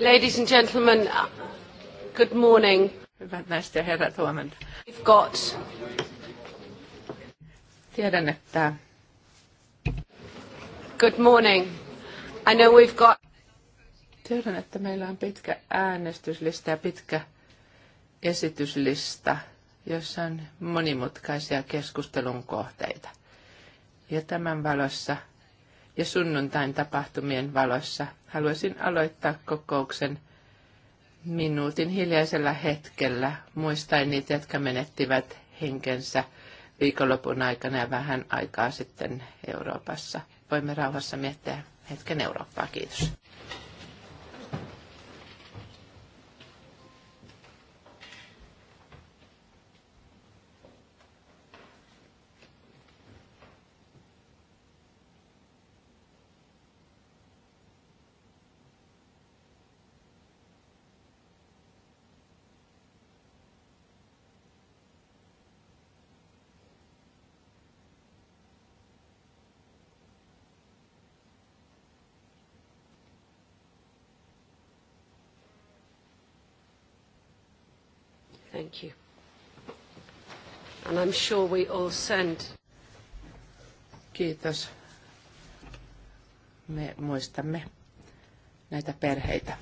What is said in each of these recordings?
Ladies and gentlemen, good morning. Hyvät naiset ja herrat, huomenta. We've got... Tiedän, että... Good morning. I know we've got... Tiedän, että meillä on pitkä äänestyslista ja pitkä esityslista, jossa on monimutkaisia keskustelun kohteita. Ja tämän valossa – ja sunnuntain tapahtumien valossa. Haluaisin aloittaa kokouksen minuutin hiljaisella hetkellä, muistaen niitä, jotka menettivät henkensä viikonlopun aikana ja vähän aikaa sitten Euroopassa. Voimme rauhassa miettiä hetken Eurooppaa. Kiitos. I'm sure we all send. Kiitos. Me muistamme näitä perheitä.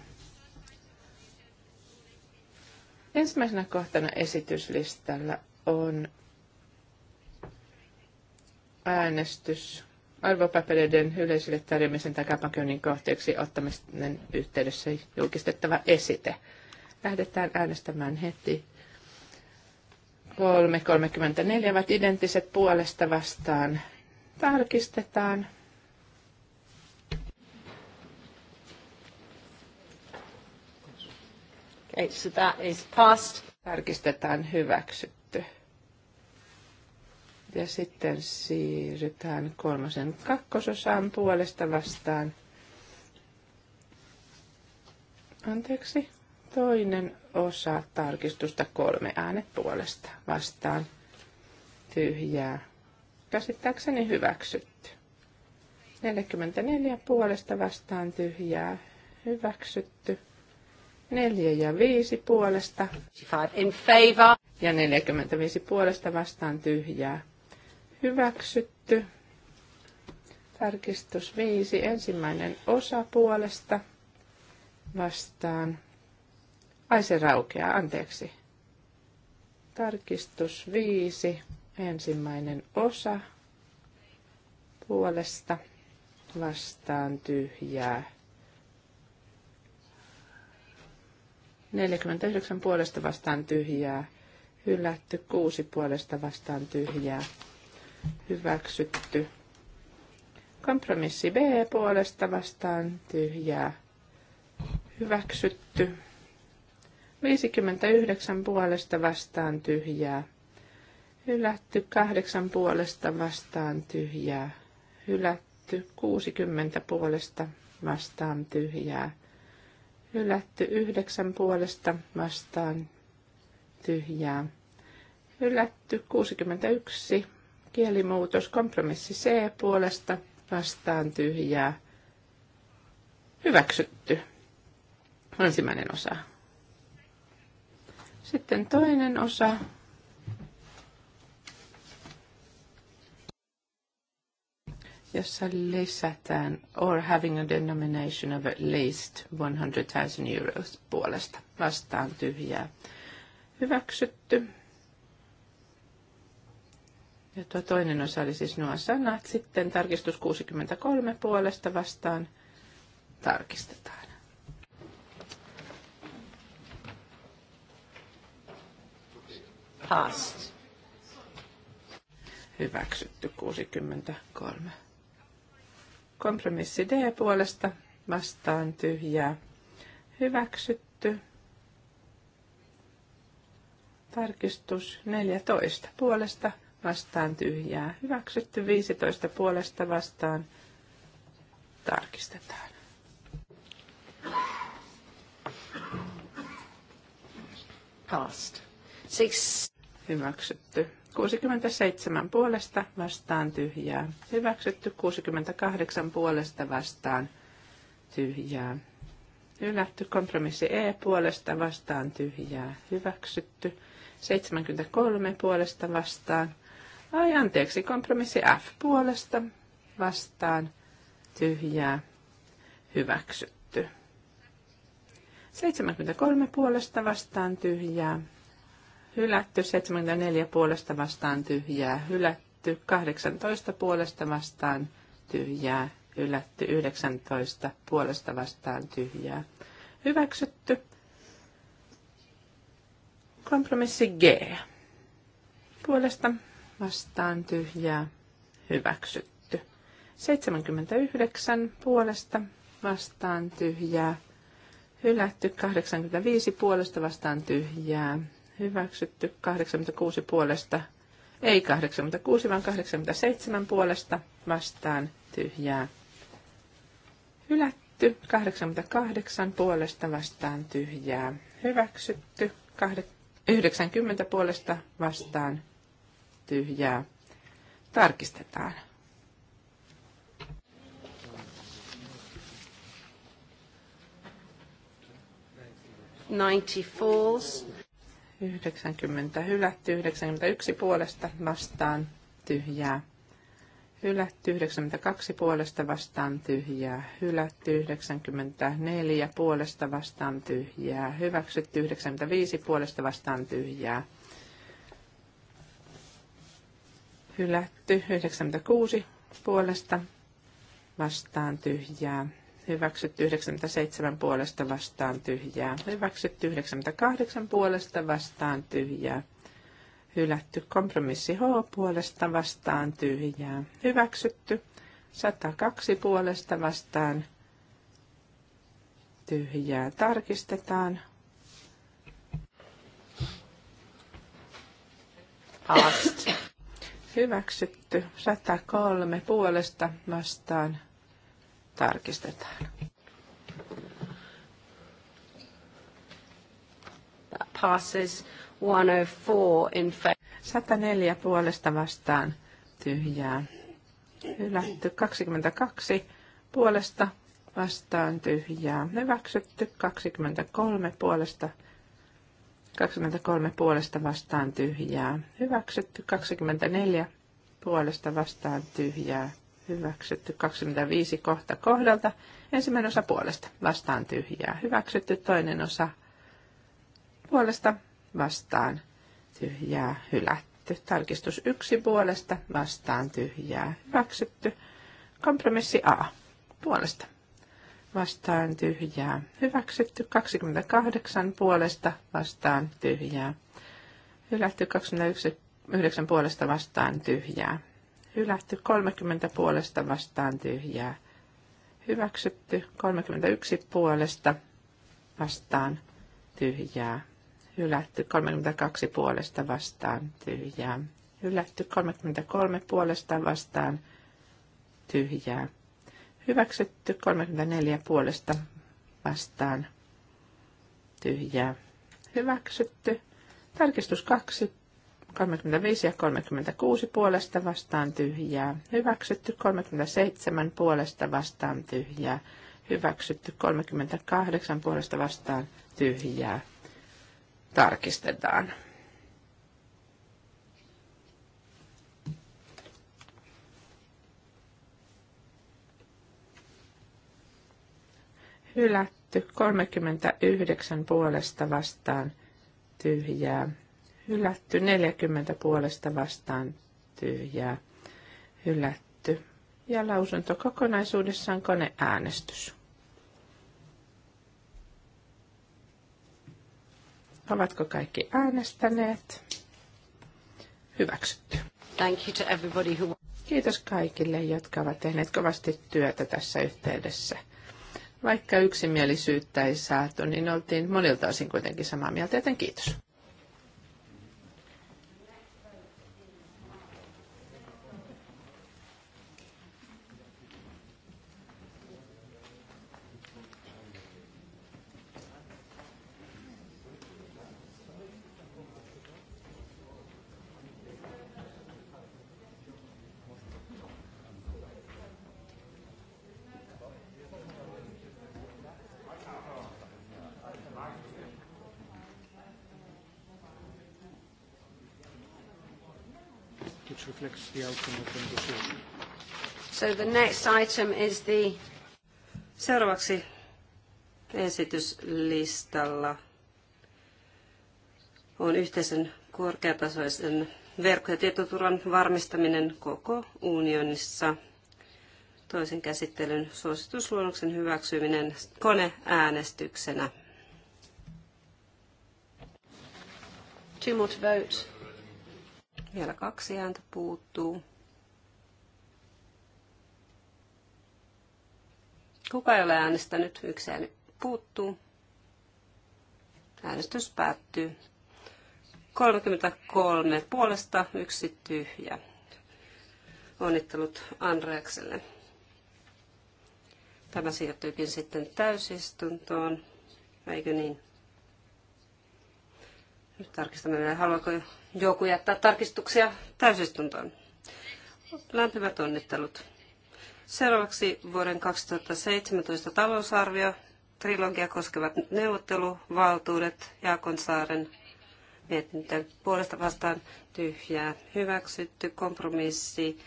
Ensimmäisenä kohtana esityslistalla on äänestys arvopapereiden yleisille tarjoamisen takapakoinnin kohteeksi ottamisen yhteydessä julkistettava esite. Lähdetään äänestämään heti. 3.34 ovat identtiset puolesta vastaan. Tarkistetaan. Okay, so that is passed. Tarkistetaan hyväksytty. Ja sitten siirrytään kolmosen kakkososaan puolesta vastaan. Anteeksi. Toinen osa tarkistusta kolme äänet puolesta vastaan tyhjää. Käsittääkseni hyväksytty. 44 puolesta vastaan tyhjää hyväksytty. 4 ja 5 puolesta. In favor. Ja 45 puolesta vastaan tyhjää hyväksytty. Tarkistus 5 ensimmäinen osa puolesta vastaan Ai se raukeaa, anteeksi. Tarkistus viisi, ensimmäinen osa puolesta vastaan tyhjää. 49 puolesta vastaan tyhjää. Hylätty 6 puolesta vastaan tyhjää. Hyväksytty. Kompromissi B puolesta vastaan tyhjää. Hyväksytty. 59 puolesta vastaan tyhjää. Hylätty 8 puolesta vastaan tyhjää. Hylätty 60 puolesta vastaan tyhjää. Hylätty 9 puolesta vastaan tyhjää. Hylätty 61 kielimuutos kompromissi C puolesta vastaan tyhjää. Hyväksytty. Ensimmäinen osa sitten toinen osa. jossa lisätään or having a denomination of at least 100 000 euros puolesta. Vastaan tyhjää. Hyväksytty. Ja tuo toinen osa oli siis nuo sanat. Sitten tarkistus 63 puolesta vastaan tarkistetaan. passed. Hyväksytty 63. Kompromissi D puolesta vastaan tyhjää. Hyväksytty. Tarkistus 14 puolesta vastaan tyhjää. Hyväksytty 15 puolesta vastaan. Tarkistetaan. Passed. Six hyväksytty. 67 puolesta vastaan tyhjää, hyväksytty. 68 puolesta vastaan tyhjää, hylätty. Kompromissi E puolesta vastaan tyhjää, hyväksytty. 73 puolesta vastaan. Ai anteeksi, kompromissi F puolesta vastaan tyhjää, hyväksytty. 73 puolesta vastaan tyhjää, hylätty, 74 puolesta vastaan tyhjää, hylätty, 18 puolesta vastaan tyhjää, hylätty, 19 puolesta vastaan tyhjää, hyväksytty. Kompromissi G. Puolesta vastaan tyhjää, hyväksytty. 79 puolesta vastaan tyhjää, hylätty. 85 puolesta vastaan tyhjää, hyväksytty 86 puolesta, ei 86, vaan 87 puolesta vastaan tyhjää. Hylätty 88 puolesta vastaan tyhjää. Hyväksytty 90 puolesta vastaan tyhjää. Tarkistetaan. Ninety fours. 90 hylätty, 91 puolesta vastaan tyhjää. Hylätty 92 puolesta vastaan tyhjää, hylätty 94 puolesta vastaan tyhjää, hyväksytty 95 puolesta vastaan tyhjää, hylätty 96 puolesta vastaan tyhjää, Hyväksytty 97 puolesta vastaan tyhjää. Hyväksytty 98 puolesta vastaan tyhjää. Hylätty kompromissi H puolesta vastaan tyhjää. Hyväksytty 102 puolesta vastaan tyhjää. Tarkistetaan. Past. Hyväksytty 103 puolesta vastaan tarkistetaan. That passes 104 in favor. 104 puolesta vastaan tyhjää. Hylätty 22 puolesta vastaan tyhjää. Hyväksytty 23 puolesta 23 puolesta vastaan tyhjää. Hyväksytty 24 puolesta vastaan tyhjää hyväksytty 25 kohta kohdalta. Ensimmäinen osa puolesta vastaan tyhjää hyväksytty, toinen osa puolesta vastaan tyhjää hylätty. Tarkistus yksi puolesta vastaan tyhjää hyväksytty. Kompromissi A puolesta vastaan tyhjää hyväksytty. 28 puolesta vastaan tyhjää hylätty. 29 puolesta vastaan tyhjää Hylätty 30 puolesta vastaan tyhjää. Hyväksytty 31 puolesta vastaan tyhjää. Hylätty 32 puolesta vastaan tyhjää. Hylätty 33 puolesta vastaan tyhjää. Hyväksytty 34 puolesta vastaan tyhjää. Hyväksytty. Tarkistus 2 35 ja 36 puolesta vastaan tyhjää. Hyväksytty 37 puolesta vastaan tyhjää. Hyväksytty 38 puolesta vastaan tyhjää. Tarkistetaan. Hylätty 39 puolesta vastaan tyhjää hylätty 40 puolesta vastaan tyhjää, hylätty. Ja lausunto kokonaisuudessaan koneäänestys. Ovatko kaikki äänestäneet? Hyväksytty. Thank you to everybody who... Kiitos kaikille, jotka ovat tehneet kovasti työtä tässä yhteydessä. Vaikka yksimielisyyttä ei saatu, niin oltiin monilta osin kuitenkin samaa mieltä, joten kiitos. So the next item is the... Seuraavaksi esityslistalla on yhteisen korkeatasoisen verkko- ja tietoturvan varmistaminen koko unionissa. Toisen käsittelyn suositusluonnoksen hyväksyminen koneäänestyksenä. Two more to vote. Vielä kaksi ääntä puuttuu. Kuka ei ole äänestänyt? Yksi ääni puuttuu. Äänestys päättyy. 33 puolesta, yksi tyhjä. Onnittelut Andreakselle. Tämä siirtyykin sitten täysistuntoon, eikö niin? Nyt tarkistamme vielä, haluaako joku jättää tarkistuksia täysistuntoon. Lämpimät onnittelut. Seuraavaksi vuoden 2017 talousarvio, trilogia koskevat neuvotteluvaltuudet, Jaakonsaaren mietintö puolesta vastaan tyhjää hyväksytty, kompromissi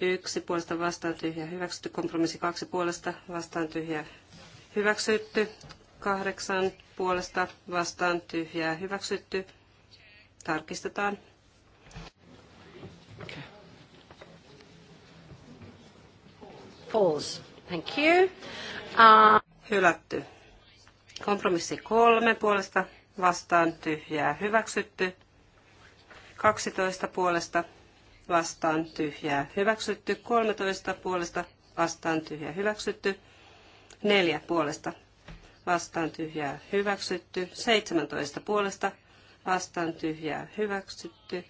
yksi puolesta vastaan tyhjää hyväksytty, kompromissi kaksi puolesta vastaan tyhjää hyväksytty, kahdeksan puolesta vastaan tyhjää hyväksytty. Tarkistetaan. Falls. Thank you. Uh... Hylätty. Kompromissi kolme puolesta vastaan tyhjää hyväksytty. 12 puolesta vastaan tyhjää hyväksytty. 13 puolesta vastaan tyhjää hyväksytty. 4 puolesta vastaan tyhjää hyväksytty. 17 puolesta vastaan tyhjää hyväksytty.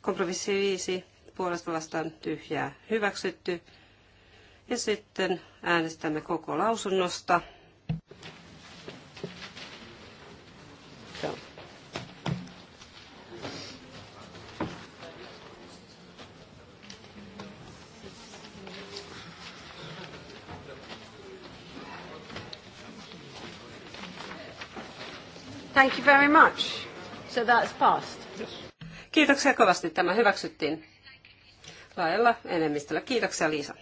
Kompromissi 5 puolesta vastaan tyhjää hyväksytty. Ja sitten äänestämme koko lausunnosta. Thank you very much. So that's passed. Kiitoksia kovasti. Tämä hyväksyttiin laajalla enemmistöllä. Kiitoksia Liisa.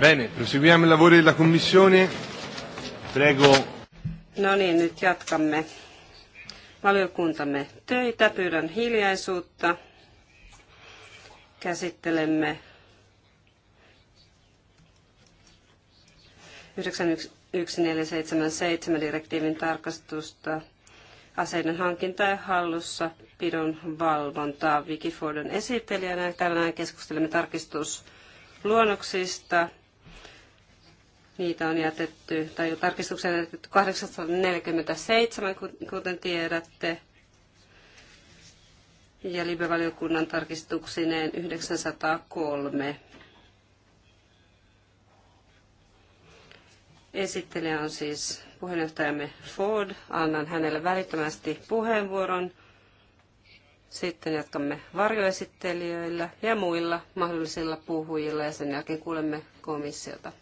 Bene, proseguiamo i lavori della Commissione. Prego. No niin, nyt jatkamme valiokuntamme töitä. Pyydän hiljaisuutta. Käsittelemme 91477 direktiivin tarkastusta aseiden hankinta ja hallussa pidon valvontaa Wikifordon esittelijänä. Tänään keskustelemme tarkistusluonnoksista Niitä on jätetty, tai jo tarkistuksen jätetty 847, kuten tiedätte, ja libevaliokunnan tarkistuksineen 903. Esittelijä on siis puheenjohtajamme Ford. Annan hänelle välittömästi puheenvuoron. Sitten jatkamme varjoesittelijöillä ja muilla mahdollisilla puhujilla ja sen jälkeen kuulemme komissiota.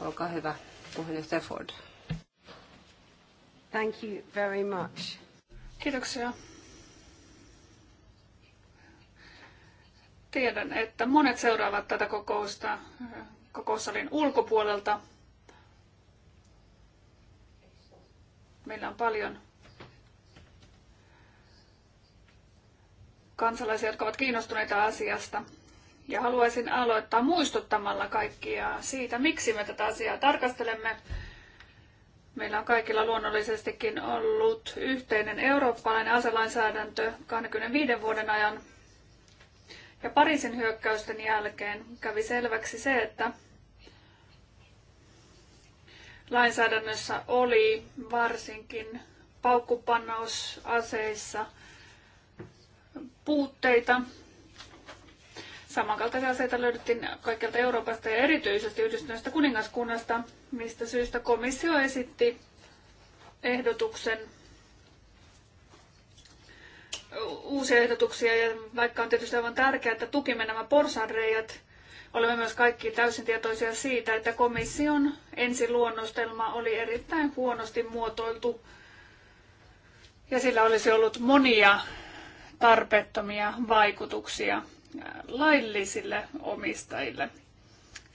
Olkaa hyvä, puheenjohtaja Ford. Thank you very much. Kiitoksia. Tiedän, että monet seuraavat tätä kokousta kokoussalin ulkopuolelta. Meillä on paljon kansalaisia, jotka ovat kiinnostuneita asiasta. Ja haluaisin aloittaa muistuttamalla kaikkia siitä, miksi me tätä asiaa tarkastelemme. Meillä on kaikilla luonnollisestikin ollut yhteinen eurooppalainen aselainsäädäntö 25 vuoden ajan. Ja Pariisin hyökkäysten jälkeen kävi selväksi se, että lainsäädännössä oli varsinkin paukkupannausaseissa puutteita Samankaltaisia aseita löydettiin kaikkialta Euroopasta ja erityisesti yhdistyneestä kuningaskunnasta, mistä syystä komissio esitti ehdotuksen uh, uusia ehdotuksia ja vaikka on tietysti aivan tärkeää, että tukimme nämä porsanreijat, olemme myös kaikki täysin tietoisia siitä, että komission ensiluonnostelma oli erittäin huonosti muotoiltu ja sillä olisi ollut monia tarpeettomia vaikutuksia laillisille omistajille.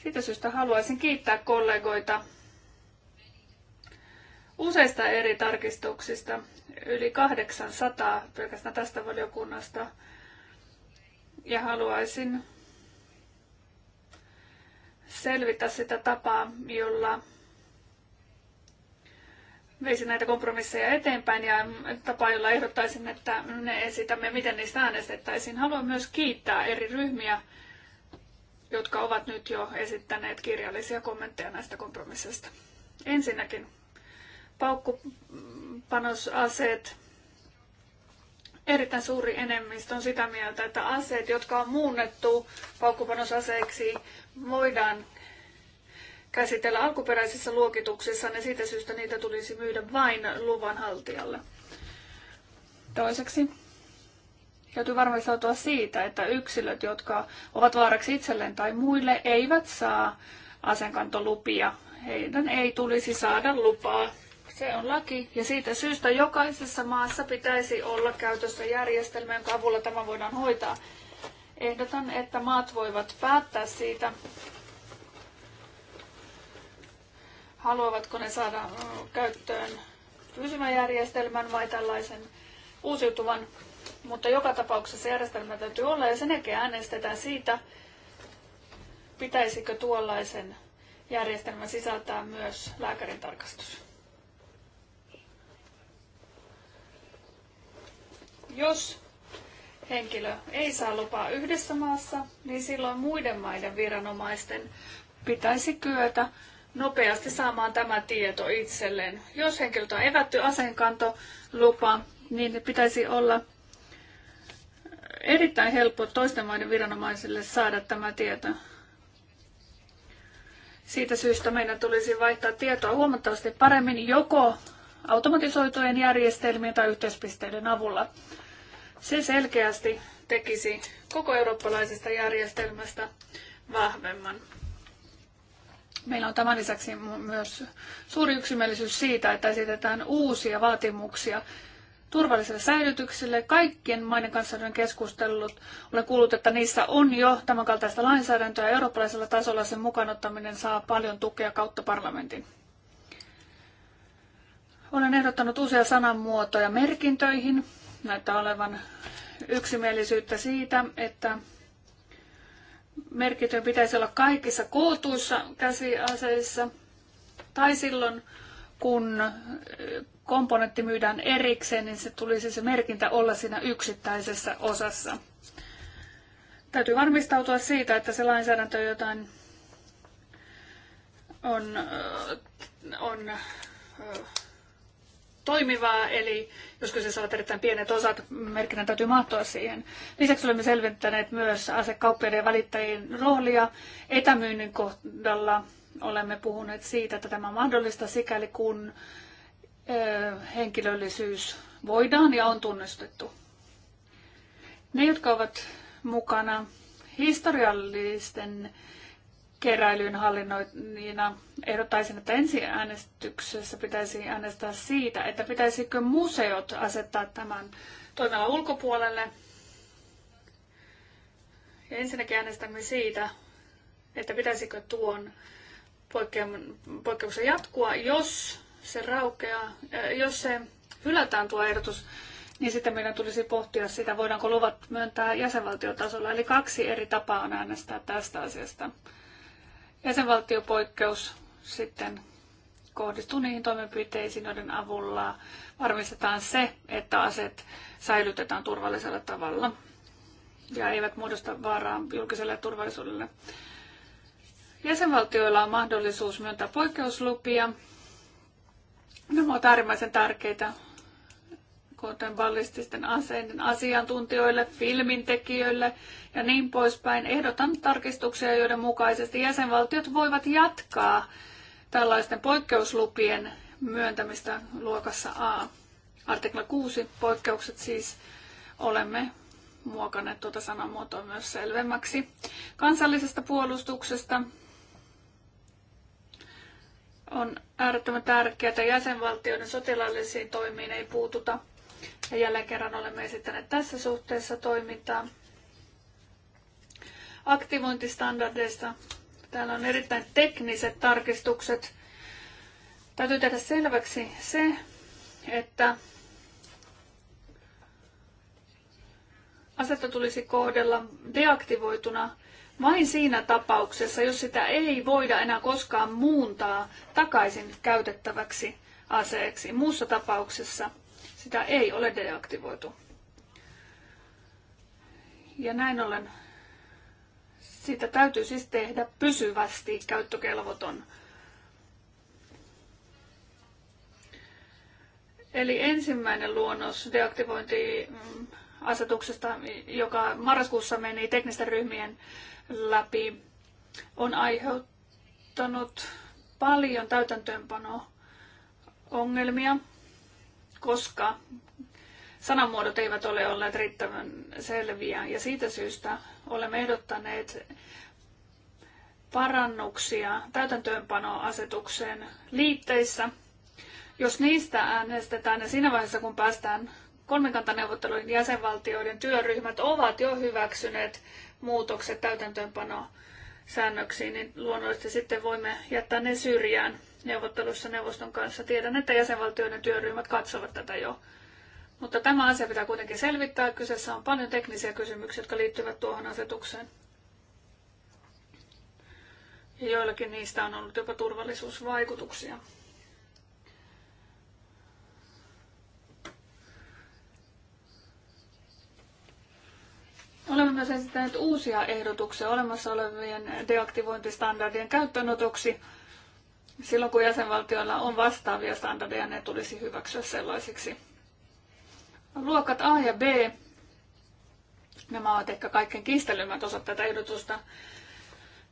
Siitä syystä haluaisin kiittää kollegoita useista eri tarkistuksista, yli 800 pelkästään tästä valiokunnasta. Ja haluaisin selvittää sitä tapaa, jolla veisi näitä kompromisseja eteenpäin ja tapa, jolla ehdottaisin, että ne esitämme, miten niistä äänestettäisiin. Haluan myös kiittää eri ryhmiä, jotka ovat nyt jo esittäneet kirjallisia kommentteja näistä kompromisseista. Ensinnäkin paukkupanosaseet. Erittäin suuri enemmistö on sitä mieltä, että aseet, jotka on muunnettu paukkupanosaseiksi, voidaan käsitellä alkuperäisessä luokituksessa, niin siitä syystä niitä tulisi myydä vain luvan haltijalle. Toiseksi täytyy varmistautua siitä, että yksilöt, jotka ovat vaaraksi itselleen tai muille, eivät saa asenkantolupia. Heidän ei tulisi saada lupaa. Se on laki ja siitä syystä jokaisessa maassa pitäisi olla käytössä järjestelmä, jonka avulla tämä voidaan hoitaa. Ehdotan, että maat voivat päättää siitä, haluavatko ne saada käyttöön pysyvän järjestelmän vai tällaisen uusiutuvan. Mutta joka tapauksessa järjestelmä täytyy olla ja sen jälkeen äänestetään siitä, pitäisikö tuollaisen järjestelmän sisältää myös lääkärin tarkastus. Jos henkilö ei saa lupaa yhdessä maassa, niin silloin muiden maiden viranomaisten pitäisi kyetä nopeasti saamaan tämä tieto itselleen. Jos henkilöltä on evätty aseenkantolupa, niin pitäisi olla erittäin helppo toisten maiden viranomaisille saada tämä tieto. Siitä syystä meidän tulisi vaihtaa tietoa huomattavasti paremmin joko automatisoitujen järjestelmien tai yhteispisteiden avulla. Se selkeästi tekisi koko eurooppalaisesta järjestelmästä vahvemman. Meillä on tämän lisäksi myös suuri yksimielisyys siitä, että esitetään uusia vaatimuksia turvalliselle säilytykselle. Kaikkien maiden kanssa olen keskustellut. Olen kuullut, että niissä on jo tämänkaltaista lainsäädäntöä. Eurooppalaisella tasolla sen mukaanottaminen saa paljon tukea kautta parlamentin. Olen ehdottanut uusia sanamuotoja merkintöihin. Näyttää olevan yksimielisyyttä siitä, että merkityön pitäisi olla kaikissa kootuissa käsiaseissa tai silloin, kun eh, komponentti myydään erikseen, niin se tulisi se merkintä olla siinä yksittäisessä osassa. Täytyy varmistautua siitä, että se lainsäädäntö jotain on, eh, on eh, toimivaa, eli jos kyseessä ovat erittäin pienet osat, merkinnän täytyy mahtua siihen. Lisäksi olemme selventäneet myös asekauppiaiden ja välittäjien roolia etämyynnin kohdalla. Olemme puhuneet siitä, että tämä on mahdollista sikäli kun henkilöllisyys voidaan ja on tunnistettu. Ne, jotka ovat mukana historiallisten keräilyyn hallinnoina ehdottaisin, että ensi äänestyksessä pitäisi äänestää siitä, että pitäisikö museot asettaa tämän toimialan ulkopuolelle. Ja ensinnäkin äänestämme siitä, että pitäisikö tuon poikkeuksen jatkua, jos se raukeaa, äh, jos se hylätään tuo ehdotus, niin sitten meidän tulisi pohtia sitä, voidaanko luvat myöntää jäsenvaltiotasolla. Eli kaksi eri tapaa on äänestää tästä asiasta. Jäsenvaltiopoikkeus sitten kohdistuu niihin toimenpiteisiin, joiden avulla varmistetaan se, että aset säilytetään turvallisella tavalla ja eivät muodosta vaaraa julkiselle turvallisuudelle. Jäsenvaltioilla on mahdollisuus myöntää poikkeuslupia. Nämä ovat äärimmäisen tärkeitä kuten ballististen aseiden asiantuntijoille, filmintekijöille ja niin poispäin. Ehdotan tarkistuksia, joiden mukaisesti jäsenvaltiot voivat jatkaa tällaisten poikkeuslupien myöntämistä luokassa A. Artikla 6, poikkeukset siis, olemme muokanneet tuota sanamuotoa myös selvemmäksi. Kansallisesta puolustuksesta on äärettömän tärkeää, että jäsenvaltioiden sotilaallisiin toimiin ei puututa. Ja jälleen kerran olemme esittäneet tässä suhteessa toimintaa. Aktivointistandardeista. Täällä on erittäin tekniset tarkistukset. Täytyy tehdä selväksi se, että asetta tulisi kohdella deaktivoituna vain siinä tapauksessa, jos sitä ei voida enää koskaan muuntaa takaisin käytettäväksi aseeksi. Muussa tapauksessa sitä ei ole deaktivoitu. Ja näin ollen siitä täytyy siis tehdä pysyvästi käyttökelvoton. Eli ensimmäinen luonnos deaktivointiasetuksesta, joka marraskuussa meni teknisten ryhmien läpi, on aiheuttanut paljon täytäntöönpano-ongelmia koska sanamuodot eivät ole olleet riittävän selviä. Ja siitä syystä olemme ehdottaneet parannuksia täytäntöönpanoasetukseen liitteissä. Jos niistä äänestetään ja siinä vaiheessa, kun päästään kolmikantaneuvottelujen jäsenvaltioiden työryhmät ovat jo hyväksyneet muutokset täytäntöönpanoa säännöksiin, niin luonnollisesti sitten voimme jättää ne syrjään neuvotteluissa neuvoston kanssa. Tiedän, että jäsenvaltioiden työryhmät katsovat tätä jo. Mutta tämä asia pitää kuitenkin selvittää. Kyseessä on paljon teknisiä kysymyksiä, jotka liittyvät tuohon asetukseen. Ja joillakin niistä on ollut jopa turvallisuusvaikutuksia. Olemme myös esittäneet uusia ehdotuksia olemassa olevien deaktivointistandardien käyttöönotoksi Silloin kun jäsenvaltioilla on vastaavia standardeja, ne tulisi hyväksyä sellaisiksi. Luokat A ja B, nämä ovat ehkä kaikkein kiistelymät osat tätä ehdotusta.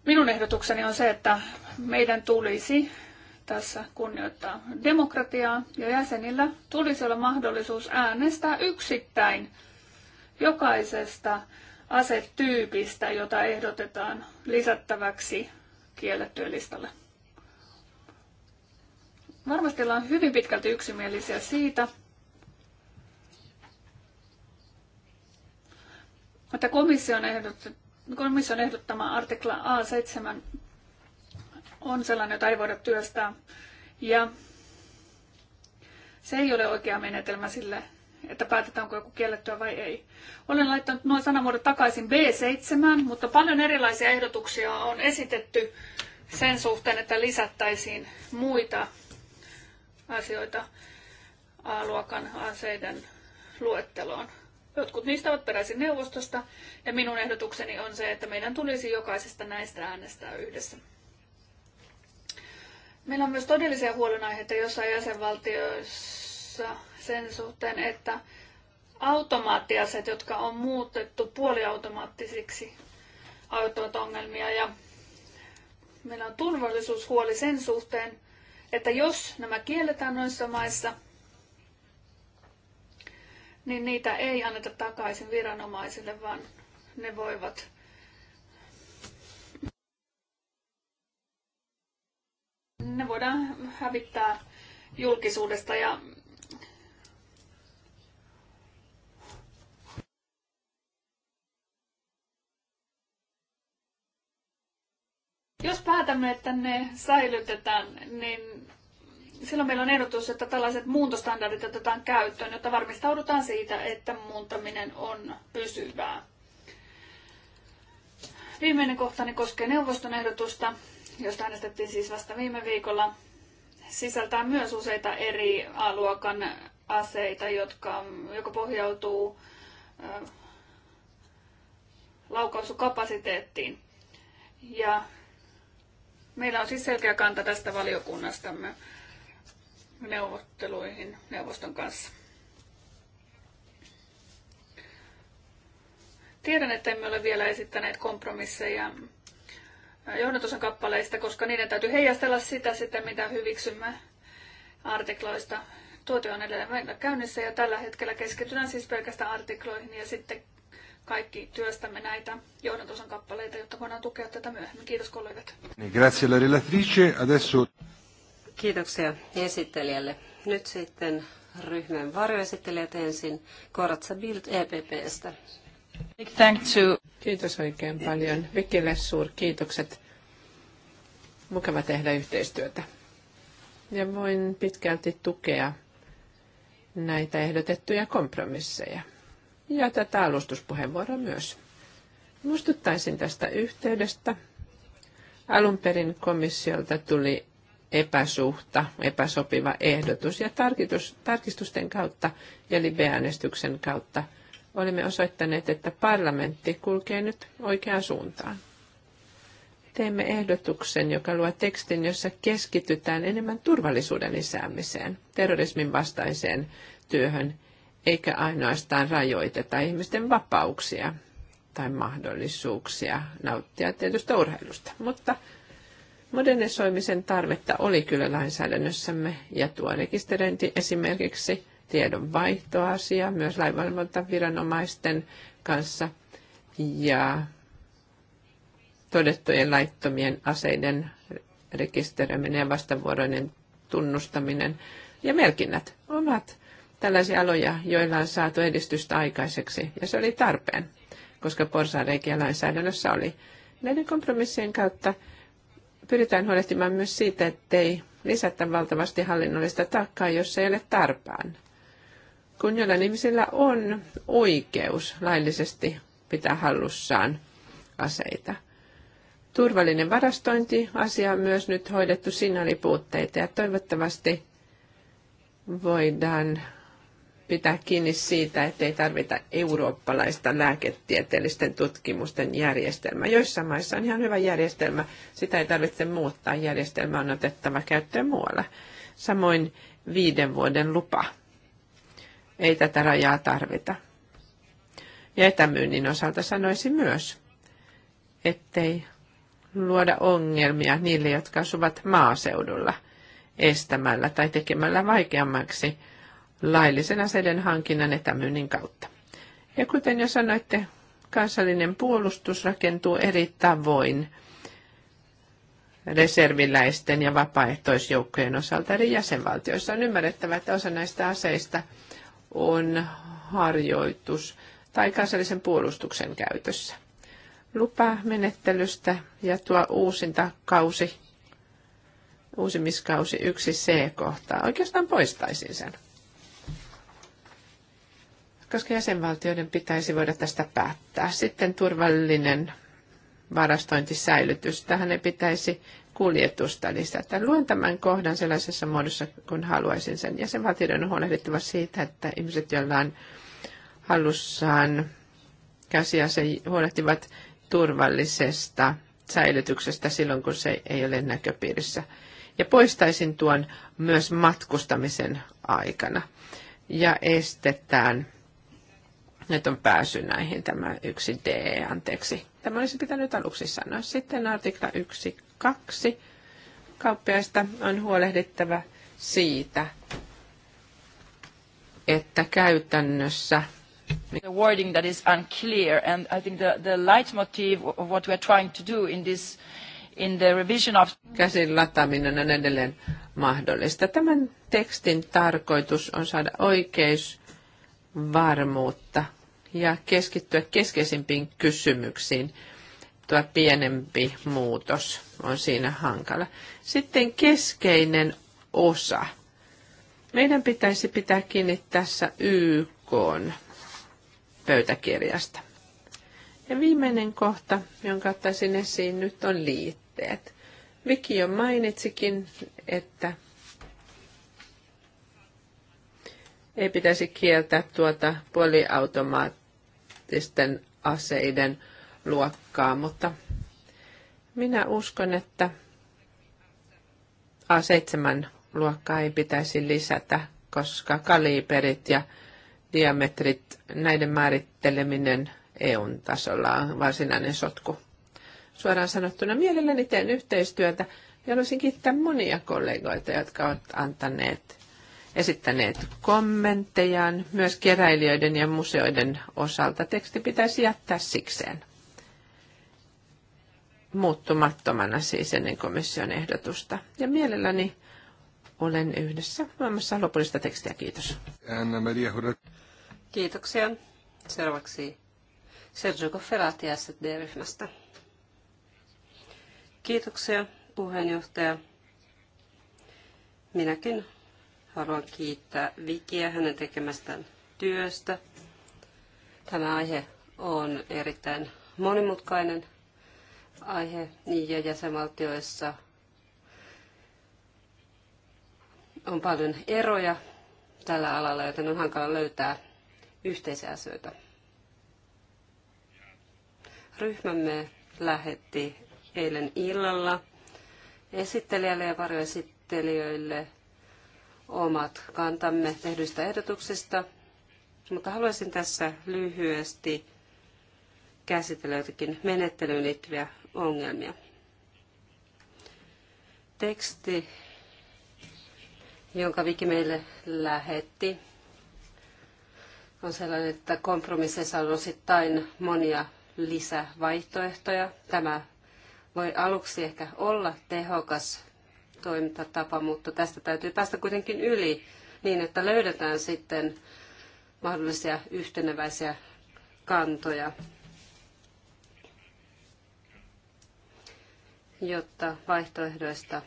Minun ehdotukseni on se, että meidän tulisi tässä kunnioittaa demokratiaa ja jäsenillä tulisi olla mahdollisuus äänestää yksittäin jokaisesta asetyypistä, jota ehdotetaan lisättäväksi kiellettyä listalle. Varmasti ollaan hyvin pitkälti yksimielisiä siitä, että komission, ehdot, komission ehdottama artikla A7 on sellainen, jota ei voida työstää. Ja se ei ole oikea menetelmä sille, että päätetään, onko joku kiellettyä vai ei. Olen laittanut nuo sanamuodot takaisin B7, mutta paljon erilaisia ehdotuksia on esitetty sen suhteen, että lisättäisiin muita asioita A-luokan aseiden luetteloon. Jotkut niistä ovat peräisin neuvostosta ja minun ehdotukseni on se, että meidän tulisi jokaisesta näistä äänestää yhdessä. Meillä on myös todellisia huolenaiheita jossain jäsenvaltioissa sen suhteen, että automaattiaset, jotka on muutettu puoliautomaattisiksi, aiheuttavat ongelmia ja meillä on turvallisuushuoli sen suhteen, että jos nämä kielletään noissa maissa, niin niitä ei anneta takaisin viranomaisille, vaan ne voivat ne voidaan hävittää julkisuudesta ja Jos päätämme, että ne säilytetään, niin silloin meillä on ehdotus, että tällaiset muuntostandardit otetaan käyttöön, jotta varmistaudutaan siitä, että muuntaminen on pysyvää. Viimeinen kohtani koskee neuvoston ehdotusta, josta äänestettiin siis vasta viime viikolla. Sisältää myös useita eri A-luokan aseita, jotka, joka pohjautuu laukausukapasiteettiin. Ja Meillä on siis selkeä kanta tästä valiokunnastamme neuvotteluihin neuvoston kanssa. Tiedän, että emme ole vielä esittäneet kompromisseja johdatusan kappaleista, koska niiden täytyy heijastella sitä, sitä mitä hyviksymme artikloista. Tuote on edelleen käynnissä ja tällä hetkellä keskitytään siis pelkästään artikloihin ja sitten kaikki työstämme näitä johdantosan kappaleita, jotta voidaan tukea tätä myöhemmin. Kiitos kollegat. Niin, Kiitoksia esittelijälle. Nyt sitten ryhmän varjoesittelijät ensin. Koratsa Bild EPPstä. Big thank to... Kiitos oikein paljon. Vikille suur kiitokset. Mukava tehdä yhteistyötä. Ja voin pitkälti tukea näitä ehdotettuja kompromisseja ja tätä alustuspuheenvuoroa myös. Muistuttaisin tästä yhteydestä. Alun perin komissiolta tuli epäsuhta, epäsopiva ehdotus ja tarkistusten kautta ja libeäänestyksen kautta olimme osoittaneet, että parlamentti kulkee nyt oikeaan suuntaan. Teemme ehdotuksen, joka luo tekstin, jossa keskitytään enemmän turvallisuuden lisäämiseen, terrorismin vastaiseen työhön eikä ainoastaan rajoiteta ihmisten vapauksia tai mahdollisuuksia nauttia tietystä urheilusta. Mutta modernisoimisen tarvetta oli kyllä lainsäädännössämme ja tuo rekisteröinti esimerkiksi tiedonvaihtoasia myös viranomaisten kanssa ja todettujen laittomien aseiden rekisteröiminen ja vastavuoroinen tunnustaminen ja merkinnät ovat tällaisia aloja, joilla on saatu edistystä aikaiseksi, ja se oli tarpeen, koska porsaareikiä lainsäädännössä oli. Näiden kompromissien kautta pyritään huolehtimaan myös siitä, ettei lisätä valtavasti hallinnollista taakkaa, jos ei ole tarpeen. Kun jollain ihmisillä on oikeus laillisesti pitää hallussaan aseita. Turvallinen varastointi asia on myös nyt hoidettu, siinä oli puutteita ja toivottavasti voidaan pitää kiinni siitä, ettei tarvita eurooppalaista lääketieteellisten tutkimusten järjestelmää. Joissain maissa on ihan hyvä järjestelmä, sitä ei tarvitse muuttaa, järjestelmä on otettava käyttöön muualla. Samoin viiden vuoden lupa. Ei tätä rajaa tarvita. Ja etämyynnin osalta sanoisin myös, ettei luoda ongelmia niille, jotka asuvat maaseudulla estämällä tai tekemällä vaikeammaksi – laillisen aseiden hankinnan etämyynnin kautta. Ja kuten jo sanoitte, kansallinen puolustus rakentuu eri tavoin reserviläisten ja vapaaehtoisjoukkojen osalta eri jäsenvaltioissa. On ymmärrettävä, että osa näistä aseista on harjoitus tai kansallisen puolustuksen käytössä. Lupamenettelystä ja tuo uusinta kausi, uusimiskausi 1c kohtaa. Oikeastaan poistaisin sen koska jäsenvaltioiden pitäisi voida tästä päättää. Sitten turvallinen varastointisäilytys. Tähän ei pitäisi kuljetusta lisätä. Luen tämän kohdan sellaisessa muodossa, kun haluaisin sen. Jäsenvaltioiden on huolehdittava siitä, että ihmiset, joilla on hallussaan käsiase, huolehtivat turvallisesta säilytyksestä silloin, kun se ei ole näköpiirissä. Ja poistaisin tuon myös matkustamisen aikana. Ja estetään nyt on päässyt näihin, tämä yksi d anteeksi. Tämä olisi pitänyt aluksi sanoa. Sitten artikla 1.2. Kauppiaista on huolehdittava siitä, että käytännössä the wording that is unclear and I think the, the leitmotiv of what we are trying to do in this in the revision of käsin lataaminen on edelleen mahdollista. Tämän tekstin tarkoitus on saada oikeus varmuutta ja keskittyä keskeisimpiin kysymyksiin. Tuo pienempi muutos on siinä hankala. Sitten keskeinen osa. Meidän pitäisi pitää kiinni tässä YK pöytäkirjasta. Ja viimeinen kohta, jonka ottaisin esiin nyt, on liitteet. Viki jo mainitsikin, että Ei pitäisi kieltää tuota puoliautomaattisten aseiden luokkaa, mutta minä uskon, että A7 luokkaa ei pitäisi lisätä, koska kaliberit ja diametrit, näiden määritteleminen EUn tasolla on varsinainen sotku. Suoraan sanottuna mielelläni teen yhteistyötä ja haluaisin kiittää monia kollegoita, jotka ovat antaneet esittäneet kommenttejaan myös keräilijöiden ja museoiden osalta. Teksti pitäisi jättää sikseen muuttumattomana siis ennen komission ehdotusta. Ja mielelläni olen yhdessä luomassa lopullista tekstiä. Kiitos. Kiitoksia. Seuraavaksi Sergio Goferati SD-ryhmästä. Kiitoksia puheenjohtaja. Minäkin Haluan kiittää Vikiä hänen tekemästään työstä. Tämä aihe on erittäin monimutkainen aihe ja jäsenvaltioissa on paljon eroja tällä alalla, joten on hankala löytää yhteisiä asioita. Ryhmämme lähetti eilen illalla esittelijälle ja varjoesittelijöille omat kantamme tehdyistä ehdotuksista, mutta haluaisin tässä lyhyesti käsitellä jotakin menettelyyn liittyviä ongelmia. Teksti, jonka Viki meille lähetti, on sellainen, että kompromisseissa on osittain monia lisävaihtoehtoja. Tämä voi aluksi ehkä olla tehokas toimintatapa, mutta tästä täytyy päästä kuitenkin yli niin, että löydetään sitten mahdollisia yhteneväisiä kantoja, jotta vaihtoehdoista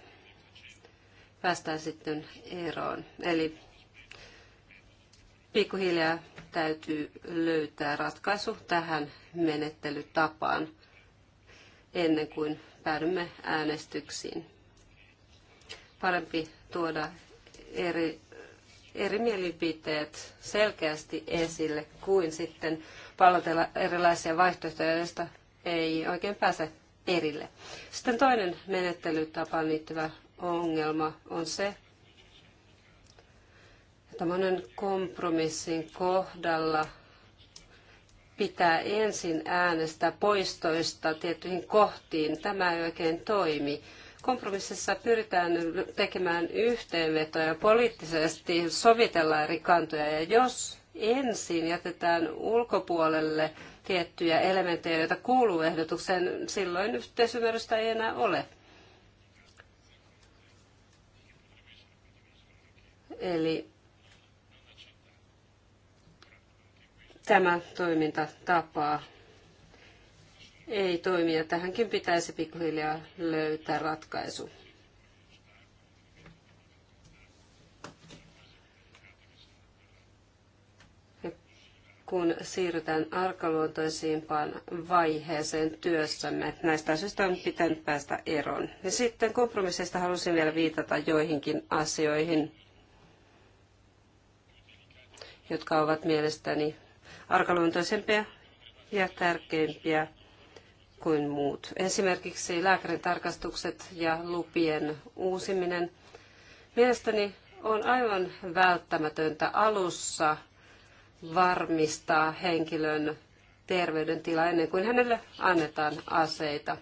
päästään sitten eroon. Eli pikkuhiljaa täytyy löytää ratkaisu tähän menettelytapaan ennen kuin päädymme äänestyksiin parempi tuoda eri, eri mielipiteet selkeästi esille kuin sitten pallotella erilaisia vaihtoehtoja, joista ei oikein pääse erille. Sitten toinen menettelytapaan liittyvä ongelma on se, että monen kompromissin kohdalla pitää ensin äänestää poistoista tiettyihin kohtiin. Tämä ei oikein toimi. Kompromississa pyritään tekemään yhteenvetoja poliittisesti, sovitella eri kantoja ja jos ensin jätetään ulkopuolelle tiettyjä elementtejä, joita kuuluu ehdotukseen, silloin yhteisymmärrystä ei enää ole. Eli tämä toimintatapa ei toimi ja tähänkin pitäisi pikkuhiljaa löytää ratkaisu. kun siirrytään arkaluontoisimpaan vaiheeseen työssämme. Näistä asioista on pitänyt päästä eroon. Ja sitten kompromisseista halusin vielä viitata joihinkin asioihin, jotka ovat mielestäni arkaluontoisempia ja tärkeimpiä kuin muut. Esimerkiksi lääkärin tarkastukset ja lupien uusiminen. Mielestäni on aivan välttämätöntä alussa varmistaa henkilön terveydentila ennen kuin hänelle annetaan aseita.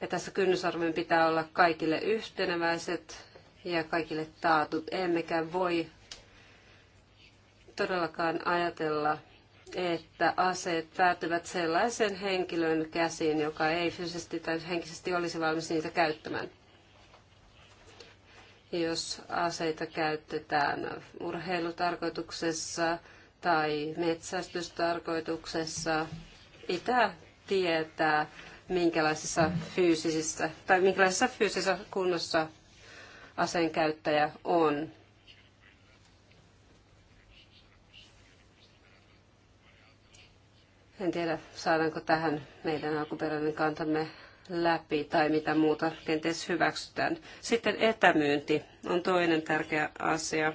Ja tässä kynnysarvojen pitää olla kaikille yhteneväiset ja kaikille taatut. Emmekä voi todellakaan ajatella että aseet päätyvät sellaisen henkilön käsiin, joka ei fyysisesti tai henkisesti olisi valmis niitä käyttämään. Jos aseita käytetään urheilutarkoituksessa tai metsästystarkoituksessa, pitää tietää, minkälaisessa fyysisessä tai minkälaisessa fyysisessä kunnossa aseen käyttäjä on. En tiedä, saadaanko tähän meidän alkuperäinen kantamme läpi tai mitä muuta kenties hyväksytään. Sitten etämyynti on toinen tärkeä asia.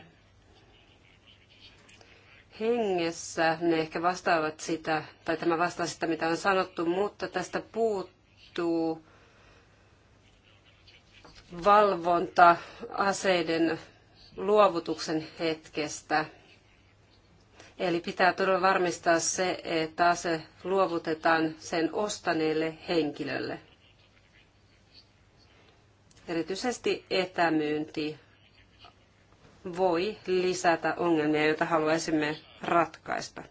Hengessä ne ehkä vastaavat sitä, tai tämä vastaa sitä, mitä on sanottu, mutta tästä puuttuu valvonta aseiden luovutuksen hetkestä. Eli pitää todella varmistaa se, että ase luovutetaan sen ostaneelle henkilölle. Erityisesti etämyynti voi lisätä ongelmia, joita haluaisimme ratkaista.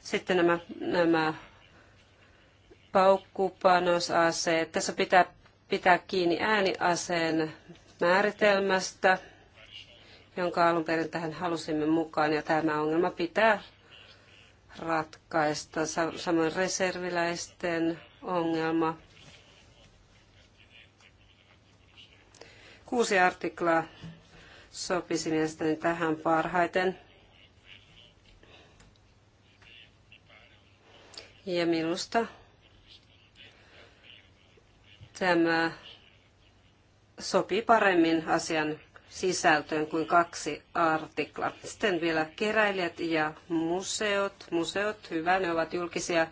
Sitten nämä, nämä paukkupanosaseet. Tässä pitää pitää kiinni ääniaseen määritelmästä jonka alun perin tähän halusimme mukaan, ja tämä ongelma pitää ratkaista. Samoin reserviläisten ongelma. Kuusi artiklaa sopisi mielestäni tähän parhaiten. Ja minusta tämä sopii paremmin asian sisältöön kuin kaksi artikla. Sitten vielä keräilijät ja museot. Museot, hyvä, ne ovat julkisia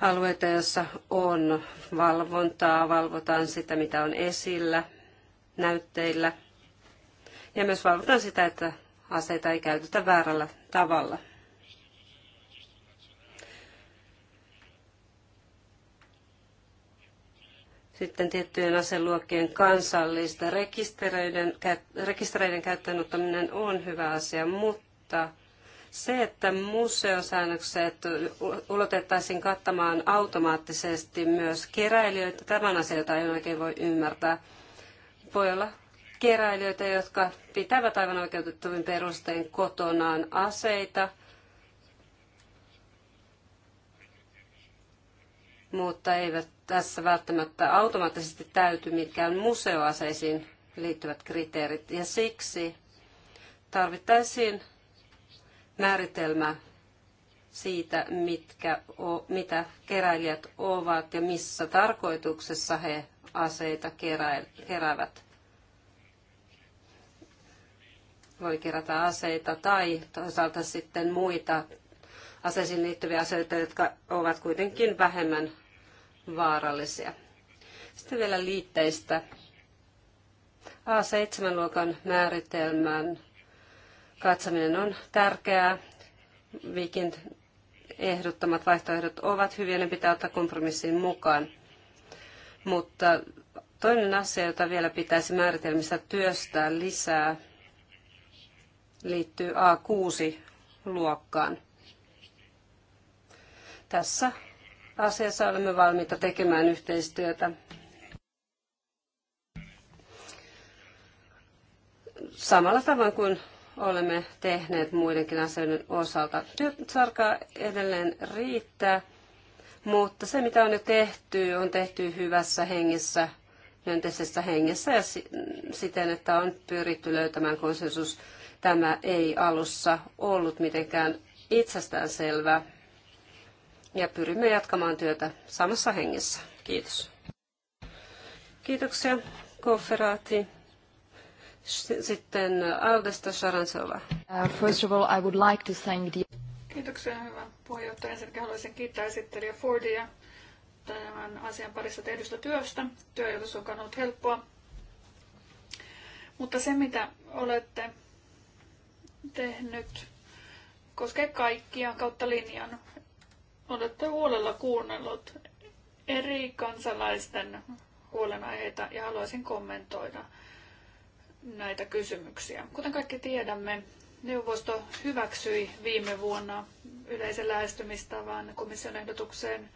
alueita, joissa on valvontaa, valvotaan sitä, mitä on esillä, näytteillä. Ja myös valvotaan sitä, että aseita ei käytetä väärällä tavalla. Sitten tiettyjen aseluokkien kansallista rekistereiden, rekistereiden käyttöönottaminen on hyvä asia, mutta se, että museosäännökset ulotettaisiin kattamaan automaattisesti myös keräilijöitä, tämän asian jota ei oikein voi ymmärtää, voi olla keräilijöitä, jotka pitävät aivan oikeutettuvin perustein kotonaan aseita – mutta eivät tässä välttämättä automaattisesti täyty mitkään museoaseisiin liittyvät kriteerit. Ja siksi tarvittaisiin määritelmä siitä, mitkä, mitä keräilijät ovat ja missä tarkoituksessa he aseita keräävät. Voi kerätä aseita tai toisaalta sitten muita aseisiin liittyviä asioita, jotka ovat kuitenkin vähemmän vaarallisia. Sitten vielä liitteistä. A7-luokan määritelmän katsominen on tärkeää. Viikin ehdottamat vaihtoehdot ovat hyviä, ne pitää ottaa kompromissiin mukaan. Mutta toinen asia, jota vielä pitäisi määritelmissä työstää lisää, liittyy A6-luokkaan. Tässä asiassa olemme valmiita tekemään yhteistyötä. Samalla tavoin kuin olemme tehneet muidenkin asioiden osalta. Työsarkaa edelleen riittää, mutta se mitä on jo tehty, on tehty hyvässä hengessä, myönteisessä hengessä ja siten, että on pyritty löytämään konsensus. Tämä ei alussa ollut mitenkään itsestään selvää ja pyrimme jatkamaan työtä samassa hengessä. Kiitos. Kiitoksia, Kofferaati. Sitten Aldesta Sharansova. Uh, first of all, I would like to thank the... Kiitoksia, hyvä puheenjohtaja. Ensinnäkin haluaisin kiittää esittelijä Fordia tämän asian parissa tehdystä työstä. Työ, on kannut helppoa. Mutta se, mitä olette tehnyt, koskee kaikkia kautta linjan olette huolella kuunnellut eri kansalaisten huolenaiheita ja haluaisin kommentoida näitä kysymyksiä. Kuten kaikki tiedämme, neuvosto hyväksyi viime vuonna yleisen lähestymistavan komission ehdotukseen.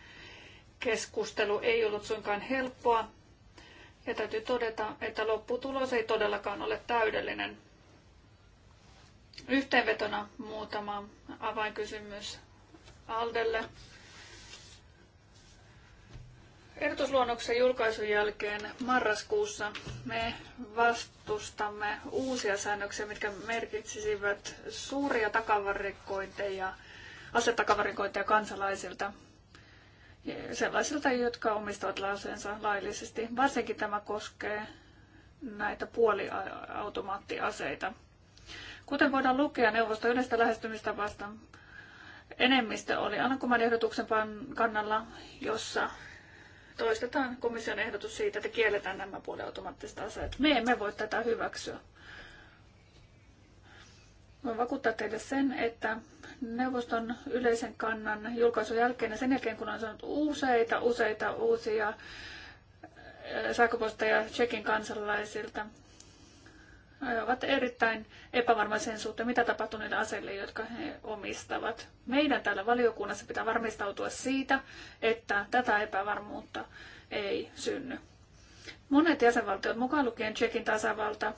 Keskustelu ei ollut suinkaan helppoa ja täytyy todeta, että lopputulos ei todellakaan ole täydellinen. Yhteenvetona muutama avainkysymys Aldelle. Ehdotusluonnoksen julkaisun jälkeen marraskuussa me vastustamme uusia säännöksiä, mitkä merkitsisivät suuria takavarikointeja, asetakavarikointeja kansalaisilta, sellaisilta, jotka omistavat lauseensa laillisesti. Varsinkin tämä koskee näitä puoliautomaattiaseita. Kuten voidaan lukea neuvoston yleistä lähestymistä vastaan, enemmistö oli Alankoman ehdotuksen kannalla, jossa toistetaan komission ehdotus siitä, että kielletään nämä puoliautomaattiset aseet. Me emme voi tätä hyväksyä. Voin vakuuttaa teille sen, että neuvoston yleisen kannan julkaisun jälkeen ja sen jälkeen, kun on saanut useita, useita uusia sähköposteja Tsekin kansalaisilta, he ovat erittäin epävarmoja sen suhteen, mitä tapahtuu niille aseille, jotka he omistavat. Meidän täällä valiokunnassa pitää varmistautua siitä, että tätä epävarmuutta ei synny. Monet jäsenvaltiot, mukaan lukien Tsekin tasavalta,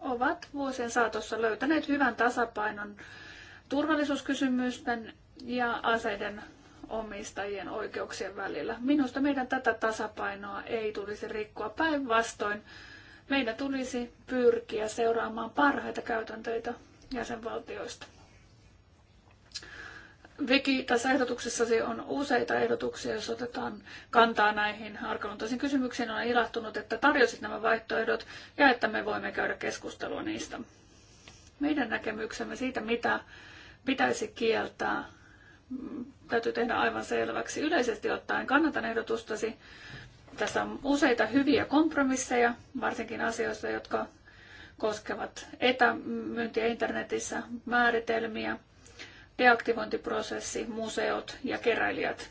ovat vuosien saatossa löytäneet hyvän tasapainon turvallisuuskysymysten ja aseiden omistajien oikeuksien välillä. Minusta meidän tätä tasapainoa ei tulisi rikkoa päinvastoin meidän tulisi pyrkiä seuraamaan parhaita käytäntöitä jäsenvaltioista. Viki, tässä ehdotuksessasi on useita ehdotuksia, jos otetaan kantaa näihin arkaluontoisiin kysymyksiin. Olen ilahtunut, että tarjosit nämä vaihtoehdot ja että me voimme käydä keskustelua niistä. Meidän näkemyksemme siitä, mitä pitäisi kieltää, mm, täytyy tehdä aivan selväksi. Yleisesti ottaen kannatan ehdotustasi, tässä on useita hyviä kompromisseja, varsinkin asioissa, jotka koskevat etämyyntiä internetissä, määritelmiä, deaktivointiprosessi, museot ja keräilijät.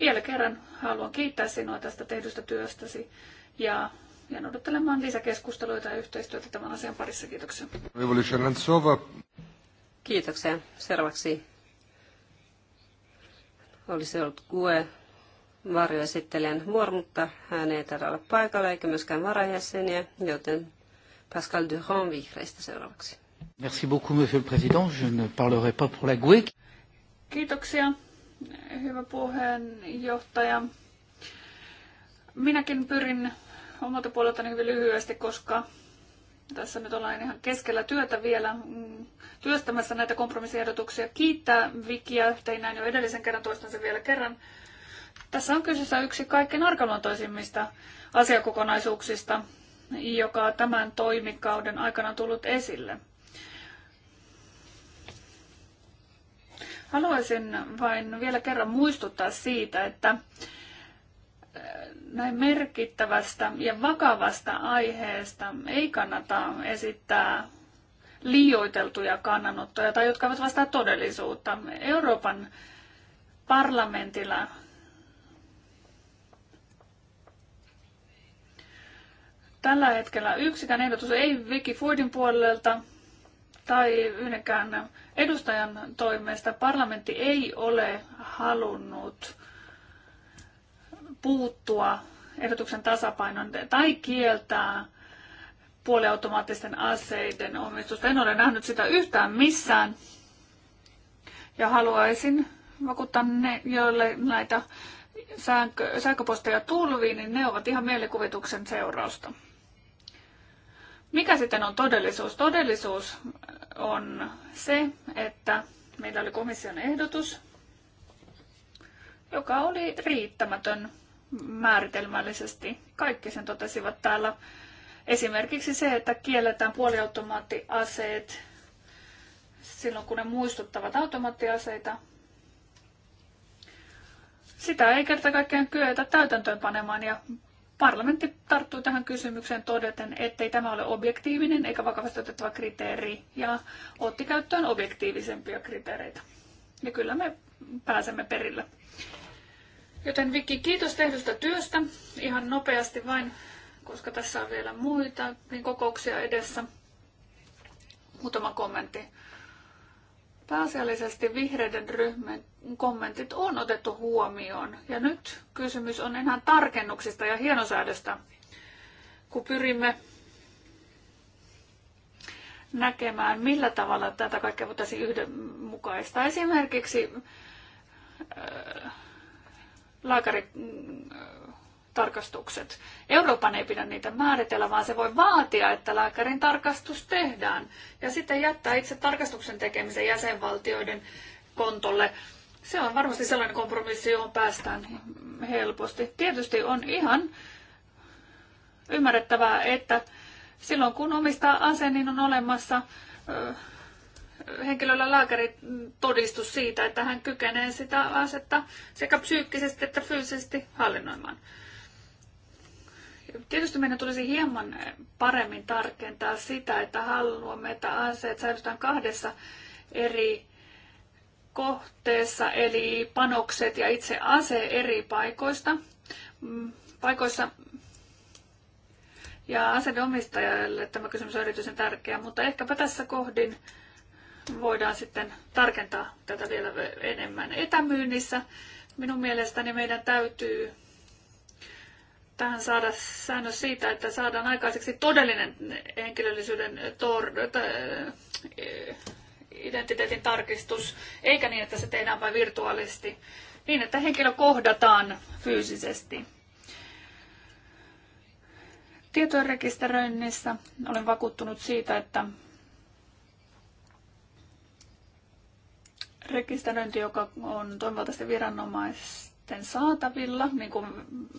Vielä kerran haluan kiittää sinua tästä tehdystä työstäsi ja jään odottelemaan lisäkeskusteluita ja yhteistyötä tämän asian parissa. Kiitoksia. Kiitoksia. Seuraavaksi olisi ollut varjoesittelijän vuoro, mutta hän ei täällä olla paikalla eikä myöskään varajäseniä, joten Pascal Duron vihreistä seuraavaksi. Merci beaucoup, monsieur le président. Je ne parlerai pas pour la GUEC. Kiitoksia, hyvä puheenjohtaja. Minäkin pyrin omalta puoleltani hyvin lyhyesti, koska tässä nyt ollaan ihan keskellä työtä vielä mm, työstämässä näitä kompromissiehdotuksia. Kiittää Vikiä, tein näin jo edellisen kerran, toistan sen vielä kerran. Tässä on kyseessä yksi kaikkein arkaluontoisimmista asiakokonaisuuksista, joka tämän toimikauden aikana on tullut esille. Haluaisin vain vielä kerran muistuttaa siitä, että eh, näin merkittävästä ja vakavasta aiheesta ei kannata esittää liioiteltuja kannanottoja tai jotka eivät vastaa todellisuutta. Euroopan parlamentilla Tällä hetkellä yksikään ehdotus ei Vicky Fordin puolelta tai yhdenkään edustajan toimesta parlamentti ei ole halunnut puuttua ehdotuksen tasapainon tai kieltää puoliautomaattisten aseiden omistusta. En ole nähnyt sitä yhtään missään. Ja haluaisin vakuuttaa ne, joille näitä sähköposteja tulvii, niin ne ovat ihan mielikuvituksen seurausta. Mikä sitten on todellisuus? Todellisuus on se, että meillä oli komission ehdotus, joka oli riittämätön määritelmällisesti. Kaikki sen totesivat täällä. Esimerkiksi se, että kielletään puoliautomaattiaseet silloin, kun ne muistuttavat automaattiaseita. Sitä ei kerta kaikkiaan kyetä täytäntöönpanemaan ja Parlamentti tarttui tähän kysymykseen todeten, ettei tämä ole objektiivinen eikä vakavasti otettava kriteeri ja otti käyttöön objektiivisempia kriteereitä. Ja kyllä me pääsemme perille. Joten Vicky, kiitos tehdystä työstä. Ihan nopeasti vain, koska tässä on vielä muita niin kokouksia edessä. Muutama kommentti. Pääasiallisesti vihreiden ryhmän kommentit on otettu huomioon ja nyt kysymys on enää tarkennuksista ja hienosäädöstä, kun pyrimme näkemään, millä tavalla tätä kaikkea voitaisiin yhdenmukaista. Esimerkiksi äh, lääkäri tarkastukset. Euroopan ei pidä niitä määritellä, vaan se voi vaatia, että lääkärin tarkastus tehdään ja sitten jättää itse tarkastuksen tekemisen jäsenvaltioiden kontolle. Se on varmasti sellainen kompromissi, johon päästään helposti. Tietysti on ihan ymmärrettävää, että silloin kun omistaa aseen, niin on olemassa henkilöllä lääkäritodistus siitä, että hän kykenee sitä asetta sekä psyykkisesti että fyysisesti hallinnoimaan. Tietysti meidän tulisi hieman paremmin tarkentaa sitä, että haluamme, että aseet säilytään kahdessa eri kohteessa, eli panokset ja itse ase eri paikoista. Mm, paikoissa. Ja aseiden omistajalle tämä kysymys on erityisen tärkeä, mutta ehkäpä tässä kohdin voidaan sitten tarkentaa tätä vielä enemmän. Etämyynnissä minun mielestäni meidän täytyy tähän saada säännös siitä, että saadaan aikaiseksi todellinen henkilöllisyyden tor- tai, eh, identiteetin tarkistus, eikä niin, että se tehdään vain virtuaalisesti, niin että henkilö kohdataan fyysisesti. Tietojen rekisteröinnissä olen vakuuttunut siitä, että rekisteröinti, joka on toimivaltaisten viranomaisten sitten saatavilla, niin kuin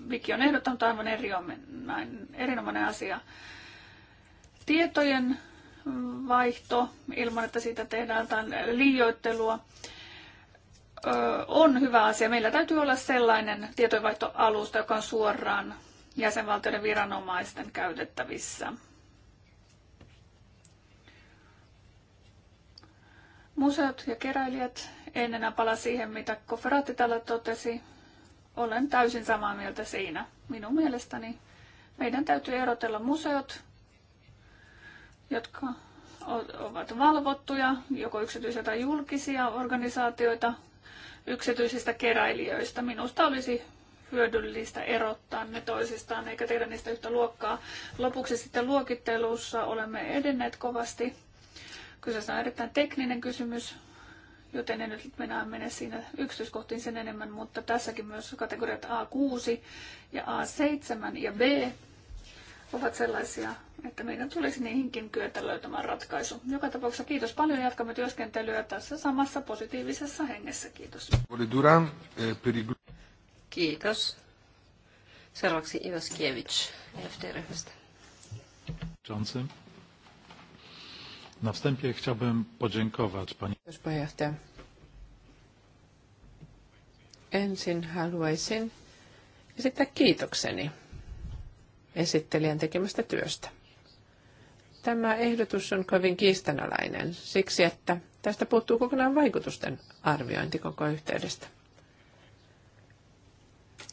Viki on ehdottanut, aivan erinomainen asia. Tietojen vaihto ilman, että siitä tehdään jotain liioittelua on hyvä asia. Meillä täytyy olla sellainen tietojenvaihtoalusta, joka on suoraan jäsenvaltioiden viranomaisten käytettävissä. Museot ja keräilijät, en enää pala siihen, mitä Koferaatti täällä totesi, olen täysin samaa mieltä siinä. Minun mielestäni meidän täytyy erotella museot, jotka ovat valvottuja, joko yksityisiä tai julkisia organisaatioita, yksityisistä keräilijöistä. Minusta olisi hyödyllistä erottaa ne toisistaan, eikä tehdä niistä yhtä luokkaa. Lopuksi sitten luokittelussa olemme edenneet kovasti. Kyseessä on erittäin tekninen kysymys, joten en nyt mennä, mene siinä yksityiskohtiin sen enemmän, mutta tässäkin myös kategoriat A6 ja A7 ja B ovat sellaisia, että meidän tulisi niihinkin kyetä löytämään ratkaisu. Joka tapauksessa kiitos paljon. Jatkamme työskentelyä tässä samassa positiivisessa hengessä. Kiitos. Eh, kiitos. Seuraavaksi Ivaskiewicz, FT-ryhmästä. Johnson. Na wstępie chciałbym podziękować pani. Ensin haluaisin esittää kiitokseni esittelijän tekemästä työstä. Tämä ehdotus on kovin kiistanalainen siksi, että tästä puuttuu kokonaan vaikutusten arviointi koko yhteydestä.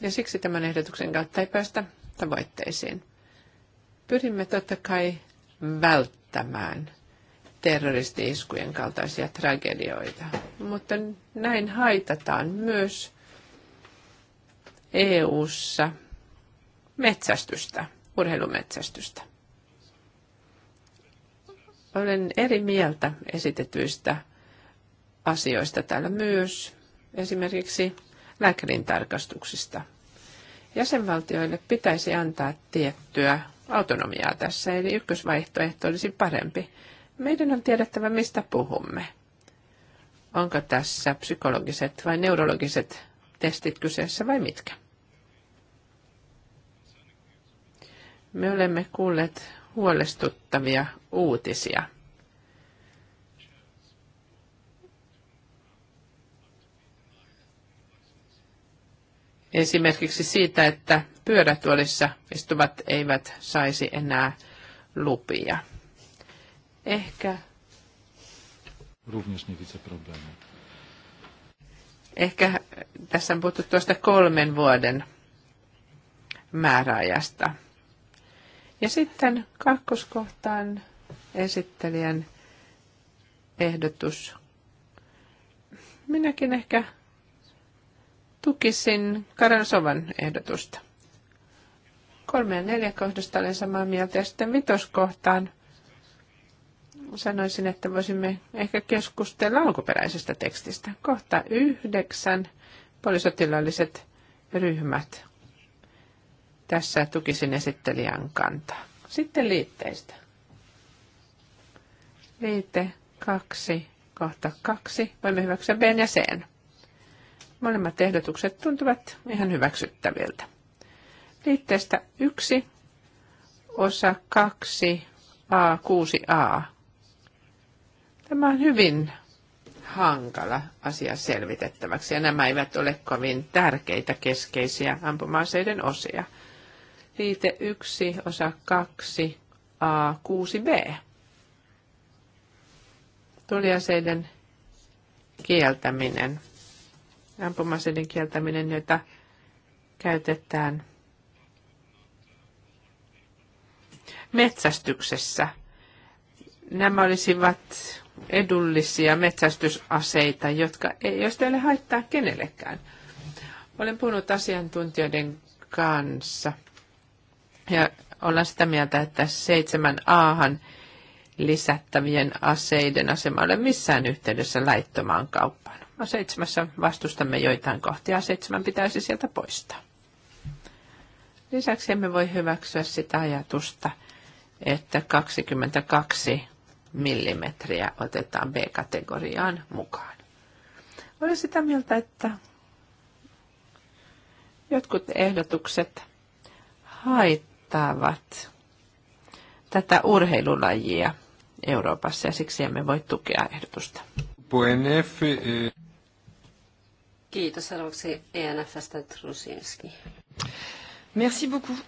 Ja siksi tämän ehdotuksen kautta ei päästä tavoitteisiin. Pyrimme totta kai välttämään terroristi-iskujen kaltaisia tragedioita. Mutta näin haitataan myös EU-ssa metsästystä, urheilumetsästystä. Olen eri mieltä esitetyistä asioista täällä myös, esimerkiksi lääkärin tarkastuksista. Jäsenvaltioille pitäisi antaa tiettyä autonomiaa tässä, eli ykkösvaihtoehto olisi parempi. Meidän on tiedettävä, mistä puhumme. Onko tässä psykologiset vai neurologiset testit kyseessä vai mitkä? Me olemme kuulleet huolestuttavia uutisia. Esimerkiksi siitä, että pyörätuolissa istuvat eivät saisi enää lupia. Ehkä Również nie widzę problemu. Ehkä tässä on puhuttu tuosta kolmen vuoden määräajasta. Ja sitten kakkoskohtaan esittelijän ehdotus. Minäkin ehkä tukisin Sovan ehdotusta. Kolme ja neljä kohdasta olen samaa mieltä ja sitten vitoskohtaan sanoisin, että voisimme ehkä keskustella alkuperäisestä tekstistä. Kohta yhdeksän poliisotilalliset ryhmät. Tässä tukisin esittelijän kantaa. Sitten liitteistä. Liite kaksi kohta kaksi Voimme hyväksyä B ja C. Molemmat ehdotukset tuntuvat ihan hyväksyttäviltä. Liitteestä yksi osa kaksi A, 6a. Tämä on hyvin hankala asia selvitettäväksi ja nämä eivät ole kovin tärkeitä keskeisiä ampumaaseiden osia. Liite 1, osa 2, A, 6b. Tuliaseiden kieltäminen, ampumaseiden kieltäminen, joita käytetään metsästyksessä. Nämä olisivat edullisia metsästysaseita, jotka ei, jos teille haittaa kenellekään. Olen puhunut asiantuntijoiden kanssa ja ollaan sitä mieltä, että 7 aahan lisättävien aseiden asema ole missään yhteydessä laittomaan kauppaan. No seitsemässä vastustamme joitain kohtia, seitsemän pitäisi sieltä poistaa. Lisäksi emme voi hyväksyä sitä ajatusta, että 22 millimetriä otetaan B-kategoriaan mukaan. Olen sitä mieltä, että jotkut ehdotukset haittaavat tätä urheilulajia Euroopassa ja siksi emme voi tukea ehdotusta. Kiitos. Seuraavaksi ENFstä Trusinski. Merci beaucoup.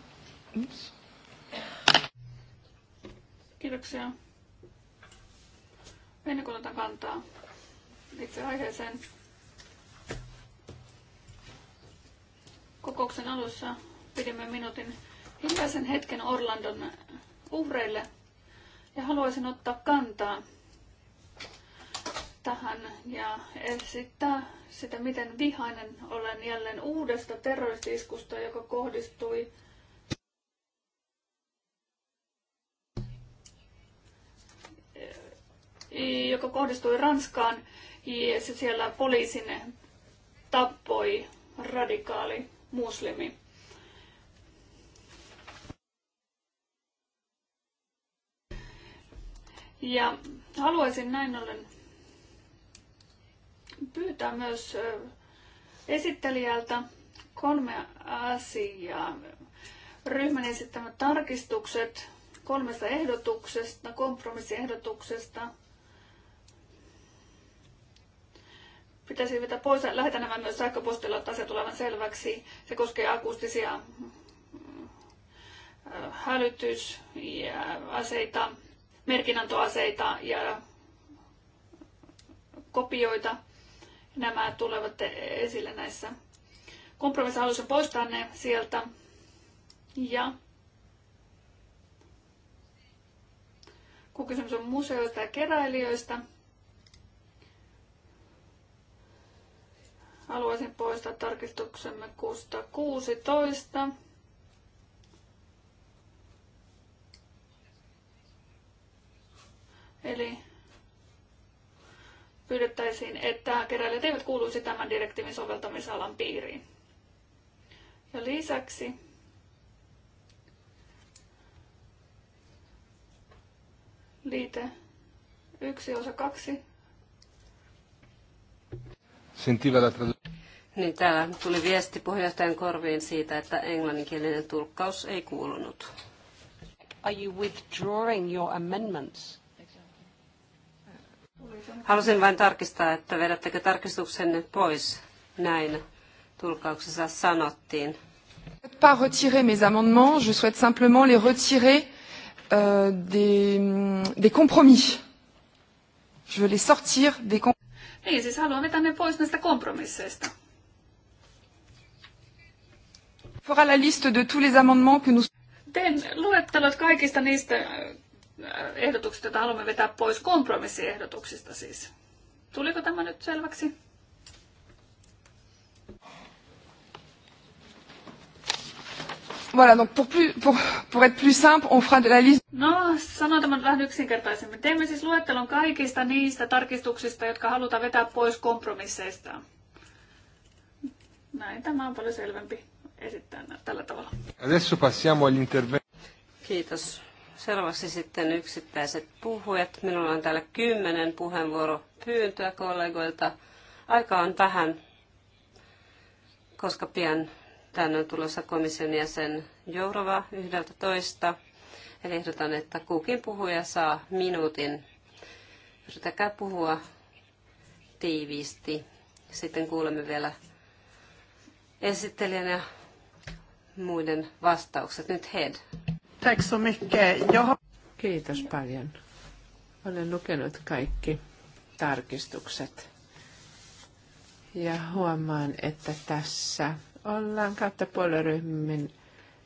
Kiitoksia. Ennen kuin otan kantaa itse aiheeseen, kokouksen alussa pidimme minuutin hiljaisen hetken Orlandon uhreille ja haluaisin ottaa kantaa tähän ja esittää sitä, miten vihainen olen jälleen uudesta terroristiskusta, joka kohdistui joka kohdistui Ranskaan. Ja se siellä poliisin tappoi radikaali muslimi. Ja haluaisin näin ollen pyytää myös esittelijältä kolme asiaa. Ryhmän esittämät tarkistukset kolmesta ehdotuksesta, kompromissiehdotuksesta pitäisi vetää pois. Lähetä nämä myös sähköpostilla, että asia tulevan selväksi. Se koskee akustisia mm, äh, aseita, merkinantoaseita ja kopioita. Nämä tulevat esille näissä kompromissa haluaisin poistaa ne sieltä. Ja kun kysymys on museoista ja keräilijöistä, Haluaisin poistaa tarkistuksemme 616. Eli pyydettäisiin, että keräilijät eivät kuuluisi tämän direktiivin soveltamisalan piiriin. Ja lisäksi liite 1 osa 2. Sentiva la traduzione. Niin täällä tuli viesti puheenjohtajan korviin siitä, että englanninkielinen tulkkaus ei kuulunut. Are you withdrawing your amendments? Halusin vain tarkistaa, että vedättekö tarkistuksenne pois. Näin tulkauksessa sanottiin. pas retirer mes amendements, je souhaite simplement les retirer euh, des, des compromis. Je veux les sortir des compromis. Niin, siis haluan vetää ne pois näistä kompromisseista. Fera la liste de tous les amendements que nous... Teen luettelot kaikista niistä äh, ehdotuksista, joita haluamme vetää pois, kompromissiehdotuksista siis. Tuliko tämä nyt selväksi? Voilà, donc pour, plus, pour, pour être plus simple, on fera de la liste. No, sanon tämän vähän yksinkertaisemmin. Teemme siis luettelon kaikista niistä tarkistuksista, jotka halutaan vetää pois kompromisseista. Näin, tämä on paljon selvempi esittää tällä tavalla. Adesso passiamo agli interventi. Kiitos. Seuraavaksi sitten yksittäiset puhujat. Minulla on täällä kymmenen puheenvuoropyyntöä kollegoilta. Aika on vähän, koska pian tänne on tulossa komission jäsen Jourova yhdeltä toista. Eli ehdotan, että kukin puhuja saa minuutin. Yritäkää puhua tiiviisti. Sitten kuulemme vielä esittelijän ja muiden vastaukset. Nyt Hed. Tack så mycket. Jag... Kiitos paljon. Olen lukenut kaikki tarkistukset. Ja huomaan, että tässä ollaan kautta puolueryhmien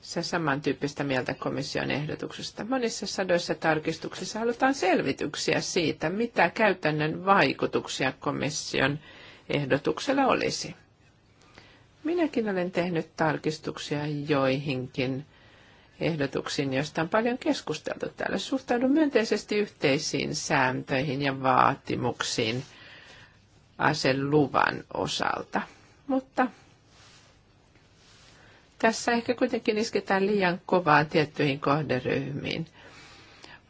se samantyyppistä mieltä komission ehdotuksesta. Monissa sadoissa tarkistuksissa halutaan selvityksiä siitä, mitä käytännön vaikutuksia komission ehdotuksella olisi. Minäkin olen tehnyt tarkistuksia joihinkin ehdotuksiin, joista on paljon keskusteltu täällä. Suhtaudun myönteisesti yhteisiin sääntöihin ja vaatimuksiin aseluvan osalta. Mutta tässä ehkä kuitenkin isketään liian kovaa tiettyihin kohderyhmiin.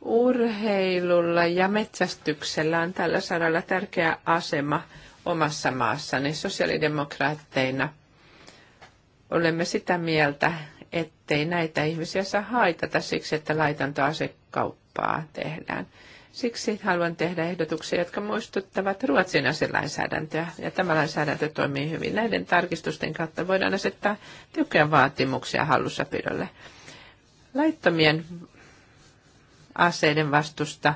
Urheilulla ja metsästyksellä on tällä saralla tärkeä asema omassa maassani sosiaalidemokraatteina – olemme sitä mieltä, ettei näitä ihmisiä saa haitata siksi, että laitantoasekauppaa tehdään. Siksi haluan tehdä ehdotuksia, jotka muistuttavat Ruotsin aselainsäädäntöä, ja tämä lainsäädäntö toimii hyvin. Näiden tarkistusten kautta voidaan asettaa tiukkoja vaatimuksia hallussapidolle. Laittomien aseiden vastusta,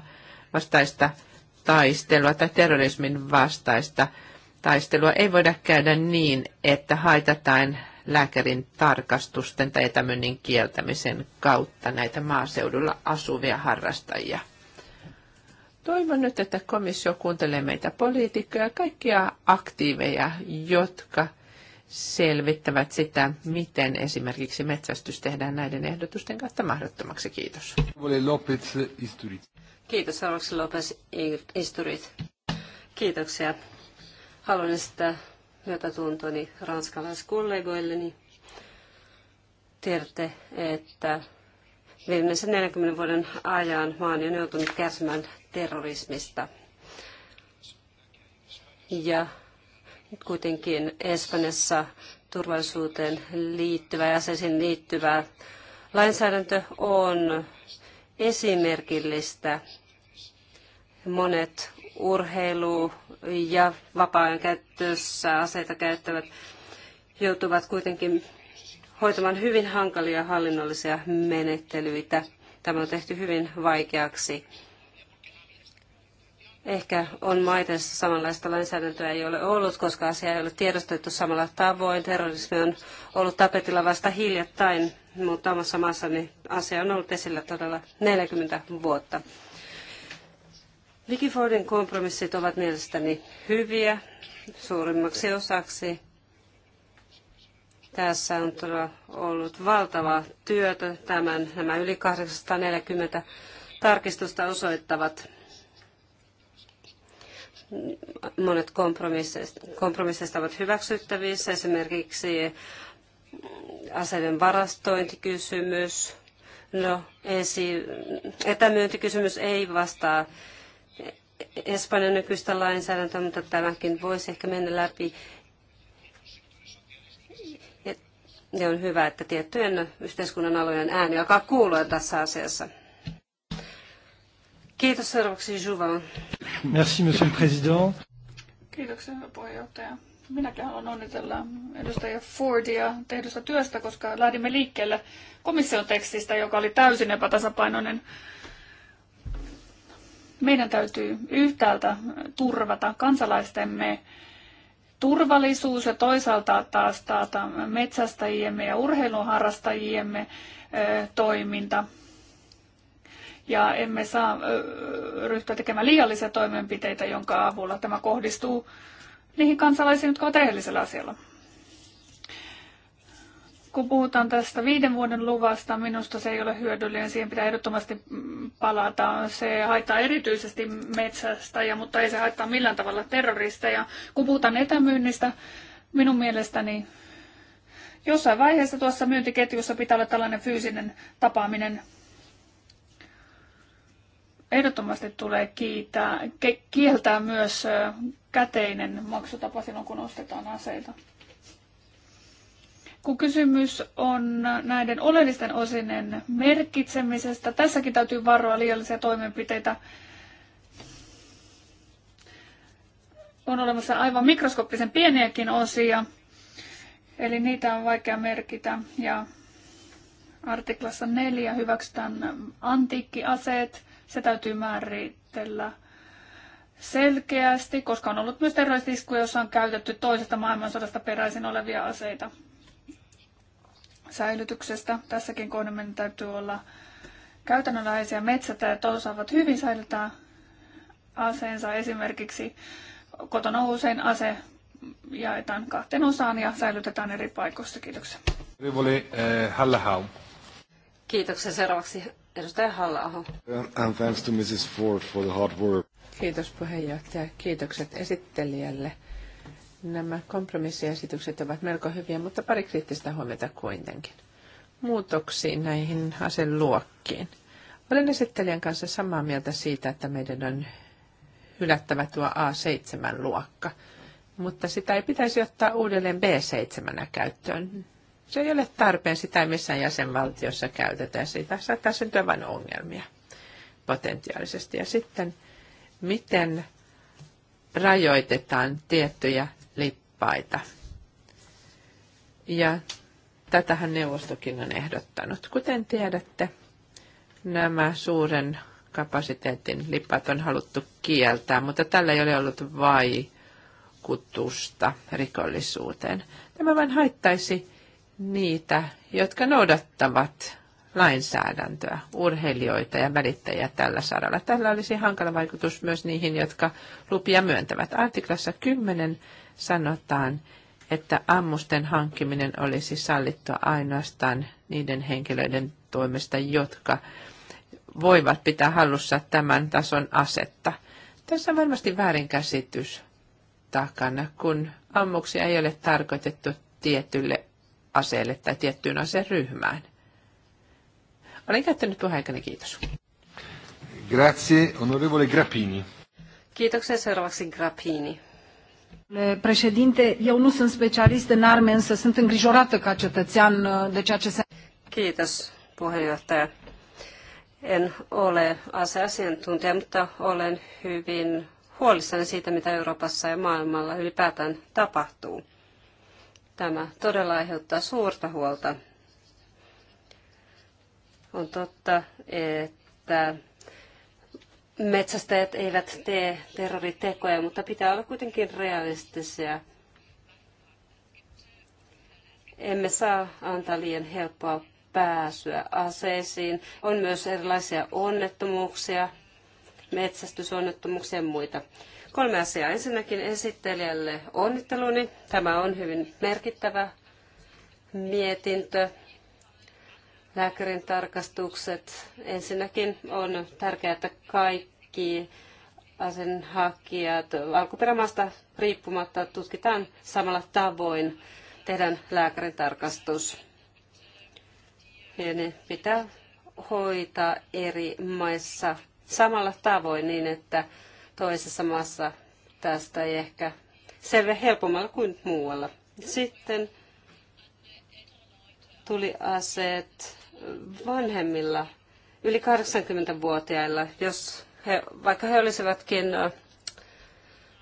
vastaista taistelua tai terrorismin vastaista taistelua ei voida käydä niin, että haitataan lääkärin tarkastusten tai etämyynnin kieltämisen kautta näitä maaseudulla asuvia harrastajia. Toivon nyt, että komissio kuuntelee meitä poliitikkoja, kaikkia aktiiveja, jotka selvittävät sitä, miten esimerkiksi metsästys tehdään näiden ehdotusten kautta mahdottomaksi. Kiitos. Kiitos, Alex Lopez Isturit. Kiitoksia. Haluan esittää myötätuntoni ranskalaiskollegoilleni. Tiedätte, että viimeisen 40 vuoden ajan maan on joutunut kärsimään terrorismista. Ja kuitenkin Espanjassa turvallisuuteen liittyvä ja aseisiin liittyvä lainsäädäntö on esimerkillistä. Monet urheilu ja vapaa-ajan käytössä aseita käyttävät joutuvat kuitenkin hoitamaan hyvin hankalia hallinnollisia menettelyitä. Tämä on tehty hyvin vaikeaksi. Ehkä on maita, joissa samanlaista lainsäädäntöä ei ole ollut, koska asia ei ole tiedostettu samalla tavoin. Terrorismi on ollut tapetilla vasta hiljattain, mutta omassa maassani asia on ollut esillä todella 40 vuotta. Vicky kompromissit ovat mielestäni hyviä suurimmaksi osaksi. Tässä on todella ollut valtavaa työtä. Tämän, nämä yli 840 tarkistusta osoittavat monet kompromisseista ovat hyväksyttävissä, esimerkiksi aseiden varastointikysymys, no esi- etämyyntikysymys ei vastaa Espanjan nykyistä lainsäädäntöä, mutta tämäkin voisi ehkä mennä läpi. Ja on hyvä, että tiettyjen yhteiskunnan alojen ääni alkaa kuulua tässä asiassa. Kiitos seuraavaksi Juvan. Merci, monsieur le président. Kiitoksia, hyvä puheenjohtaja. Minäkin haluan onnitella edustaja Fordia tehdystä työstä, koska lähdimme liikkeelle komission tekstistä, joka oli täysin epätasapainoinen. Meidän täytyy yhtäältä turvata kansalaistemme turvallisuus ja toisaalta taas taata metsästäjiemme ja urheiluharrastajiemme toiminta. Ja emme saa ryhtyä tekemään liiallisia toimenpiteitä, jonka avulla tämä kohdistuu niihin kansalaisiin, jotka ovat rehellisellä asialla kun puhutaan tästä viiden vuoden luvasta, minusta se ei ole hyödyllinen. Siihen pitää ehdottomasti palata. Se haittaa erityisesti ja mutta ei se haittaa millään tavalla terroristeja. Kun puhutaan etämyynnistä, minun mielestäni jossain vaiheessa tuossa myyntiketjussa pitää olla tällainen fyysinen tapaaminen. Ehdottomasti tulee kiitää, kieltää myös käteinen maksutapa silloin, kun ostetaan aseita kun kysymys on näiden oleellisten osinen merkitsemisestä, tässäkin täytyy varoa liiallisia toimenpiteitä. On olemassa aivan mikroskooppisen pieniäkin osia, eli niitä on vaikea merkitä. Ja artiklassa 4 hyväksytään antiikkiaseet. Se täytyy määritellä selkeästi, koska on ollut myös terroristiskuja, joissa on käytetty toisesta maailmansodasta peräisin olevia aseita säilytyksestä. Tässäkin kohdassa meidän täytyy olla käytännönläheisiä ja osaavat hyvin säilyttää aseensa. Esimerkiksi kotona usein ase jaetaan kahteen osaan ja säilytetään eri paikoissa. Kiitoksia. Rivoli eh, halla Kiitoksia seuraavaksi edustaja halla uh, And thanks to Mrs. Ford for the hard work. Kiitos puheenjohtaja. Kiitokset esittelijälle Nämä kompromissiesitykset ovat melko hyviä, mutta pari kriittistä huomiota kuitenkin. Muutoksiin näihin aseluokkiin. Olen esittelijän kanssa samaa mieltä siitä, että meidän on hylättävä tuo A7-luokka, mutta sitä ei pitäisi ottaa uudelleen B7 käyttöön. Se ei ole tarpeen, sitä ei missään jäsenvaltiossa käytetä, siitä saattaa syntyä vain ongelmia potentiaalisesti. Ja sitten, miten rajoitetaan tiettyjä oppaita. Ja tätähän neuvostokin on ehdottanut. Kuten tiedätte, nämä suuren kapasiteetin lipat on haluttu kieltää, mutta tällä ei ole ollut vaikutusta rikollisuuteen. Tämä vain haittaisi niitä, jotka noudattavat lainsäädäntöä, urheilijoita ja välittäjiä tällä saralla. Tällä olisi hankala vaikutus myös niihin, jotka lupia myöntävät. Artiklassa 10 sanotaan, että ammusten hankkiminen olisi sallittua ainoastaan niiden henkilöiden toimesta, jotka voivat pitää hallussa tämän tason asetta. Tässä on varmasti väärinkäsitys takana, kun ammuksia ei ole tarkoitettu tietylle aseelle tai tiettyyn aseryhmään. Olen käyttänyt puheenjohtajani, kiitos. Grazie, onorevole Grappini. Kiitoksia seuraavaksi Grappini. Președinte, eu nu sunt specialist în arme, însă sunt îngrijorată ca cetățean uh, de ceea ce se... Kiitos, puheenjohtaja. En ole aseasiantuntija, mutta olen hyvin huolissani siitä, mitä Euroopassa ja maailmalla ylipäätään tapahtuu. Tämä todella aiheuttaa suurta huolta. On totta, että metsästäjät eivät tee terroritekoja, mutta pitää olla kuitenkin realistisia. Emme saa antaa liian helppoa pääsyä aseisiin. On myös erilaisia onnettomuuksia, metsästysonnettomuuksia ja muita. Kolme asiaa. Ensinnäkin esittelijälle onnitteluni. Tämä on hyvin merkittävä mietintö lääkärin tarkastukset. Ensinnäkin on tärkeää, että kaikki asenhakijat alkuperämaasta riippumatta tutkitaan samalla tavoin, tehdään lääkärin tarkastus. Ja ne pitää hoitaa eri maissa samalla tavoin niin, että toisessa maassa tästä ei ehkä selviä helpommalla kuin muualla. Sitten tuli aseet vanhemmilla, yli 80-vuotiailla, jos he, vaikka he olisivatkin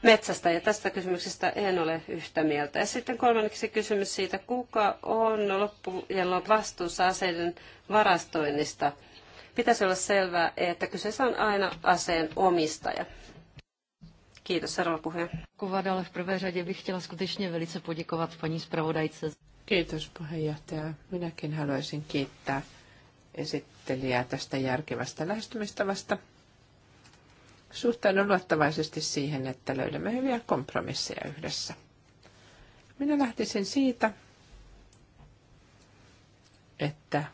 metsästä, ja tästä kysymyksestä en ole yhtä mieltä. Ja sitten kolmanneksi kysymys siitä, kuka on loppujen vastuussa aseiden varastoinnista. Pitäisi olla selvää, että kyseessä on aina aseen omistaja. Kiitos, seuraava puhuja. Kuvadalle v prvé řadě bych chtěla skutečně velice poděkovat paní zpravodajce. Kiitos puheenjohtaja. Minäkin haluaisin kiittää esittelijää tästä järkevästä lähestymistavasta. Suhtaudun luottavaisesti siihen, että löydämme hyviä kompromisseja yhdessä. Minä lähtisin siitä, että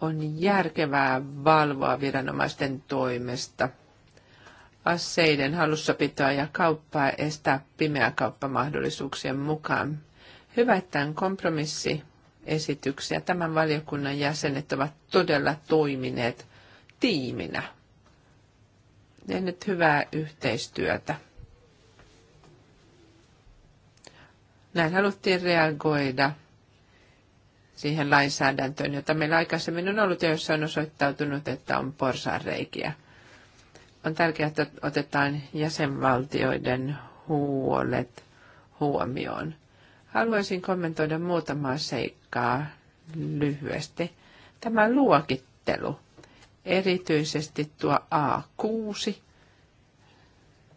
on järkevää valvoa viranomaisten toimesta aseiden hallussapitoa ja kauppaa estää pimeäkauppamahdollisuuksien mukaan Hyvä, että on kompromissiesityksiä. Tämän valiokunnan jäsenet ovat todella toimineet tiiminä. nyt hyvää yhteistyötä. Näin haluttiin reagoida siihen lainsäädäntöön, jota meillä aikaisemmin on ollut ja jossa on osoittautunut, että on porsaanreikiä. On tärkeää, että otetaan jäsenvaltioiden huolet huomioon. Haluaisin kommentoida muutamaa seikkaa lyhyesti. Tämä luokittelu, erityisesti tuo A6,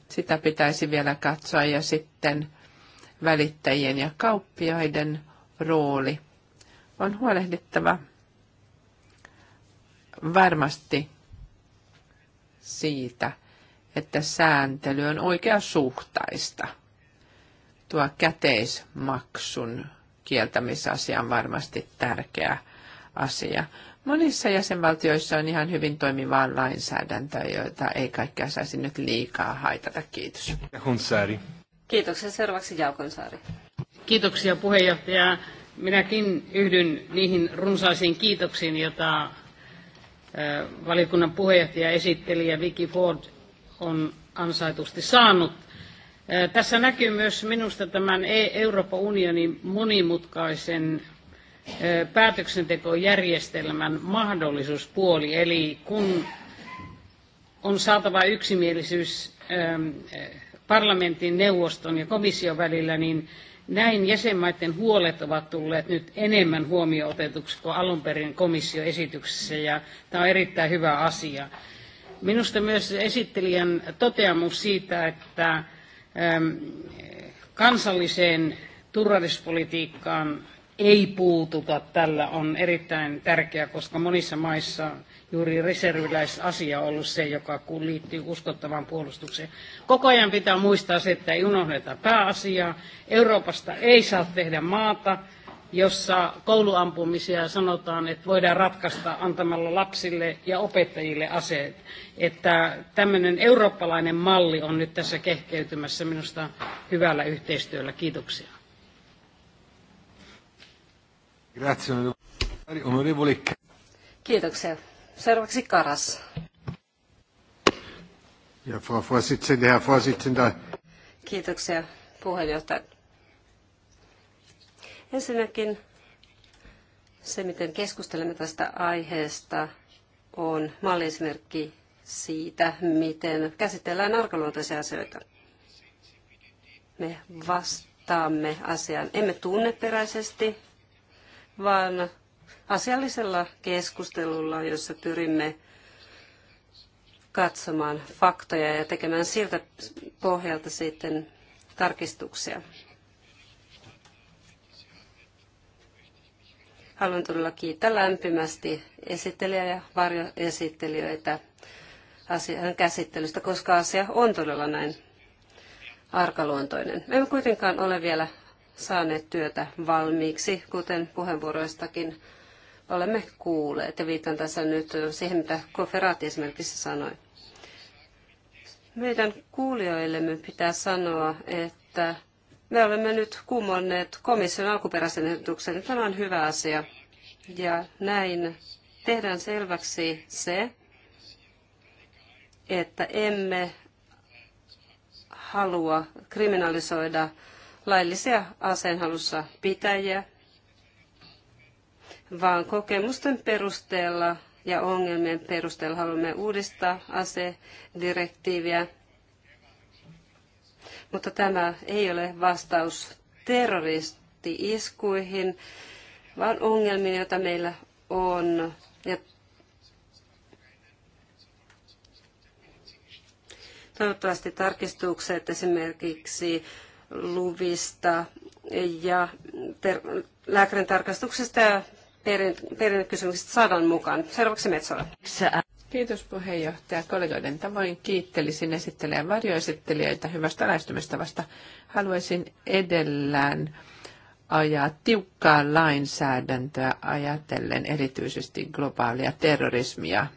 sitä pitäisi vielä katsoa ja sitten välittäjien ja kauppiaiden rooli. On huolehdittava varmasti siitä, että sääntely on oikeasuhtaista – tuo käteismaksun kieltämisasia on varmasti tärkeä asia. Monissa jäsenvaltioissa on ihan hyvin toimivaa lainsäädäntöä, joita ei kaikkea saisi nyt liikaa haitata. Kiitos. Hunsaari. Kiitoksia. Seuraavaksi Jaukonsaari. Kiitoksia puheenjohtaja. Minäkin yhdyn niihin runsaisiin kiitoksiin, joita valiokunnan puheenjohtaja esitteli ja Vicky Ford on ansaitusti saanut tässä näkyy myös minusta tämän e- Euroopan unionin monimutkaisen päätöksentekojärjestelmän mahdollisuuspuoli, eli kun on saatava yksimielisyys parlamentin, neuvoston ja komission välillä, niin näin jäsenmaiden huolet ovat tulleet nyt enemmän huomioon otetuksi kuin alun perin komission esityksessä, ja tämä on erittäin hyvä asia. Minusta myös esittelijän toteamus siitä, että Ähm, kansalliseen turvallisuuspolitiikkaan ei puututa tällä on erittäin tärkeää, koska monissa maissa juuri reserviläisasia on ollut se, joka liittyy uskottavaan puolustukseen. Koko ajan pitää muistaa se, että ei unohdeta pääasiaa. Euroopasta ei saa tehdä maata, jossa kouluampumisia sanotaan, että voidaan ratkaista antamalla lapsille ja opettajille aseet. Että tämmöinen eurooppalainen malli on nyt tässä kehkeytymässä minusta hyvällä yhteistyöllä. Kiitoksia. Kiitoksia. Seuraavaksi Karas. Kiitoksia puheenjohtaja Ensinnäkin se, miten keskustelemme tästä aiheesta, on malliesimerkki siitä, miten käsitellään arkaluontoisia asioita. Me vastaamme asiaan, emme tunneperäisesti, vaan asiallisella keskustelulla, jossa pyrimme katsomaan faktoja ja tekemään siltä pohjalta sitten tarkistuksia. Haluan todella kiittää lämpimästi esittelijä ja varjoesittelijöitä asian käsittelystä, koska asia on todella näin arkaluontoinen. Me emme kuitenkaan ole vielä saaneet työtä valmiiksi, kuten puheenvuoroistakin olemme kuulleet. Ja viitan tässä nyt siihen, mitä Koferaati esimerkiksi sanoi. Meidän kuulijoillemme pitää sanoa, että me olemme nyt kumonneet komission alkuperäisen ehdotuksen. Tämä on hyvä asia. Ja näin tehdään selväksi se, että emme halua kriminalisoida laillisia aseenhalussa pitäjiä, vaan kokemusten perusteella ja ongelmien perusteella haluamme uudistaa asedirektiiviä mutta tämä ei ole vastaus terroristi-iskuihin, vaan ongelmiin, joita meillä on. Ja toivottavasti tarkistukset esimerkiksi luvista ja ter- lääkärin tarkastuksesta ja perin, saadaan mukaan. Seuraavaksi Metsola. Kiitos puheenjohtaja. Kollegoiden tavoin kiittelisin esittelijän varjoesittelijöitä hyvästä lähestymistavasta. Haluaisin edellään ajaa tiukkaa lainsäädäntöä ajatellen erityisesti globaalia terrorismia,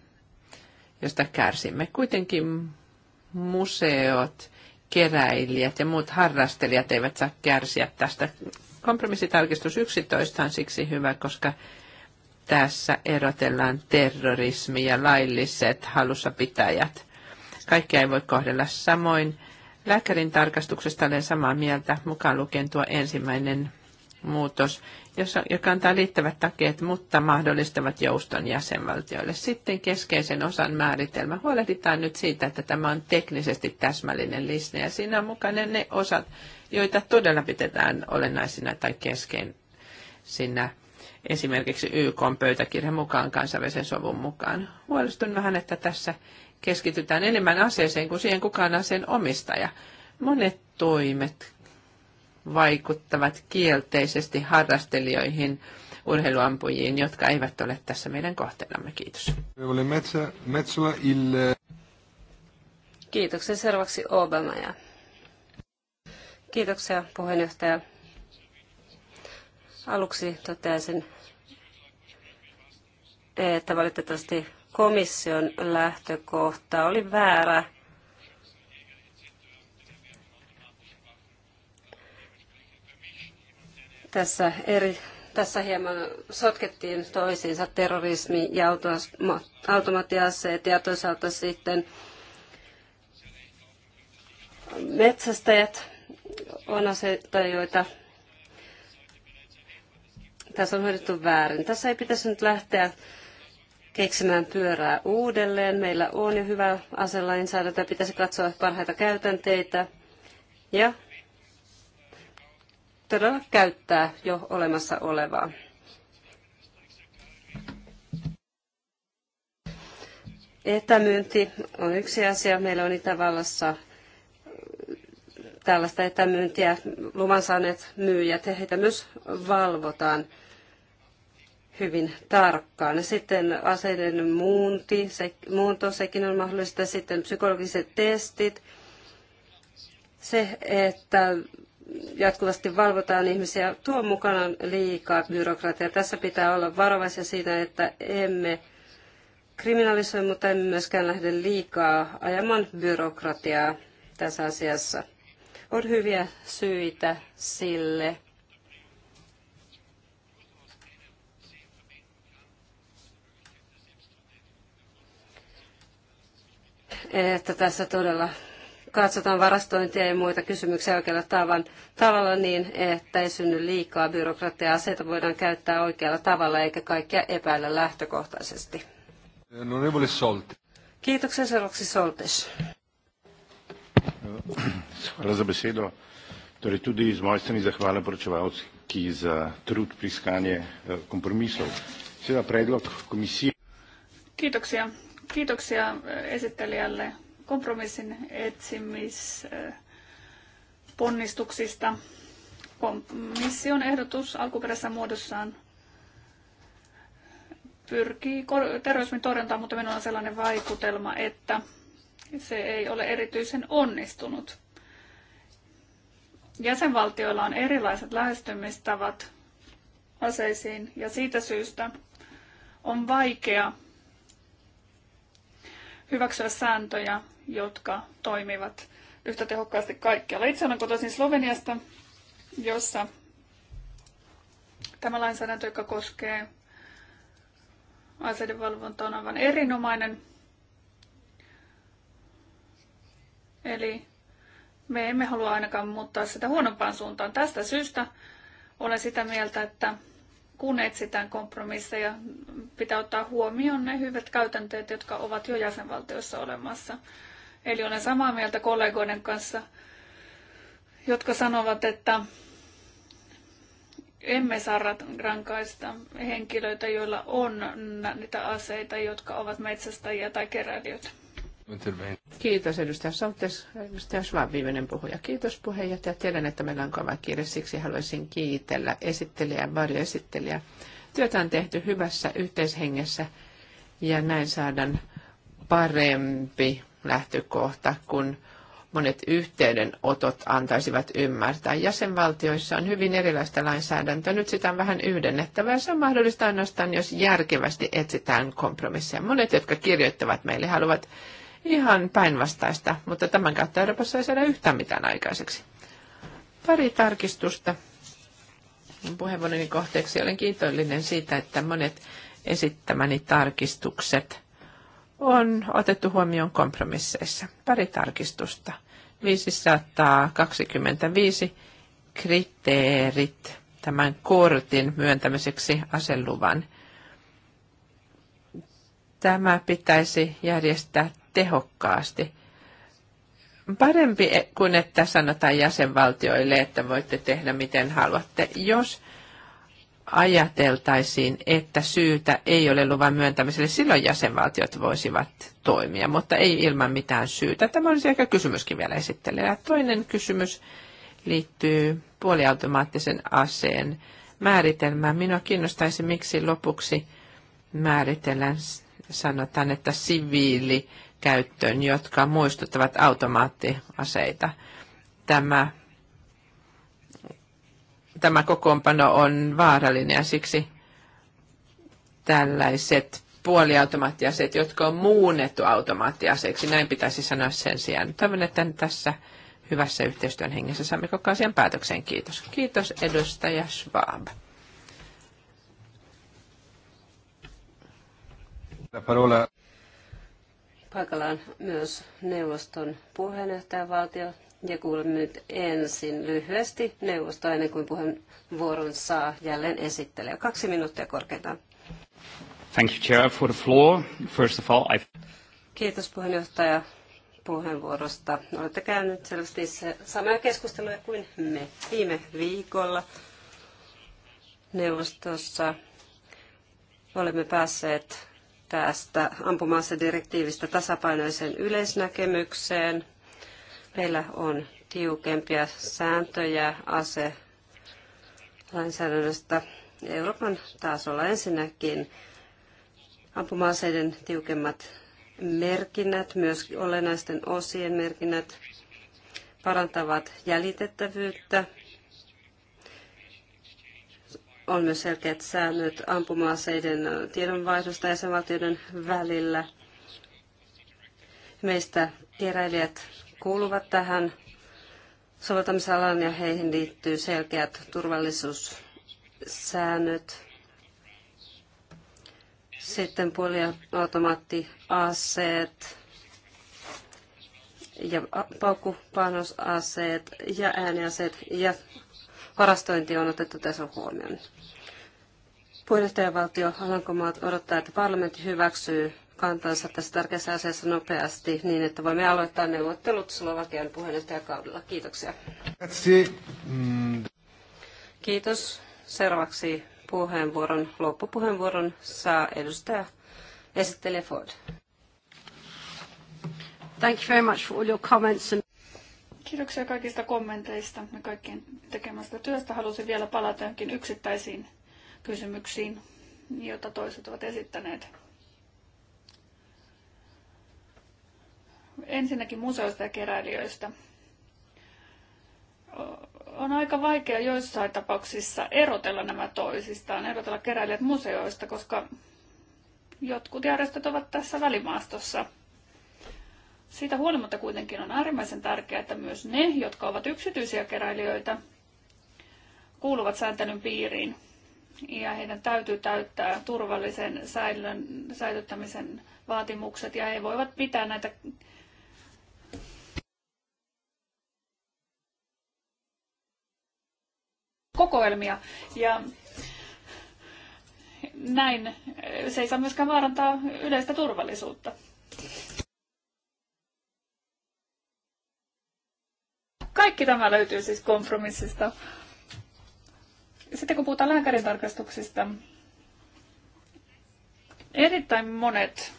josta kärsimme. Kuitenkin museot, keräilijät ja muut harrastelijat eivät saa kärsiä tästä. Kompromissitarkistus 11 on siksi hyvä, koska tässä erotellaan terrorismi ja lailliset halussapitäjät. Kaikkia ei voi kohdella samoin. Lääkärin tarkastuksesta olen samaa mieltä, mukaan lukien tuo ensimmäinen muutos, jossa, joka antaa liittävät takeet, mutta mahdollistavat jouston jäsenvaltioille. Sitten keskeisen osan määritelmä. Huolehditaan nyt siitä, että tämä on teknisesti täsmällinen lisne ja siinä on mukana ne osat, joita todella pidetään olennaisina tai keskeisinä sinä esimerkiksi YK pöytäkirjan mukaan kansainvälisen sovun mukaan. Huolestun vähän, että tässä keskitytään enemmän aseeseen kuin siihen kukaan aseen omistaja. Monet toimet vaikuttavat kielteisesti harrastelijoihin, urheiluampujiin, jotka eivät ole tässä meidän kohteenamme. Kiitos. Kiitoksia seuraavaksi Obama. Ja... Kiitoksia puheenjohtaja. Aluksi toteaisin, että valitettavasti komission lähtökohta oli väärä. Tässä, eri, tässä hieman sotkettiin toisiinsa terrorismi ja automaattiaseet ja toisaalta sitten metsästäjät on aseita, joita tässä on hoidettu väärin. Tässä ei pitäisi nyt lähteä keksimään pyörää uudelleen. Meillä on jo hyvä aselainsäädäntö, pitäisi katsoa parhaita käytänteitä ja todella käyttää jo olemassa olevaa. Etämyynti on yksi asia. Meillä on Itävallassa äh, tällaista etämyyntiä luvan saaneet myyjät ja heitä myös valvotaan hyvin tarkkaan. Sitten aseiden muunti, se, muunto, sekin on mahdollista. Sitten psykologiset testit. Se, että jatkuvasti valvotaan ihmisiä, tuo mukana liikaa byrokratia. Tässä pitää olla varovaisia siinä, että emme kriminalisoi, mutta emme myöskään lähde liikaa ajamaan byrokratiaa tässä asiassa. On hyviä syitä sille, että tässä todella katsotaan varastointia ja muita kysymyksiä oikealla tavan, tavalla niin, että ei synny liikaa byrokratiaa. Aseita voidaan käyttää oikealla tavalla eikä kaikkia epäillä lähtökohtaisesti. No, Kiitoksia, Solti. Kiitoksen seuraavaksi Soltes. Hvala besedo. Torej tudi iz moje strani zahvala poročevalki za trud pri eh, kompromisov. Seveda predlog komisije. Kiitoksia Kiitoksia äh, esittelijälle kompromissin etsimisponnistuksista. Komission ehdotus alkuperäisessä muodossaan pyrkii terrorismin torjuntaan, mutta minulla on sellainen vaikutelma, että se ei ole erityisen onnistunut. Jäsenvaltioilla on erilaiset lähestymistavat aseisiin ja siitä syystä on vaikea hyväksyä sääntöjä, jotka toimivat yhtä tehokkaasti kaikkialla. Itse olen kotoisin Sloveniasta, jossa tämä lainsäädäntö, joka koskee aseiden valvontaa, on aivan erinomainen. Eli me emme halua ainakaan muuttaa sitä huonompaan suuntaan. Tästä syystä olen sitä mieltä, että kun etsitään kompromisseja, pitää ottaa huomioon ne hyvät käytänteet, jotka ovat jo jäsenvaltioissa olemassa. Eli olen samaa mieltä kollegoiden kanssa, jotka sanovat, että emme saa rankaista henkilöitä, joilla on niitä aseita, jotka ovat metsästäjiä tai keräilijöitä. Kiitos edustaja Soltes, edustaja Schwab, viimeinen puhuja. Kiitos puheenjohtaja. Tiedän, että meillä on kova kiire, siksi haluaisin kiitellä esittelijää, varjoesittelijää. Työtä on tehty hyvässä yhteishengessä ja näin saadaan parempi lähtökohta, kun monet yhteydenotot antaisivat ymmärtää. Jäsenvaltioissa on hyvin erilaista lainsäädäntöä. Nyt sitä on vähän yhdennettävää. Se on mahdollista ainoastaan, jos järkevästi etsitään kompromisseja. Monet, jotka kirjoittavat meille, haluavat ihan päinvastaista, mutta tämän kautta Euroopassa ei saada yhtään mitään aikaiseksi. Pari tarkistusta puheenvuoroni kohteeksi. Olen kiitollinen siitä, että monet esittämäni tarkistukset on otettu huomioon kompromisseissa. Pari tarkistusta. 525 kriteerit tämän kortin myöntämiseksi aseluvan. Tämä pitäisi järjestää tehokkaasti. Parempi kuin että sanotaan jäsenvaltioille, että voitte tehdä miten haluatte. Jos ajateltaisiin, että syytä ei ole luvan myöntämiselle, silloin jäsenvaltiot voisivat toimia, mutta ei ilman mitään syytä. Tämä olisi ehkä kysymyskin vielä esittelee. Toinen kysymys liittyy puoliautomaattisen aseen määritelmään. Minua kiinnostaisi, miksi lopuksi määritellään, sanotaan, että siviili käyttöön, jotka muistuttavat automaattiaseita. Tämä, tämä kokoonpano on vaarallinen ja siksi tällaiset puoliautomaattiaseet, jotka on muunnettu automaattiaseiksi, näin pitäisi sanoa sen sijaan. Toivon, että tässä hyvässä yhteistyön hengessä saamme koko asian päätökseen. Kiitos. Kiitos edustaja Schwab on myös neuvoston puheenjohtajavaltio ja kuulemme nyt ensin lyhyesti neuvostoa ennen kuin puheenvuoron saa jälleen esittelijä. Kaksi minuuttia korkeintaan. Thank you, Chair, for the floor. First of all, I've... Kiitos puheenjohtaja puheenvuorosta. Olette käynyt selvästi samoja keskusteluja kuin me viime viikolla neuvostossa. Olemme päässeet tästä ampuma-asedirektiivistä tasapainoiseen yleisnäkemykseen. Meillä on tiukempia sääntöjä ase lainsäädännöstä Euroopan tasolla. Ensinnäkin ampuma-aseiden tiukemmat merkinnät, myös olennaisten osien merkinnät parantavat jäljitettävyyttä on myös selkeät säännöt ampuma-aseiden tiedonvaihdosta jäsenvaltioiden välillä. Meistä keräilijät kuuluvat tähän soveltamisalaan ja heihin liittyy selkeät turvallisuussäännöt. Sitten puoliautomaattiaseet ja paukkupanosaseet ja ääniaseet ja varastointi on otettu tässä huomioon. Puheenjohtajavaltio Alankomaat odottaa, että parlamentti hyväksyy kantansa tässä tärkeässä asiassa nopeasti niin, että voimme aloittaa neuvottelut Slovakian puheenjohtajakaudella. Kiitoksia. Mm. Kiitos. Seuraavaksi puheenvuoron, loppupuheenvuoron saa edustaja esittelijä Ford. Thank you very much for all your comments and... Kiitoksia kaikista kommenteista ja kaikkien tekemästä työstä. Halusin vielä palata johonkin yksittäisiin kysymyksiin, joita toiset ovat esittäneet. Ensinnäkin museoista ja keräilijöistä. On aika vaikea joissain tapauksissa erotella nämä toisistaan, erotella keräilijät museoista, koska jotkut järjestöt ovat tässä välimaastossa – siitä huolimatta kuitenkin on äärimmäisen tärkeää, että myös ne, jotka ovat yksityisiä keräilijöitä, kuuluvat sääntelyn piiriin ja heidän täytyy täyttää turvallisen säilön, säilyttämisen vaatimukset ja he voivat pitää näitä kokoelmia ja näin se ei saa myöskään vaarantaa yleistä turvallisuutta. Kaikki tämä löytyy siis kompromissista. Sitten kun puhutaan lääkärin tarkastuksista, erittäin monet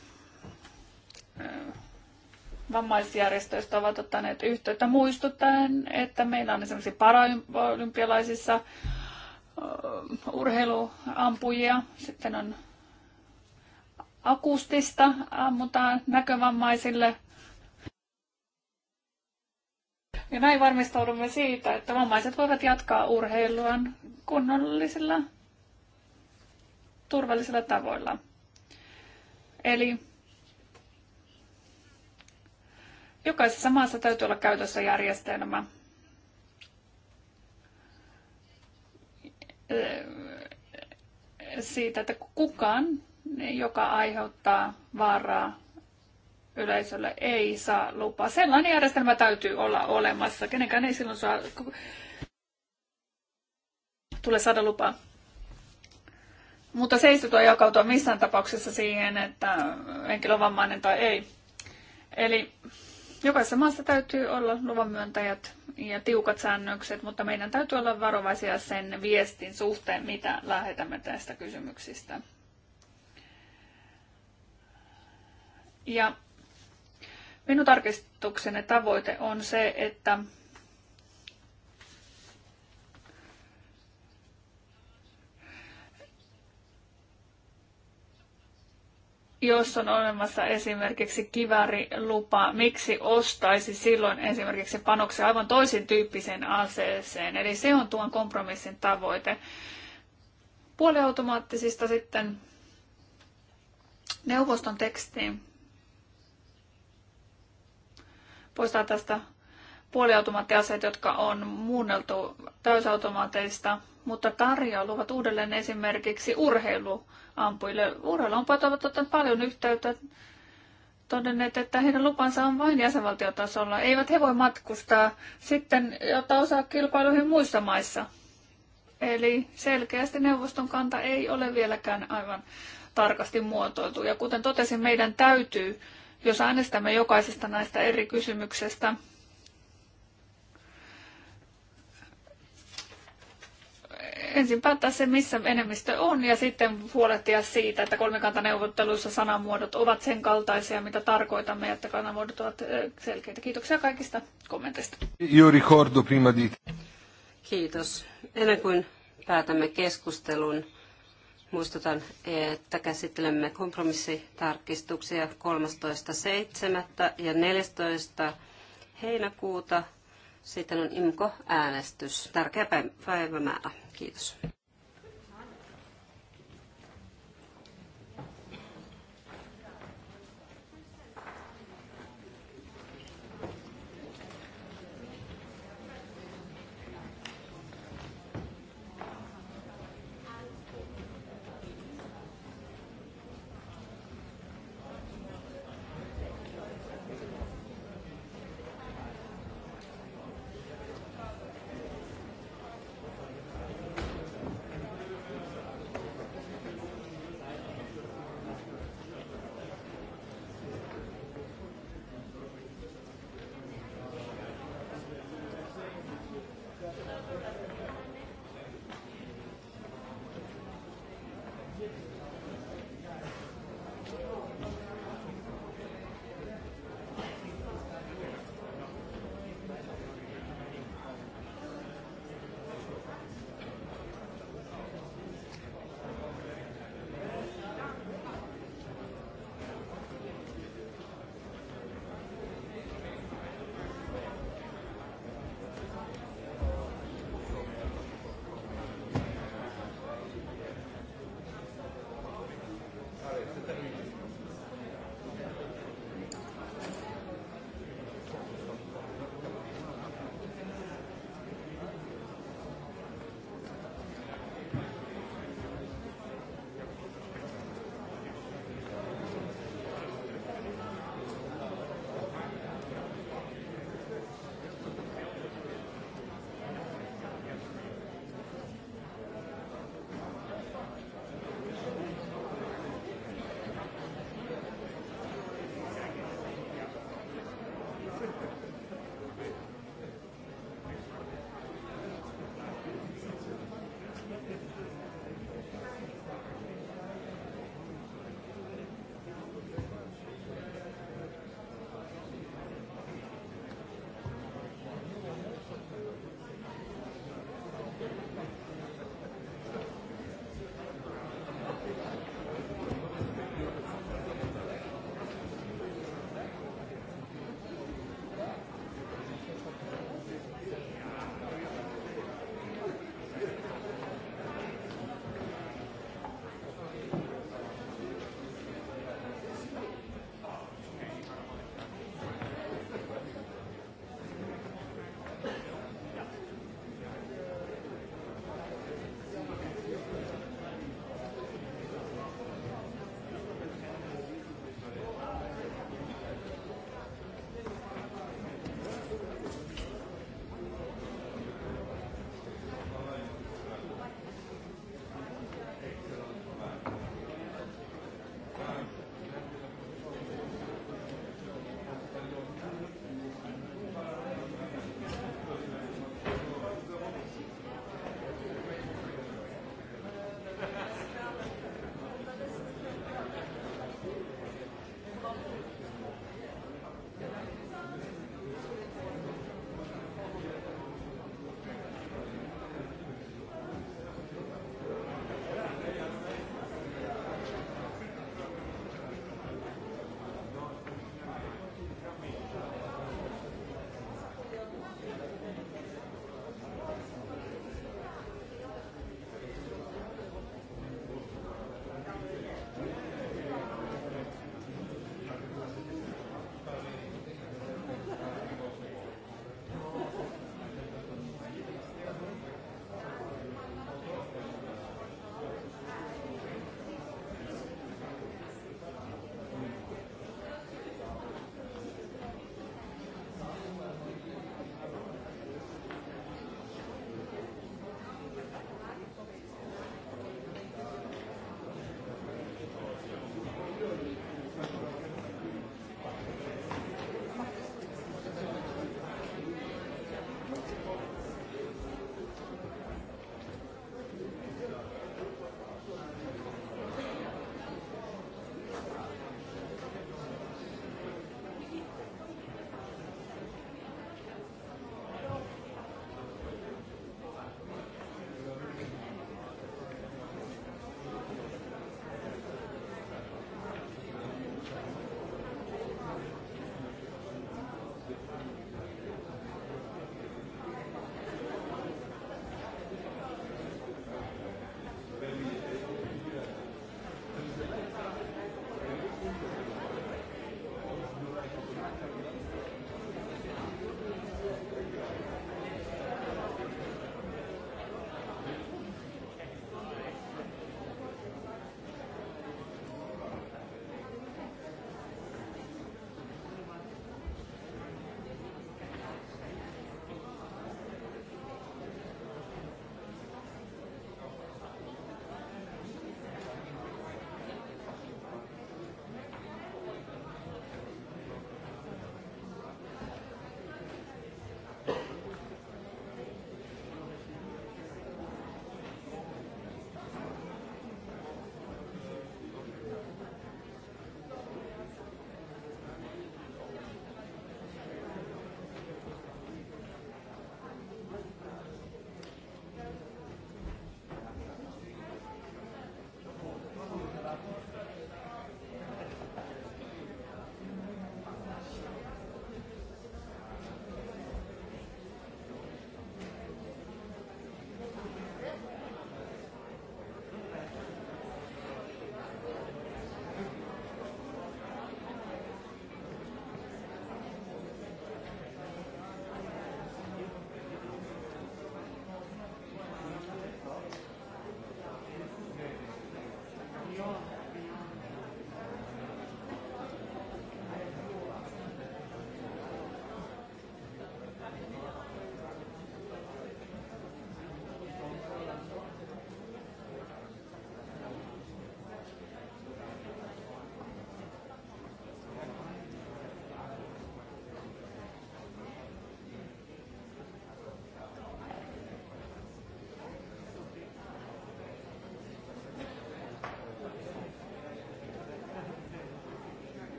vammaisjärjestöistä ovat ottaneet yhteyttä muistuttaen, että meillä on esimerkiksi paraolympialaisissa urheiluampujia, sitten on akustista ammutaan näkövammaisille – ja näin varmistaudumme siitä, että vammaiset voivat jatkaa urheiluaan kunnollisilla, turvallisilla tavoilla. Eli jokaisessa maassa täytyy olla käytössä järjestelmä, eh, siitä, että kukaan, joka aiheuttaa vaaraa yleisölle ei saa lupaa. Sellainen järjestelmä täytyy olla olemassa. Kenenkään ei silloin saa, tule saada lupaa. Mutta se ei jakautua missään tapauksessa siihen, että henkilö on vammainen tai ei. Eli jokaisessa maassa täytyy olla luvanmyöntäjät ja tiukat säännökset, mutta meidän täytyy olla varovaisia sen viestin suhteen, mitä lähetämme tästä kysymyksistä. Ja Minun tarkistuksenne tavoite on se, että jos on olemassa esimerkiksi kivärilupa, miksi ostaisi silloin esimerkiksi panoksen aivan toisen tyyppiseen aseeseen. Eli se on tuon kompromissin tavoite. Puoliautomaattisista sitten neuvoston tekstiin poistaa tästä puoliautomaattiaseet, jotka on muunneltu täysautomaateista, mutta tarjoiluvat uudelleen esimerkiksi urheiluampujille. Urheiluampujat ovat ottaneet paljon yhteyttä todenneet, että heidän lupansa on vain jäsenvaltiotasolla. Eivät he voi matkustaa sitten ottaa osaa kilpailuihin muissa maissa. Eli selkeästi neuvoston kanta ei ole vieläkään aivan tarkasti muotoiltu. Ja kuten totesin, meidän täytyy jos äänestämme jokaisesta näistä eri kysymyksestä, ensin päättää se, missä enemmistö on, ja sitten huolehtia siitä, että kolmikantaneuvotteluissa sanamuodot ovat sen kaltaisia, mitä tarkoitamme, että sanamuodot ovat selkeitä. Kiitoksia kaikista kommenteista. Io ricordo prima di... Kiitos. Ennen kuin päätämme keskustelun, Muistutan, että käsittelemme kompromissitarkistuksia 13.7. ja 14. heinäkuuta. Sitten on IMKO-äänestys. Tärkeä päivämäärä. Kiitos.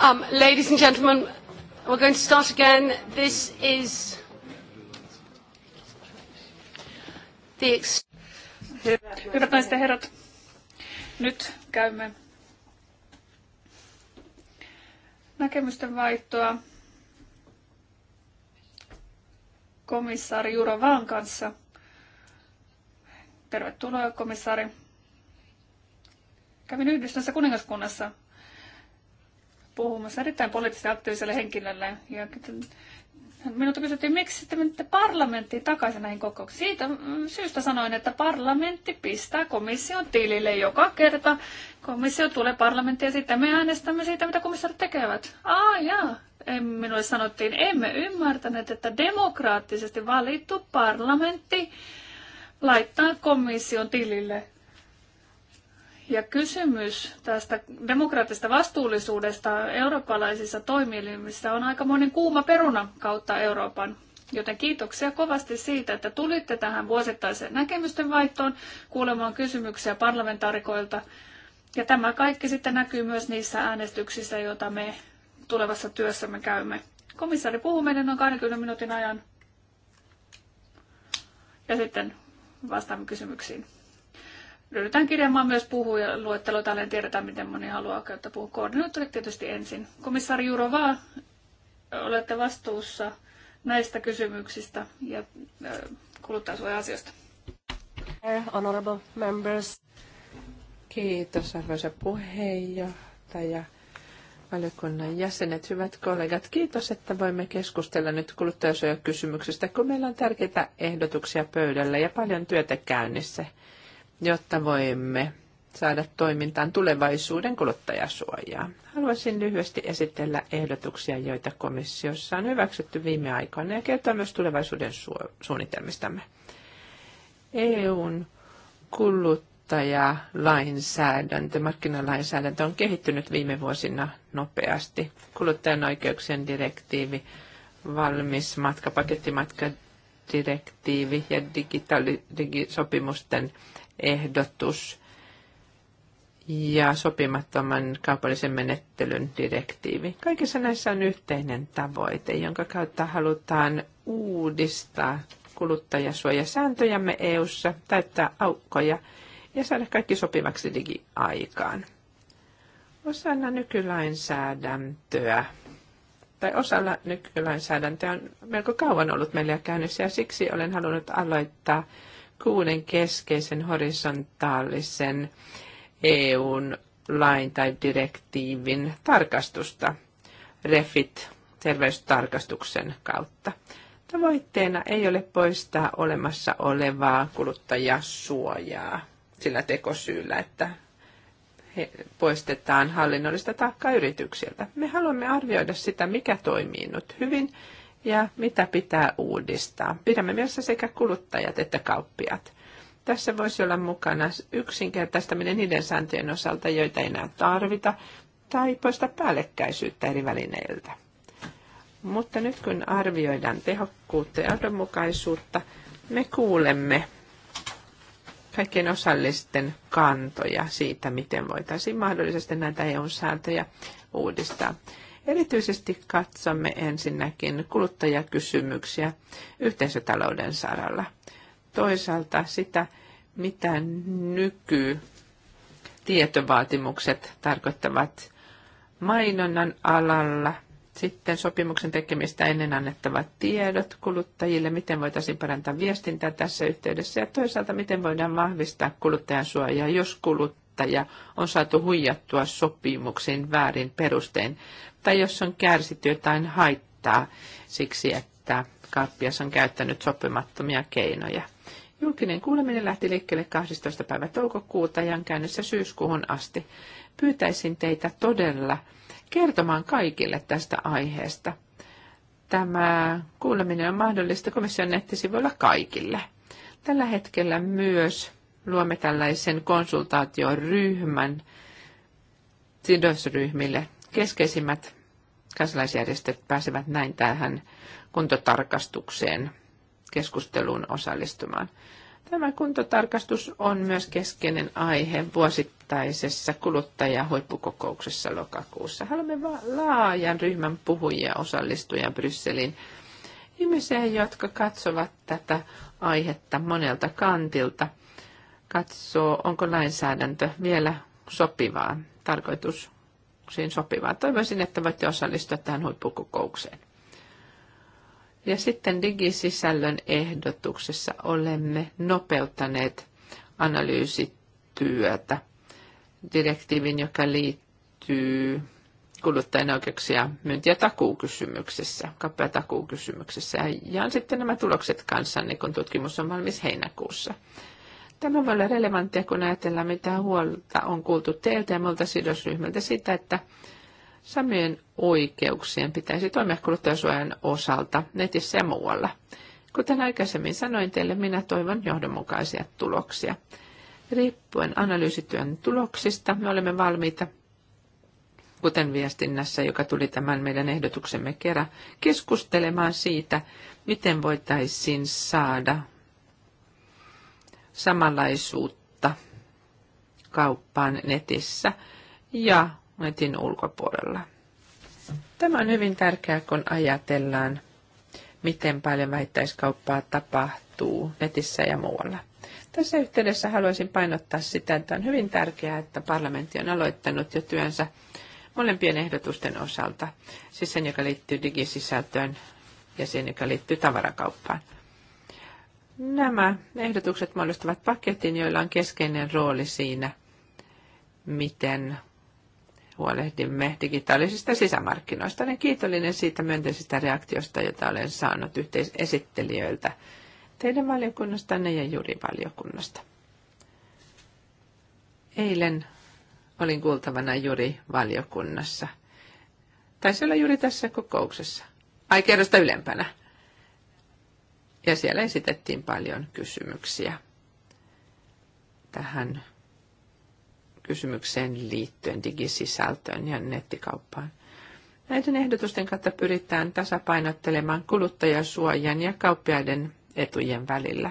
Um, ladies and gentlemen, we're going to start again. This is the... Hyvät naiset ja herrat, nyt käymme näkemysten vaihtoa komissaari Juro Vaan kanssa. Tervetuloa komissaari. Kävin Yhdistössä kuningaskunnassa puhumassa erittäin poliittisesti aktiiviselle henkilölle. Ja minulta kysyttiin, miksi sitten menette parlamenttiin takaisin näihin kokouksiin. Siitä mm, syystä sanoin, että parlamentti pistää komission tilille joka kerta. Komissio tulee parlamenttiin ja sitten me äänestämme siitä, mitä komissiot tekevät. Aa, jaa. Minulle sanottiin, emme ymmärtäneet, että demokraattisesti valittu parlamentti laittaa komission tilille ja kysymys tästä demokraattisesta vastuullisuudesta eurooppalaisissa toimielimissä on aika monen kuuma peruna kautta Euroopan. Joten kiitoksia kovasti siitä, että tulitte tähän vuosittaiseen näkemysten vaihtoon kuulemaan kysymyksiä parlamentaarikoilta. Ja tämä kaikki sitten näkyy myös niissä äänestyksissä, joita me tulevassa työssämme käymme. Komissaari puhuu meidän noin 20 minuutin ajan. Ja sitten vastaamme kysymyksiin. Ryhdytään kirjaamaan myös puhuja luettelo, tälleen tiedetään, miten moni haluaa käyttää puhua. Koordinaattorit tietysti ensin. Komissaari Jurova, olette vastuussa näistä kysymyksistä ja äh, kuluttajasuoja-asioista. Honorable members. Kiitos arvoisa puheenjohtaja, valiokunnan jäsenet, hyvät kollegat. Kiitos, että voimme keskustella nyt kuluttajasuojakysymyksistä, kun meillä on tärkeitä ehdotuksia pöydällä ja paljon työtä käynnissä jotta voimme saada toimintaan tulevaisuuden kuluttajasuojaa. Haluaisin lyhyesti esitellä ehdotuksia, joita komissiossa on hyväksytty viime aikoina ja kertoa myös tulevaisuuden su- suunnitelmistamme. EUn kuluttajalainsäädäntö, markkinalainsäädäntö on kehittynyt viime vuosina nopeasti. Kuluttajan oikeuksien direktiivi, valmis matkapaketti, ja digitaalisopimusten digi- ehdotus ja sopimattoman kaupallisen menettelyn direktiivi. Kaikissa näissä on yhteinen tavoite, jonka kautta halutaan uudistaa kuluttajasuojasääntöjämme EU-ssa, täyttää aukkoja ja saada kaikki sopivaksi digiaikaan. Osana nykylainsäädäntöä tai osalla nykylainsäädäntöä on melko kauan ollut meillä käynnissä ja siksi olen halunnut aloittaa – kuuden keskeisen horisontaalisen EUn lain tai direktiivin tarkastusta refit terveystarkastuksen kautta. Tavoitteena ei ole poistaa olemassa olevaa kuluttajasuojaa sillä tekosyyllä, että poistetaan hallinnollista taakkaa yrityksiltä. Me haluamme arvioida sitä, mikä toimii nyt hyvin ja mitä pitää uudistaa. Pidämme mielessä sekä kuluttajat että kauppiat. Tässä voisi olla mukana yksinkertaistaminen niiden sääntöjen osalta, joita ei enää tarvita, tai poista päällekkäisyyttä eri välineiltä. Mutta nyt kun arvioidaan tehokkuutta ja johdonmukaisuutta, me kuulemme kaikkien osallisten kantoja siitä, miten voitaisiin mahdollisesti näitä EU-sääntöjä uudistaa. Erityisesti katsomme ensinnäkin kuluttajakysymyksiä yhteisötalouden saralla. Toisaalta sitä, mitä nyky tietovaatimukset tarkoittavat mainonnan alalla, sitten sopimuksen tekemistä ennen annettavat tiedot kuluttajille, miten voitaisiin parantaa viestintää tässä yhteydessä ja toisaalta miten voidaan vahvistaa kuluttajan suojaa, jos kulut yrittäjä on saatu huijattua sopimuksiin väärin perustein, tai jos on kärsitty jotain haittaa siksi, että kauppias on käyttänyt sopimattomia keinoja. Julkinen kuuleminen lähti liikkeelle 12. päivä toukokuuta ja on käynnissä syyskuuhun asti. Pyytäisin teitä todella kertomaan kaikille tästä aiheesta. Tämä kuuleminen on mahdollista komission nettisivuilla kaikille. Tällä hetkellä myös luomme tällaisen konsultaatioryhmän sidosryhmille. Keskeisimmät kansalaisjärjestöt pääsevät näin tähän kuntotarkastukseen keskusteluun osallistumaan. Tämä kuntotarkastus on myös keskeinen aihe vuosittaisessa kuluttajahuippukokouksessa lokakuussa. Haluamme laajan ryhmän puhujia osallistuja Brysselin ihmisiä, jotka katsovat tätä aihetta monelta kantilta – katsoo, onko lainsäädäntö vielä sopivaa, tarkoituksiin sopivaa. Toivoisin, että voitte osallistua tähän huippukokoukseen. Ja sitten digisisällön ehdotuksessa olemme nopeuttaneet analyysityötä direktiivin, joka liittyy kuluttajan oikeuksia myynti- ja takuukysymyksessä, kauppa- ja takuukysymyksessä. Ja sitten nämä tulokset kanssa, niin kun tutkimus on valmis heinäkuussa. Tämä voi olla relevanttia, kun ajatellaan, mitä huolta on kuultu teiltä ja muilta sidosryhmiltä sitä, että samien oikeuksien pitäisi toimia kuluttajasuojan osalta netissä ja muualla. Kuten aikaisemmin sanoin teille, minä toivon johdonmukaisia tuloksia. Riippuen analyysityön tuloksista me olemme valmiita, kuten viestinnässä, joka tuli tämän meidän ehdotuksemme kerran, keskustelemaan siitä, miten voitaisiin saada samanlaisuutta kauppaan netissä ja netin ulkopuolella. Tämä on hyvin tärkeää, kun ajatellaan, miten paljon vähittäiskauppaa tapahtuu netissä ja muualla. Tässä yhteydessä haluaisin painottaa sitä, että on hyvin tärkeää, että parlamentti on aloittanut jo työnsä molempien ehdotusten osalta, siis sen, joka liittyy digisisältöön ja sen, joka liittyy tavarakauppaan. Nämä ehdotukset muodostavat paketin, joilla on keskeinen rooli siinä, miten huolehdimme digitaalisista sisämarkkinoista. Olen kiitollinen siitä myönteisestä reaktiosta, jota olen saanut yhteisesittelijöiltä teidän valiokunnastanne ja jurivaliokunnasta. Eilen olin kuultavana jurivaliokunnassa. Taisi olla juuri tässä kokouksessa. Ai kerrosta ylempänä. Ja siellä esitettiin paljon kysymyksiä tähän kysymykseen liittyen digisisältöön ja nettikauppaan. Näiden ehdotusten kautta pyritään tasapainottelemaan kuluttajasuojan ja kauppiaiden etujen välillä.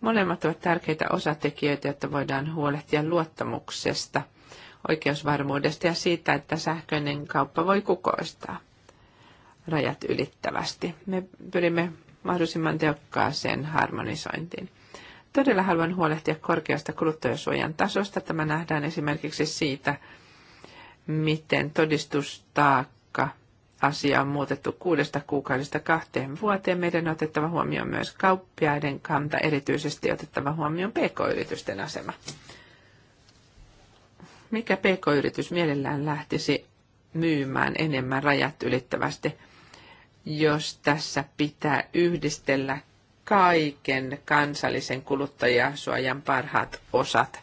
Molemmat ovat tärkeitä osatekijöitä, jotta voidaan huolehtia luottamuksesta, oikeusvarmuudesta ja siitä, että sähköinen kauppa voi kukoistaa rajat ylittävästi. Me pyrimme mahdollisimman tehokkaaseen harmonisointiin. Todella haluan huolehtia korkeasta kuluttajasuojan tasosta. Tämä nähdään esimerkiksi siitä, miten todistustaakka asia on muutettu kuudesta kuukaudesta kahteen vuoteen. Meidän on otettava huomioon myös kauppiaiden kanta, erityisesti otettava huomioon pk-yritysten asema. Mikä pk-yritys mielellään lähtisi myymään enemmän rajat ylittävästi – jos tässä pitää yhdistellä kaiken kansallisen kuluttajasuojan parhaat osat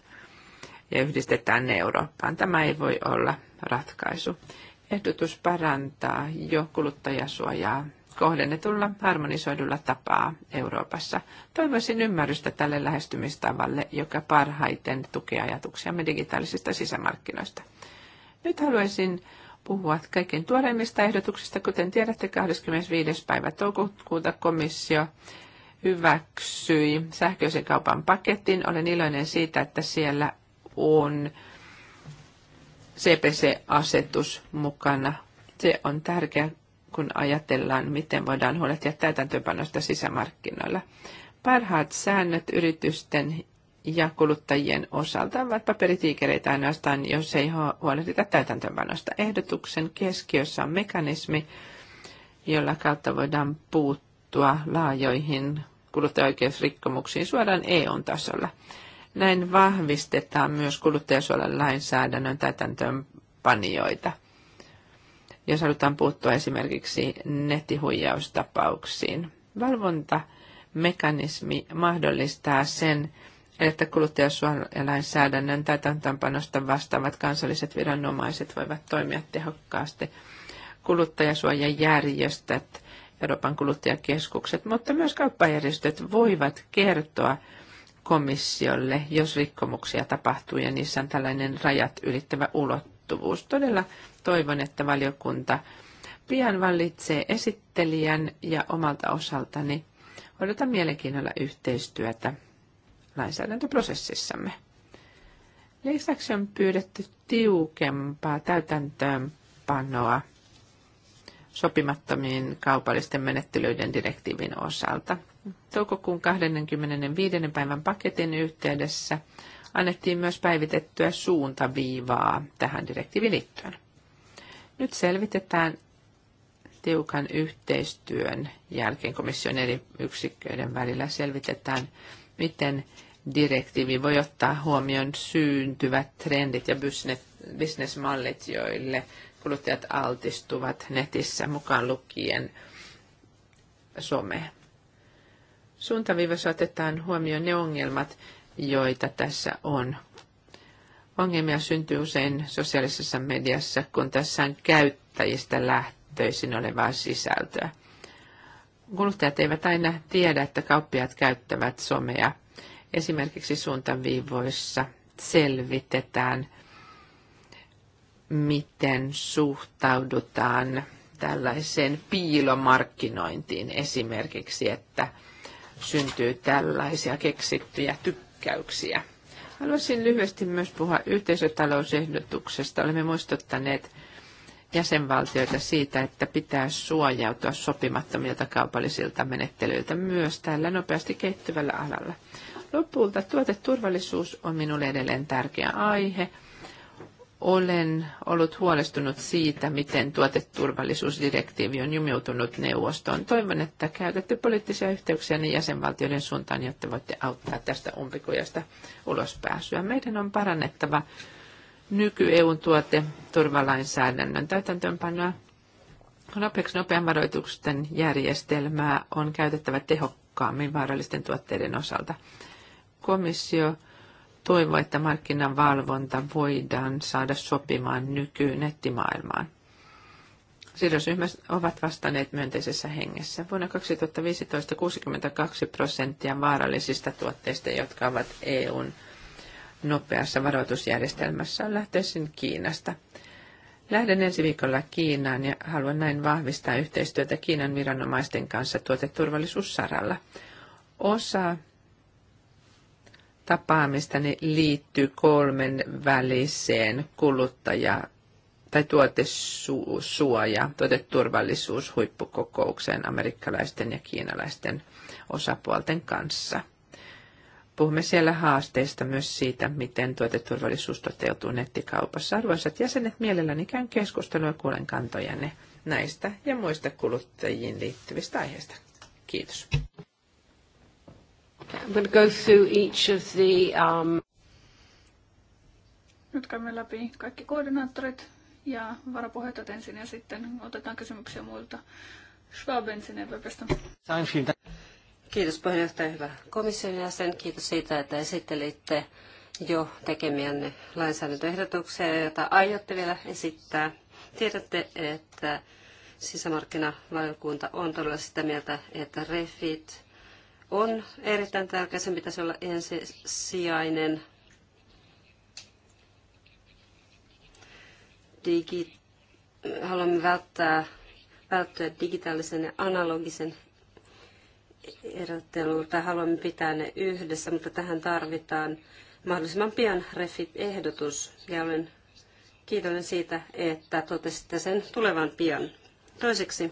ja yhdistetään ne Eurooppaan. Tämä ei voi olla ratkaisu. Ehdotus parantaa jo kuluttajasuojaa kohdennetulla harmonisoidulla tapaa Euroopassa. Toivoisin ymmärrystä tälle lähestymistavalle, joka parhaiten tukee ajatuksiamme digitaalisista sisämarkkinoista. Nyt haluaisin puhua kaikkein tuoreimmista ehdotuksista. Kuten tiedätte, 25. päivä toukokuuta komissio hyväksyi sähköisen kaupan paketin. Olen iloinen siitä, että siellä on CPC-asetus mukana. Se on tärkeä, kun ajatellaan, miten voidaan huolehtia täytäntöpanosta sisämarkkinoilla. Parhaat säännöt yritysten ja kuluttajien osalta ovat paperitiikereitä ainoastaan, jos ei huolehdita täytäntöönpanosta. Ehdotuksen keskiössä on mekanismi, jolla kautta voidaan puuttua laajoihin kuluttajaoikeusrikkomuksiin suoraan EU-tasolla. Näin vahvistetaan myös kuluttajasuojan lainsäädännön täytäntöönpanijoita. Jos halutaan puuttua esimerkiksi nettihuijaustapauksiin. Valvontamekanismi mahdollistaa sen, että kuluttajasuojalainsäädännön täytäntöönpanosta vastaavat kansalliset viranomaiset voivat toimia tehokkaasti. Kuluttajasuojajärjestöt, Euroopan kuluttajakeskukset, mutta myös kauppajärjestöt voivat kertoa komissiolle, jos rikkomuksia tapahtuu ja niissä on tällainen rajat ylittävä ulottuvuus. Todella toivon, että valiokunta pian valitsee esittelijän ja omalta osaltani odotan mielenkiinnolla yhteistyötä lainsäädäntöprosessissamme. Lisäksi on pyydetty tiukempaa täytäntöönpanoa sopimattomiin kaupallisten menettelyiden direktiivin osalta. Toukokuun 25. päivän paketin yhteydessä annettiin myös päivitettyä suuntaviivaa tähän direktiivin liittyen. Nyt selvitetään tiukan yhteistyön jälkeen komission eri yksiköiden välillä selvitetään, miten direktiivi voi ottaa huomioon syntyvät trendit ja bisnesmallit, joille kuluttajat altistuvat netissä mukaan lukien some. Suuntaviivassa otetaan huomioon ne ongelmat, joita tässä on. Ongelmia syntyy usein sosiaalisessa mediassa, kun tässä on käyttäjistä lähtöisin olevaa sisältöä. Kuluttajat eivät aina tiedä, että kauppiaat käyttävät somea – Esimerkiksi suuntaviivoissa selvitetään, miten suhtaudutaan tällaiseen piilomarkkinointiin esimerkiksi, että syntyy tällaisia keksittyjä tykkäyksiä. Haluaisin lyhyesti myös puhua yhteisötalousehdotuksesta. Olemme muistuttaneet jäsenvaltioita siitä, että pitää suojautua sopimattomilta kaupallisilta menettelyiltä myös tällä nopeasti kehittyvällä alalla. Lopulta tuoteturvallisuus on minulle edelleen tärkeä aihe. Olen ollut huolestunut siitä, miten tuoteturvallisuusdirektiivi on jumiutunut neuvostoon. Toivon, että käytätte poliittisia yhteyksiä niin jäsenvaltioiden suuntaan, jotta voitte auttaa tästä umpikujasta ulospääsyä. Meidän on parannettava nyky-EUn tuoteturvalainsäädännön täytäntöönpanoa. Nopeaksi nopean varoituksen järjestelmää on käytettävä tehokkaammin vaarallisten tuotteiden osalta komissio toivoo, että markkinavalvonta voidaan saada sopimaan nykynettimaailmaan. Sidosryhmät ovat vastanneet myönteisessä hengessä. Vuonna 2015 62 prosenttia vaarallisista tuotteista, jotka ovat EUn nopeassa varoitusjärjestelmässä, on lähtöisin Kiinasta. Lähden ensi viikolla Kiinaan ja haluan näin vahvistaa yhteistyötä Kiinan viranomaisten kanssa tuoteturvallisuussaralla. Osa tapaamistani liittyy kolmen väliseen kuluttaja- tai tuotesuoja, tuoteturvallisuus huippukokoukseen amerikkalaisten ja kiinalaisten osapuolten kanssa. Puhumme siellä haasteista myös siitä, miten tuoteturvallisuus toteutuu nettikaupassa. Arvoisat jäsenet, mielelläni käyn keskustelua kuulen kantojanne näistä ja muista kuluttajiin liittyvistä aiheista. Kiitos. I'm going to go through each of the... Um... Nyt käymme läpi kaikki koordinaattorit ja varapuheenjohtajat ensin ja sitten otetaan kysymyksiä muilta. Schwab ensin EPPstä. Kiitos puheenjohtaja, hyvä komission jäsen. Kiitos siitä, että esittelitte jo tekemiänne lainsäädäntöehdotuksia, joita aiotte vielä esittää. Tiedätte, että sisämarkkinavaliokunta on todella sitä mieltä, että refit on erittäin tärkeä, sen pitäisi olla ensisijainen digi, haluamme välttää, välttyä digitaalisen ja analogisen erottelulta. Haluamme pitää ne yhdessä, mutta tähän tarvitaan mahdollisimman pian refit-ehdotus. Ja olen kiitollinen siitä, että totesitte sen tulevan pian. Toiseksi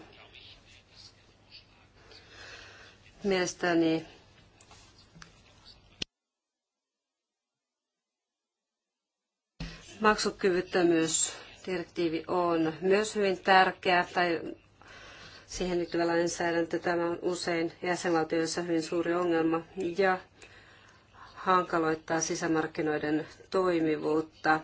Mielestäni maksukyvyttömyysdirektiivi on myös hyvin tärkeä tai siihen liittyvä lainsäädäntö. Tämä on usein jäsenvaltioissa hyvin suuri ongelma ja hankaloittaa sisämarkkinoiden toimivuutta.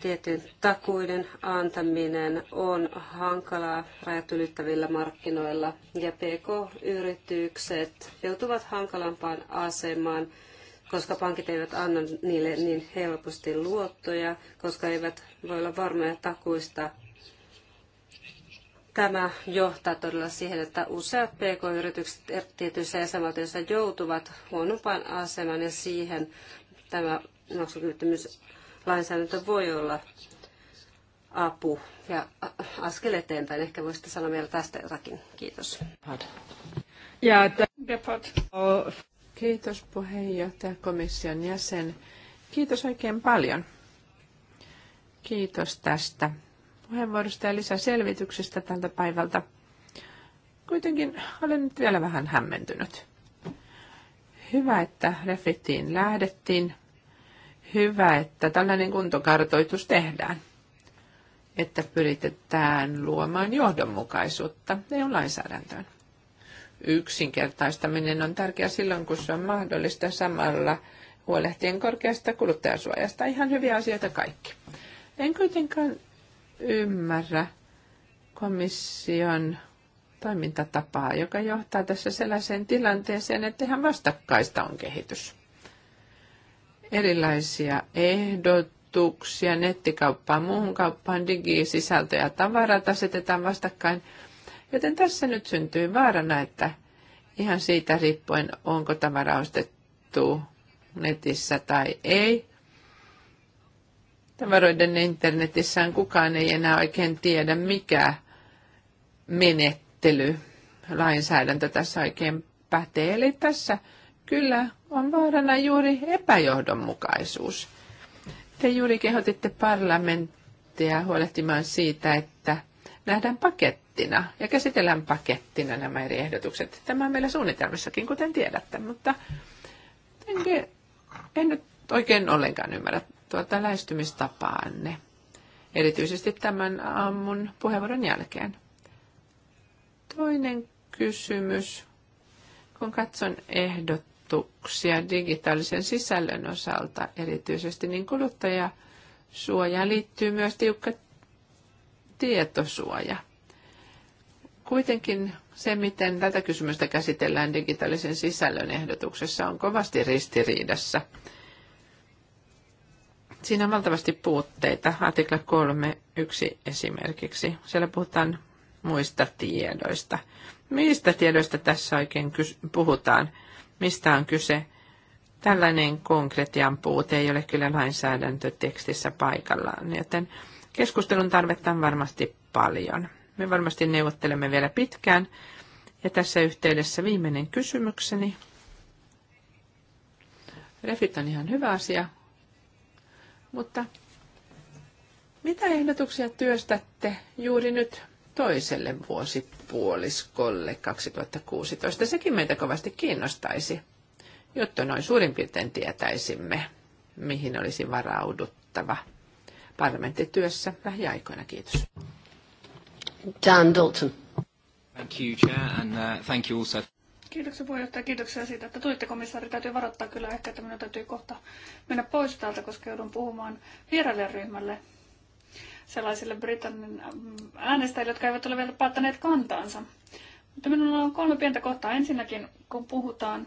tietyn takuiden antaminen on hankalaa rajat ylittävillä markkinoilla ja PK-yritykset joutuvat hankalampaan asemaan, koska pankit eivät anna niille niin helposti luottoja, koska eivät voi olla varmoja takuista. Tämä johtaa todella siihen, että useat PK-yritykset tietyissä jäsenvaltioissa joutuvat huonompaan asemaan ja siihen tämä maksukyvyttömyys lainsäädäntö voi olla apu ja askel eteenpäin. Ehkä voisitte sanoa vielä tästä jotakin. Kiitos. Ja oh. Kiitos puheenjohtaja, komission jäsen. Kiitos oikein paljon. Kiitos tästä puheenvuorosta ja lisäselvityksestä tältä päivältä. Kuitenkin olen nyt vielä vähän hämmentynyt. Hyvä, että refittiin lähdettiin hyvä, että tällainen kuntokartoitus tehdään, että pyritetään luomaan johdonmukaisuutta EU-lainsäädäntöön. Yksinkertaistaminen on tärkeää silloin, kun se on mahdollista samalla huolehtien korkeasta kuluttajasuojasta. Ihan hyviä asioita kaikki. En kuitenkaan ymmärrä komission toimintatapaa, joka johtaa tässä sellaiseen tilanteeseen, että ihan vastakkaista on kehitys erilaisia ehdotuksia nettikauppaan, muuhun kauppaan, digisisältö ja tavarat asetetaan vastakkain. Joten tässä nyt syntyy vaarana, että ihan siitä riippuen, onko tavara ostettu netissä tai ei. Tavaroiden internetissään kukaan ei enää oikein tiedä, mikä menettely, lainsäädäntö tässä oikein pätee. Eli tässä kyllä on vaarana juuri epäjohdonmukaisuus. Te juuri kehotitte parlamenttia huolehtimaan siitä, että nähdään pakettina ja käsitellään pakettina nämä eri ehdotukset. Tämä on meillä suunnitelmissakin, kuten tiedätte, mutta enkä, en nyt oikein ollenkaan ymmärrä tuota lähestymistapaanne, erityisesti tämän aamun puheenvuoron jälkeen. Toinen kysymys, kun katson ehdot ehdotuksia digitaalisen sisällön osalta, erityisesti niin kuluttajasuojaan liittyy myös tiukka tietosuoja. Kuitenkin se, miten tätä kysymystä käsitellään digitaalisen sisällön ehdotuksessa, on kovasti ristiriidassa. Siinä on valtavasti puutteita. Artikla 3.1 esimerkiksi. Siellä puhutaan muista tiedoista. Mistä tiedoista tässä oikein puhutaan? mistä on kyse. Tällainen konkretian puute ei ole kyllä lainsäädäntötekstissä paikallaan, joten keskustelun tarvetta on varmasti paljon. Me varmasti neuvottelemme vielä pitkään. Ja tässä yhteydessä viimeinen kysymykseni. Refit on ihan hyvä asia, mutta mitä ehdotuksia työstätte juuri nyt toiselle vuosipuoliskolle 2016. Sekin meitä kovasti kiinnostaisi, jotta noin suurin piirtein tietäisimme, mihin olisi varauduttava parlamenttityössä lähiaikoina. Kiitos. Dan Dalton. Thank you, Chair, and uh, thank you also. Kiitoksia puheenjohtaja, kiitoksia siitä, että tuitte komissaari. Täytyy varoittaa kyllä ehkä, että minun täytyy kohta mennä pois täältä, koska joudun puhumaan ryhmälle sellaisille Britannin mm, äänestäjille, jotka eivät ole vielä päättäneet kantaansa. Mutta minulla on kolme pientä kohtaa. Ensinnäkin, kun puhutaan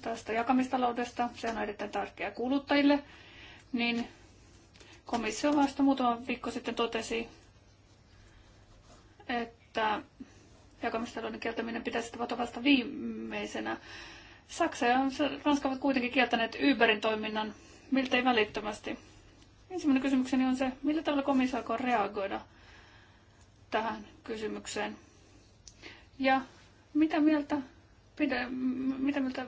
tästä jakamistaloudesta, se on erittäin tärkeää kuluttajille, niin komissio vasta muutama viikko sitten totesi, että jakamistalouden kieltäminen pitäisi tapahtua vasta viimeisenä. Saksa ja Ranska ovat kuitenkin kieltäneet Uberin toiminnan miltei välittömästi. Ensimmäinen kysymykseni on se, millä tavalla komissio alkoi reagoida tähän kysymykseen. Ja mitä mieltä, pidä, mitä, mieltä,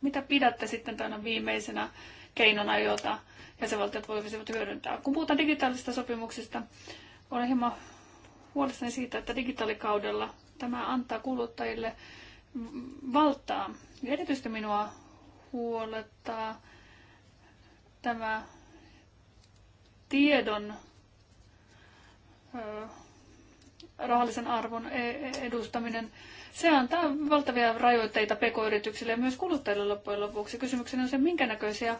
mitä pidätte sitten tänä viimeisenä keinona, jota jäsenvaltiot voisivat hyödyntää? Kun puhutaan digitaalisista sopimuksista, olen hieman huolissani siitä, että digitaalikaudella tämä antaa kuluttajille valtaa. Ja erityisesti minua huolettaa tämä tiedon rahallisen arvon e- e- edustaminen, se antaa valtavia rajoitteita pk-yrityksille ja myös kuluttajille loppujen lopuksi. Kysymyksenä on se, minkä näköisiä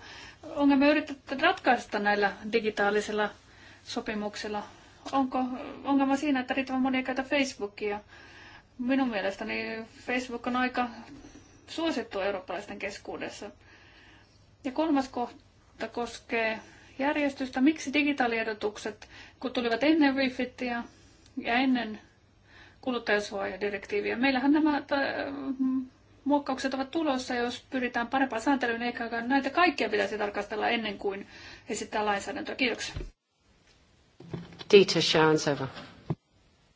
ongelmia yritetään ratkaista näillä digitaalisilla sopimuksilla. Onko ongelma siinä, että riittävän moni ei käytä Facebookia? Minun mielestäni Facebook on aika suosittu eurooppalaisten keskuudessa. Ja kolmas kohta koskee järjestystä. Miksi digitaaliedotukset, kun tulivat ennen WIFITia ja ennen kuluttajasuojadirektiiviä? Meillähän nämä äh, muokkaukset ovat tulossa, jos pyritään parempaan sääntelyyn, eikä näitä kaikkia pitäisi tarkastella ennen kuin esittää lainsäädäntöä. Kiitoksia. Dieter Shansova.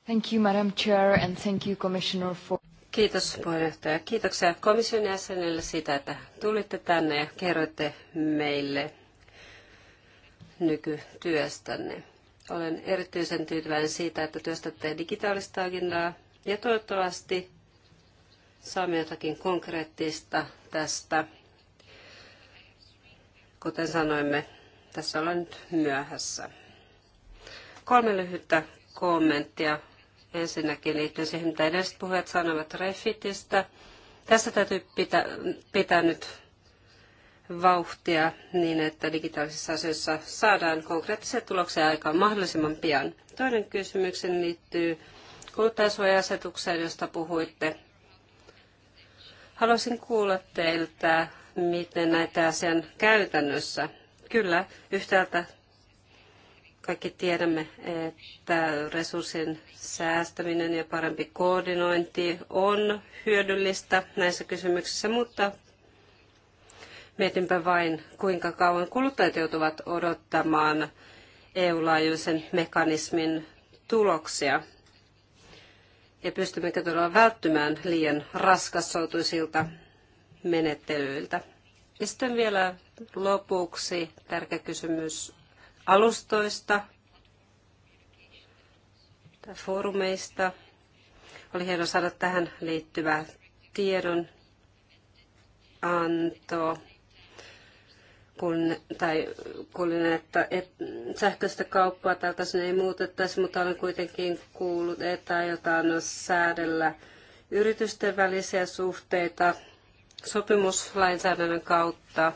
Thank you, Madam Chair, and thank you, Commissioner, for... Kiitos puheenjohtaja. Kiitoksia komission jäsenille siitä, että tulitte tänne ja kerroitte meille nykytyöstänne. Olen erityisen tyytyväinen siitä, että työstätte digitaalista agendaa ja toivottavasti saamme jotakin konkreettista tästä. Kuten sanoimme, tässä ollaan nyt myöhässä. Kolme lyhyttä kommenttia. Ensinnäkin liittyen siihen, mitä edelliset puhujat sanoivat Refitistä. Tässä täytyy pitää, pitää nyt vauhtia niin, että digitaalisissa asioissa saadaan konkreettisia tuloksia aikaan mahdollisimman pian. Toinen kysymyksen liittyy kuluttajasuoja-asetukseen, josta puhuitte. Haluaisin kuulla teiltä, miten näitä asian käytännössä. Kyllä, yhtäältä kaikki tiedämme, että resurssien säästäminen ja parempi koordinointi on hyödyllistä näissä kysymyksissä, mutta Mietinpä vain, kuinka kauan kuluttajat joutuvat odottamaan EU-laajuisen mekanismin tuloksia. Ja pystymmekö todella välttymään liian raskassoutuisilta menettelyiltä. Ja sitten vielä lopuksi tärkeä kysymys alustoista tai foorumeista. Oli hienoa saada tähän liittyvää tiedon anto kun, tai kuulin, että et, sähköistä kauppaa tältä ei muutettaisi, mutta olen kuitenkin kuullut, että aiotaan säädellä yritysten välisiä suhteita sopimuslainsäädännön kautta.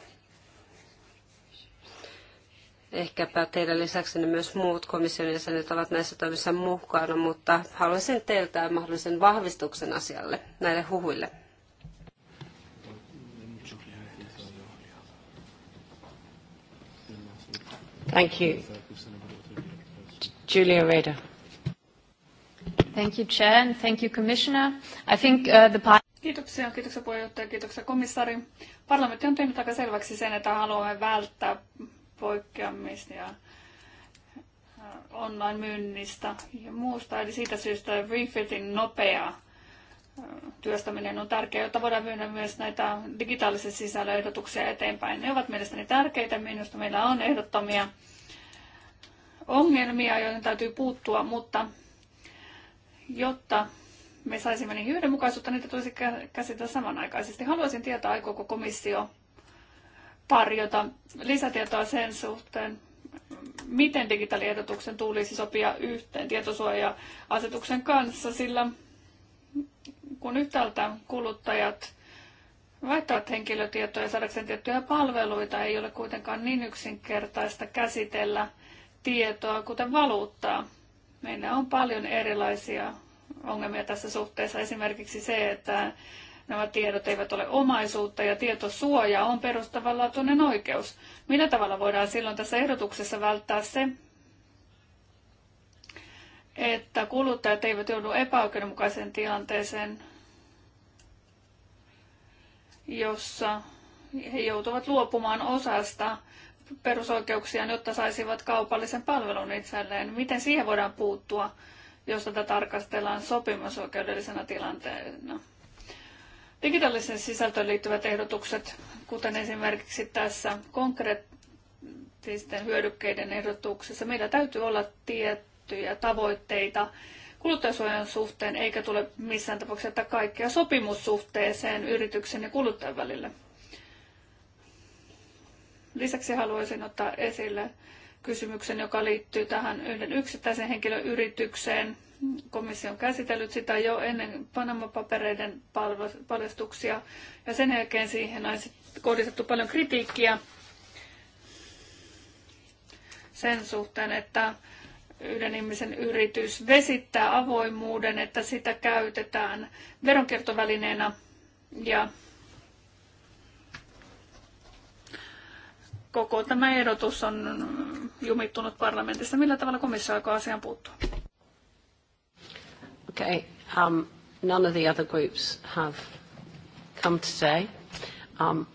Ehkäpä teidän lisäksenne myös muut komission jäsenet ovat näissä toimissa mukana, mutta haluaisin teiltä mahdollisen vahvistuksen asialle, näille huhuille. Thank you. Julia Reda. Thank you, Chair, and thank you, Commissioner. I think uh, the part Kiitoksia, kiitoksia puheenjohtaja, kiitoksia komissaari. Parlamentti on tehnyt aika selväksi sen, että haluamme välttää poikkeamista ja uh, online-myynnistä ja muusta. Eli siitä syystä Refitin nopea työstäminen on tärkeää, jotta voidaan myydä myös näitä digitaalisen sisällön ehdotuksia eteenpäin. Ne ovat mielestäni tärkeitä. Minusta meillä on ehdottomia ongelmia, joihin täytyy puuttua, mutta jotta me saisimme niihin yhdenmukaisuutta, niitä tulisi käsitellä samanaikaisesti. Haluaisin tietää, aikooko komissio tarjota lisätietoa sen suhteen, miten digitaaliehdotuksen tulisi sopia yhteen tietosuoja-asetuksen kanssa, sillä kun yhtäältä kuluttajat vaihtavat henkilötietoja saadakseen tiettyjä palveluita, ei ole kuitenkaan niin yksinkertaista käsitellä tietoa, kuten valuuttaa. Meillä on paljon erilaisia ongelmia tässä suhteessa. Esimerkiksi se, että nämä tiedot eivät ole omaisuutta ja tietosuoja on perustavanlaatuinen oikeus. Millä tavalla voidaan silloin tässä ehdotuksessa välttää se, että kuluttajat eivät joudu epäoikeudenmukaiseen tilanteeseen jossa he joutuvat luopumaan osasta perusoikeuksia, jotta saisivat kaupallisen palvelun itselleen. Miten siihen voidaan puuttua, jos tätä tarkastellaan sopimusoikeudellisena tilanteena? Digitaalisen sisältöön liittyvät ehdotukset, kuten esimerkiksi tässä konkreettisten hyödykkeiden ehdotuksessa, meillä täytyy olla tiettyjä tavoitteita kuluttajasuojan suhteen, eikä tule missään tapauksessa jättää kaikkea sopimussuhteeseen yrityksen ja kuluttajan välillä. Lisäksi haluaisin ottaa esille kysymyksen, joka liittyy tähän yhden yksittäisen henkilön yritykseen. Komissio on käsitellyt sitä jo ennen Panama-papereiden paljastuksia ja sen jälkeen siihen on kohdistettu paljon kritiikkiä sen suhteen, että yhden ihmisen yritys vesittää avoimuuden, että sitä käytetään veronkiertovälineenä ja koko tämä ehdotus on jumittunut parlamentissa. Millä tavalla komissio aikoo asiaan puuttua? Okay. Um, none of the other groups have come today. Um,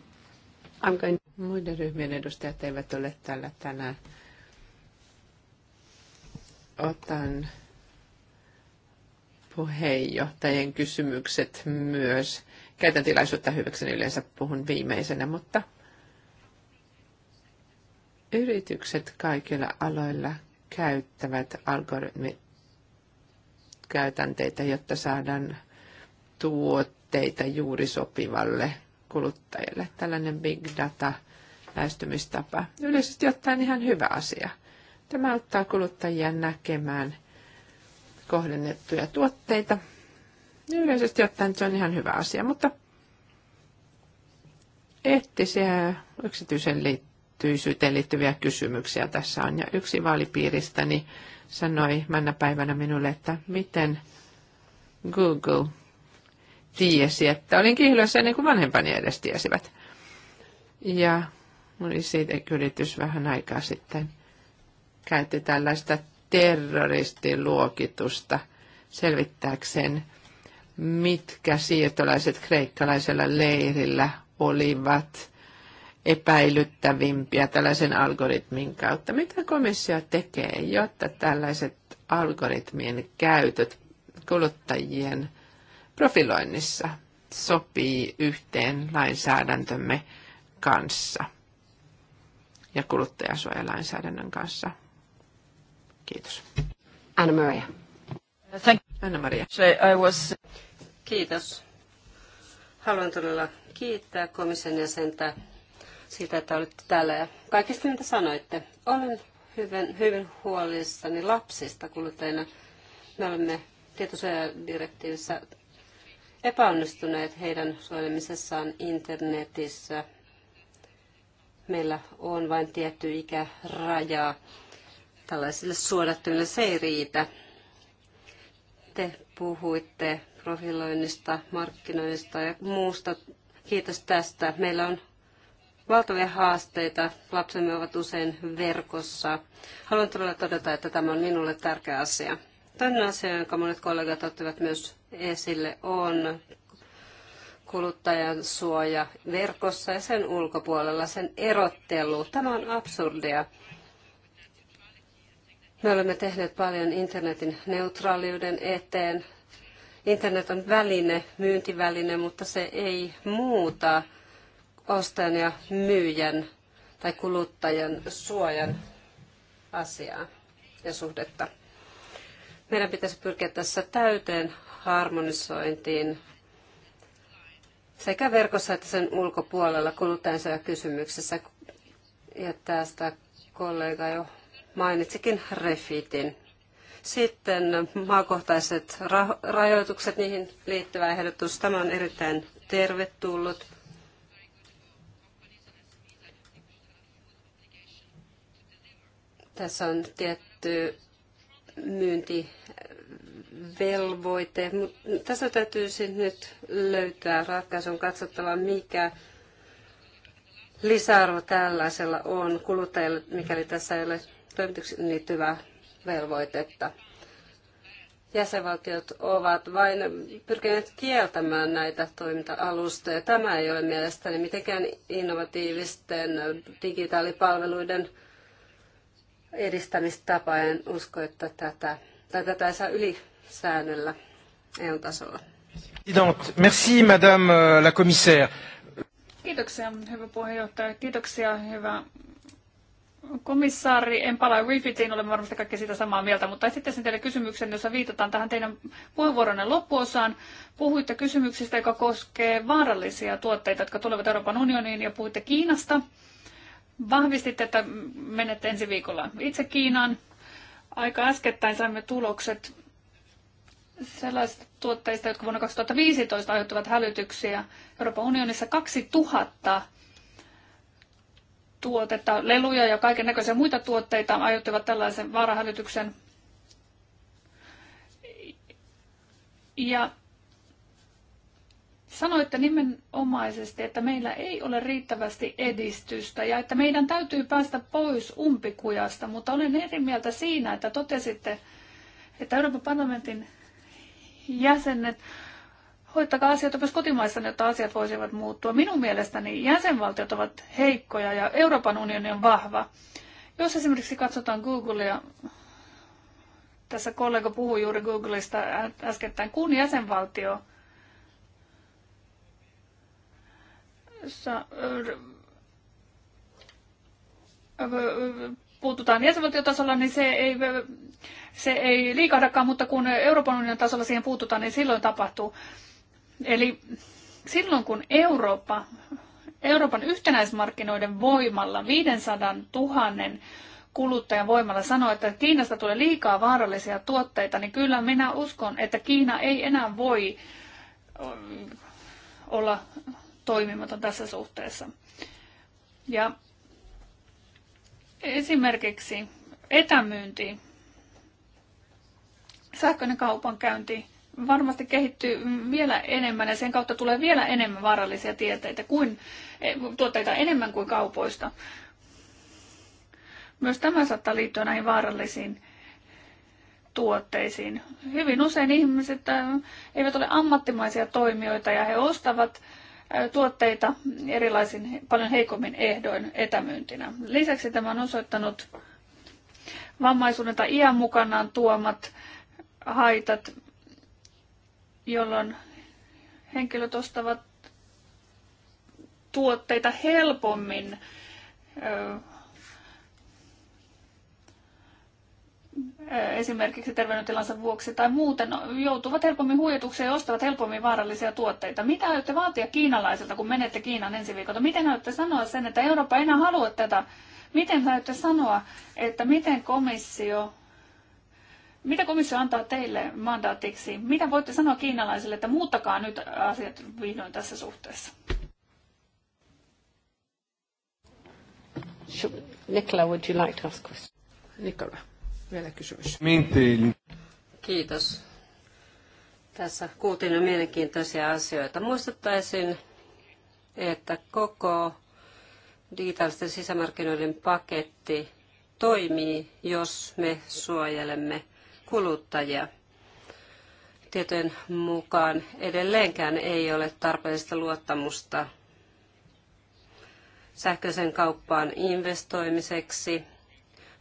I'm going... Muiden ryhmien edustajat eivät ole täällä tänään otan puheenjohtajien kysymykset myös. Käytän tilaisuutta hyväkseni yleensä puhun viimeisenä, mutta yritykset kaikilla aloilla käyttävät algoritmikäytänteitä, jotta saadaan tuotteita juuri sopivalle kuluttajille. Tällainen big data lähestymistapa. Yleisesti ottaen ihan hyvä asia – Tämä auttaa kuluttajia näkemään kohdennettuja tuotteita. Yleisesti ottaen se on ihan hyvä asia, mutta eettisiä yksityisen liittyisyyteen liittyviä kysymyksiä tässä on. Ja yksi vaalipiiristäni sanoi mennä päivänä minulle, että miten Google tiesi, että olin kihlössä ennen kuin vanhempani edes tiesivät. Ja oli siitä yritys vähän aikaa sitten – käytti tällaista terroristiluokitusta selvittääkseen, mitkä siirtolaiset kreikkalaisella leirillä olivat epäilyttävimpiä tällaisen algoritmin kautta. Mitä komissio tekee, jotta tällaiset algoritmien käytöt kuluttajien profiloinnissa sopii yhteen lainsäädäntömme kanssa ja kuluttajasuojalainsäädännön kanssa? Kiitos. Anna-Maria. Thank Anna-Maria. I was... Kiitos. Haluan todella kiittää komission jäsentä siitä, että olette täällä ja kaikista mitä sanoitte. Olen hyvin, hyvin huolissani lapsista kuluttajina. Me olemme tietosuojadirektiivissä epäonnistuneet heidän suojelemisessaan internetissä. Meillä on vain tietty ikäraja tällaisille suodattimille. Se ei riitä. Te puhuitte profiloinnista, markkinoinnista ja muusta. Kiitos tästä. Meillä on valtavia haasteita. Lapsemme ovat usein verkossa. Haluan todella todeta, että tämä on minulle tärkeä asia. Toinen asia, jonka monet kollegat ottivat myös esille, on kuluttajan suoja verkossa ja sen ulkopuolella, sen erottelu. Tämä on absurdia. Me olemme tehneet paljon internetin neutraaliuden eteen. Internet on väline, myyntiväline, mutta se ei muuta ostajan ja myyjän tai kuluttajan suojan asiaa ja suhdetta. Meidän pitäisi pyrkiä tässä täyteen harmonisointiin sekä verkossa että sen ulkopuolella kysymyksessä, Ja tästä kollega jo mainitsikin Refitin. Sitten maakohtaiset rajoitukset, niihin liittyvä ehdotus. Tämä on erittäin tervetullut. Tässä on tietty myyntivelvoite. Tässä täytyy nyt löytää ratkaisun On katsottava, mikä lisäarvo tällaisella on kuluttajille, mikäli tässä ei ole pölytyksiin liittyvää velvoitetta. Jäsenvaltiot ovat vain pyrkineet kieltämään näitä toiminta-alustoja. Tämä ei ole mielestäni mitenkään innovatiivisten digitaalipalveluiden edistämistapa. En usko, että tätä, tai tätä ei saa ylisäännöllä EU-tasolla. Merci, madame euh, la commissaire. Kiitoksia, hyvä puheenjohtaja. Kiitoksia, hyvä komissaari, en pala Refitiin, olemme varmasti kaikki siitä samaa mieltä, mutta esittäisin teille kysymyksen, jossa viitataan tähän teidän puheenvuoronne loppuosaan. Puhuitte kysymyksestä, joka koskee vaarallisia tuotteita, jotka tulevat Euroopan unioniin, ja puhuitte Kiinasta. Vahvistitte, että menette ensi viikolla itse Kiinaan. Aika äskettäin saimme tulokset sellaisista tuotteista, jotka vuonna 2015 aiheuttavat hälytyksiä Euroopan unionissa 2000 tuotetta, leluja ja kaiken näköisiä muita tuotteita aiheuttivat tällaisen vaarahälytyksen. Ja sanoitte nimenomaisesti, että meillä ei ole riittävästi edistystä ja että meidän täytyy päästä pois umpikujasta, mutta olen eri mieltä siinä, että totesitte, että Euroopan parlamentin jäsenet hoittakaa asioita myös kotimaissa, niin jotta asiat voisivat muuttua. Minun mielestäni jäsenvaltiot ovat heikkoja ja Euroopan unioni on vahva. Jos esimerkiksi katsotaan Googlea, tässä kollega puhui juuri Googlesta äskettäin, kun jäsenvaltio puututaan jäsenvaltiotasolla, niin se ei, se ei liikahdakaan, mutta kun Euroopan unionin tasolla siihen puututaan, niin silloin tapahtuu. Eli silloin kun Eurooppa, Euroopan yhtenäismarkkinoiden voimalla, 500 000 kuluttajan voimalla sanoo, että Kiinasta tulee liikaa vaarallisia tuotteita, niin kyllä minä uskon, että Kiina ei enää voi olla toimimaton tässä suhteessa. Ja esimerkiksi etämyynti, sähköinen kaupankäynti, varmasti kehittyy vielä enemmän ja sen kautta tulee vielä enemmän vaarallisia tieteitä kuin, eh, tuotteita enemmän kuin kaupoista. Myös tämä saattaa liittyä näihin vaarallisiin tuotteisiin. Hyvin usein ihmiset eh, eivät ole ammattimaisia toimijoita ja he ostavat eh, tuotteita erilaisin paljon heikommin ehdoin etämyyntinä. Lisäksi tämä on osoittanut vammaisuuden tai iän mukanaan tuomat haitat jolloin henkilöt ostavat tuotteita helpommin esimerkiksi terveydentilansa vuoksi tai muuten no, joutuvat helpommin huijatukseen ja ostavat helpommin vaarallisia tuotteita. Mitä aiotte vaatia kiinalaisilta, kun menette Kiinan ensi viikolla? Miten aiotte sanoa sen, että Eurooppa ei enää halua tätä? Miten aiotte sanoa, että miten komissio mitä komissio antaa teille mandaatiksi? Mitä voitte sanoa kiinalaisille, että muuttakaa nyt asiat vihdoin tässä suhteessa? Nicola, would you like to ask question? Nicola, vielä kysymys. Mintiin. Kiitos. Tässä kuultiin jo mielenkiintoisia asioita. Muistuttaisin, että koko digitaalisten sisämarkkinoiden paketti toimii, jos me suojelemme kuluttajia. Tietojen mukaan edelleenkään ei ole tarpeellista luottamusta sähköisen kauppaan investoimiseksi.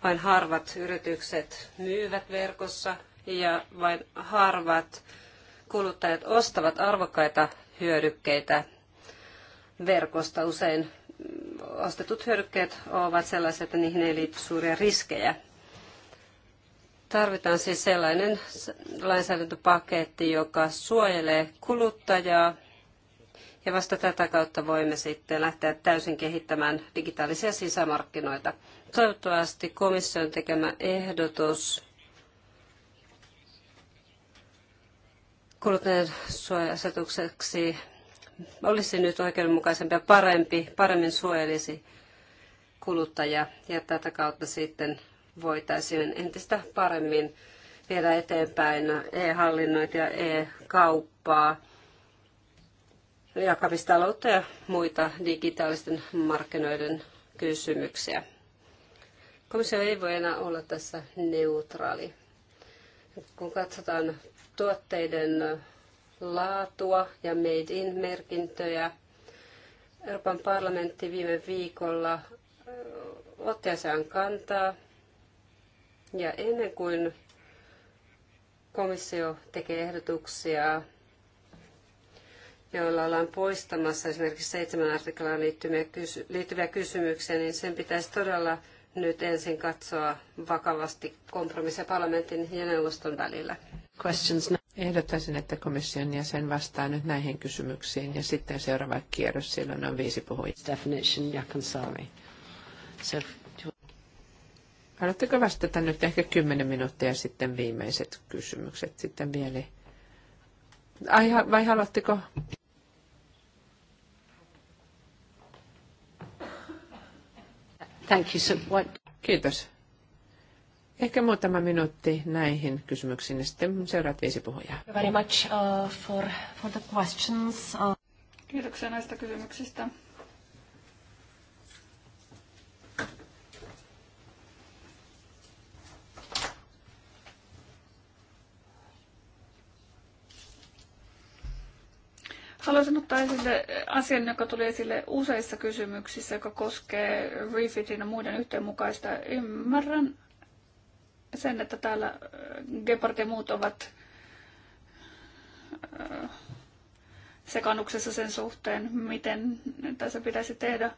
Vain harvat yritykset myyvät verkossa ja vain harvat kuluttajat ostavat arvokkaita hyödykkeitä verkosta. Usein ostetut hyödykkeet ovat sellaisia, että niihin ei liity suuria riskejä. Tarvitaan siis sellainen lainsäädäntöpaketti, joka suojelee kuluttajaa ja vasta tätä kautta voimme sitten lähteä täysin kehittämään digitaalisia sisämarkkinoita. Toivottavasti komission tekemä ehdotus kuluttajan suojasetukseksi olisi nyt oikeudenmukaisempi ja parempi, paremmin suojelisi kuluttajaa, ja tätä kautta sitten voitaisiin entistä paremmin viedä eteenpäin e-hallinnointia, e-kauppaa, jakamistaloutta ja muita digitaalisten markkinoiden kysymyksiä. Komissio ei voi enää olla tässä neutraali. Kun katsotaan tuotteiden laatua ja Made in-merkintöjä, Euroopan parlamentti viime viikolla otti asiaan kantaa ja ennen kuin komissio tekee ehdotuksia, joilla ollaan poistamassa esimerkiksi seitsemän artiklaan liittyviä, kysymyksiä, niin sen pitäisi todella nyt ensin katsoa vakavasti kompromissi parlamentin ja neuvoston välillä. Questions. Ehdottaisin, että komission jäsen vastaa nyt näihin kysymyksiin ja sitten seuraava kierros, silloin on viisi puhujaa. Definition, So Haluatteko vastata nyt ehkä 10 minuuttia sitten viimeiset kysymykset sitten vielä? Ai, vai haluatteko? Thank you, so What? Kiitos. Ehkä muutama minuutti näihin kysymyksiin ja sitten seuraat viisi puhujaa. Very much, uh, for, for the questions. Uh... Kiitoksia näistä kysymyksistä. Haluaisin ottaa esille asian, joka tuli esille useissa kysymyksissä, joka koskee refitin ja muiden yhteenmukaista. Ymmärrän sen, että täällä Gepard ja muut ovat äh, sekannuksessa sen suhteen, miten tässä pitäisi tehdä.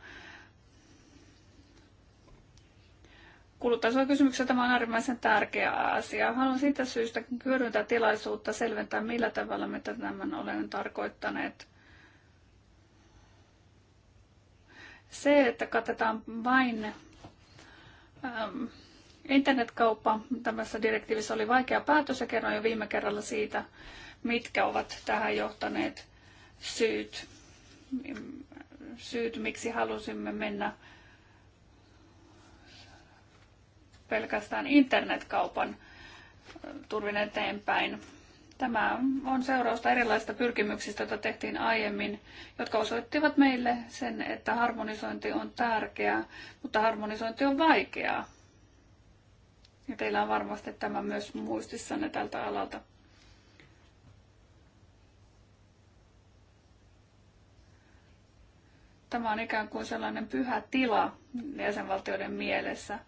Kuluttajasuojakysymyksessä tämä on äärimmäisen tärkeä asia. Haluan siitä syystä hyödyntää tilaisuutta selventää, millä tavalla me tämän olemme tarkoittaneet. Se, että katetaan vain ähm, internetkauppa tämässä direktiivissä oli vaikea päätös ja kerroin jo viime kerralla siitä, mitkä ovat tähän johtaneet syyt, syyt miksi halusimme mennä pelkästään internetkaupan turvin eteenpäin. Tämä on seurausta erilaisista pyrkimyksistä, joita tehtiin aiemmin, jotka osoittivat meille sen, että harmonisointi on tärkeää, mutta harmonisointi on vaikeaa. Ja teillä on varmasti tämä myös muistissanne tältä alalta. Tämä on ikään kuin sellainen pyhä tila jäsenvaltioiden mielessä,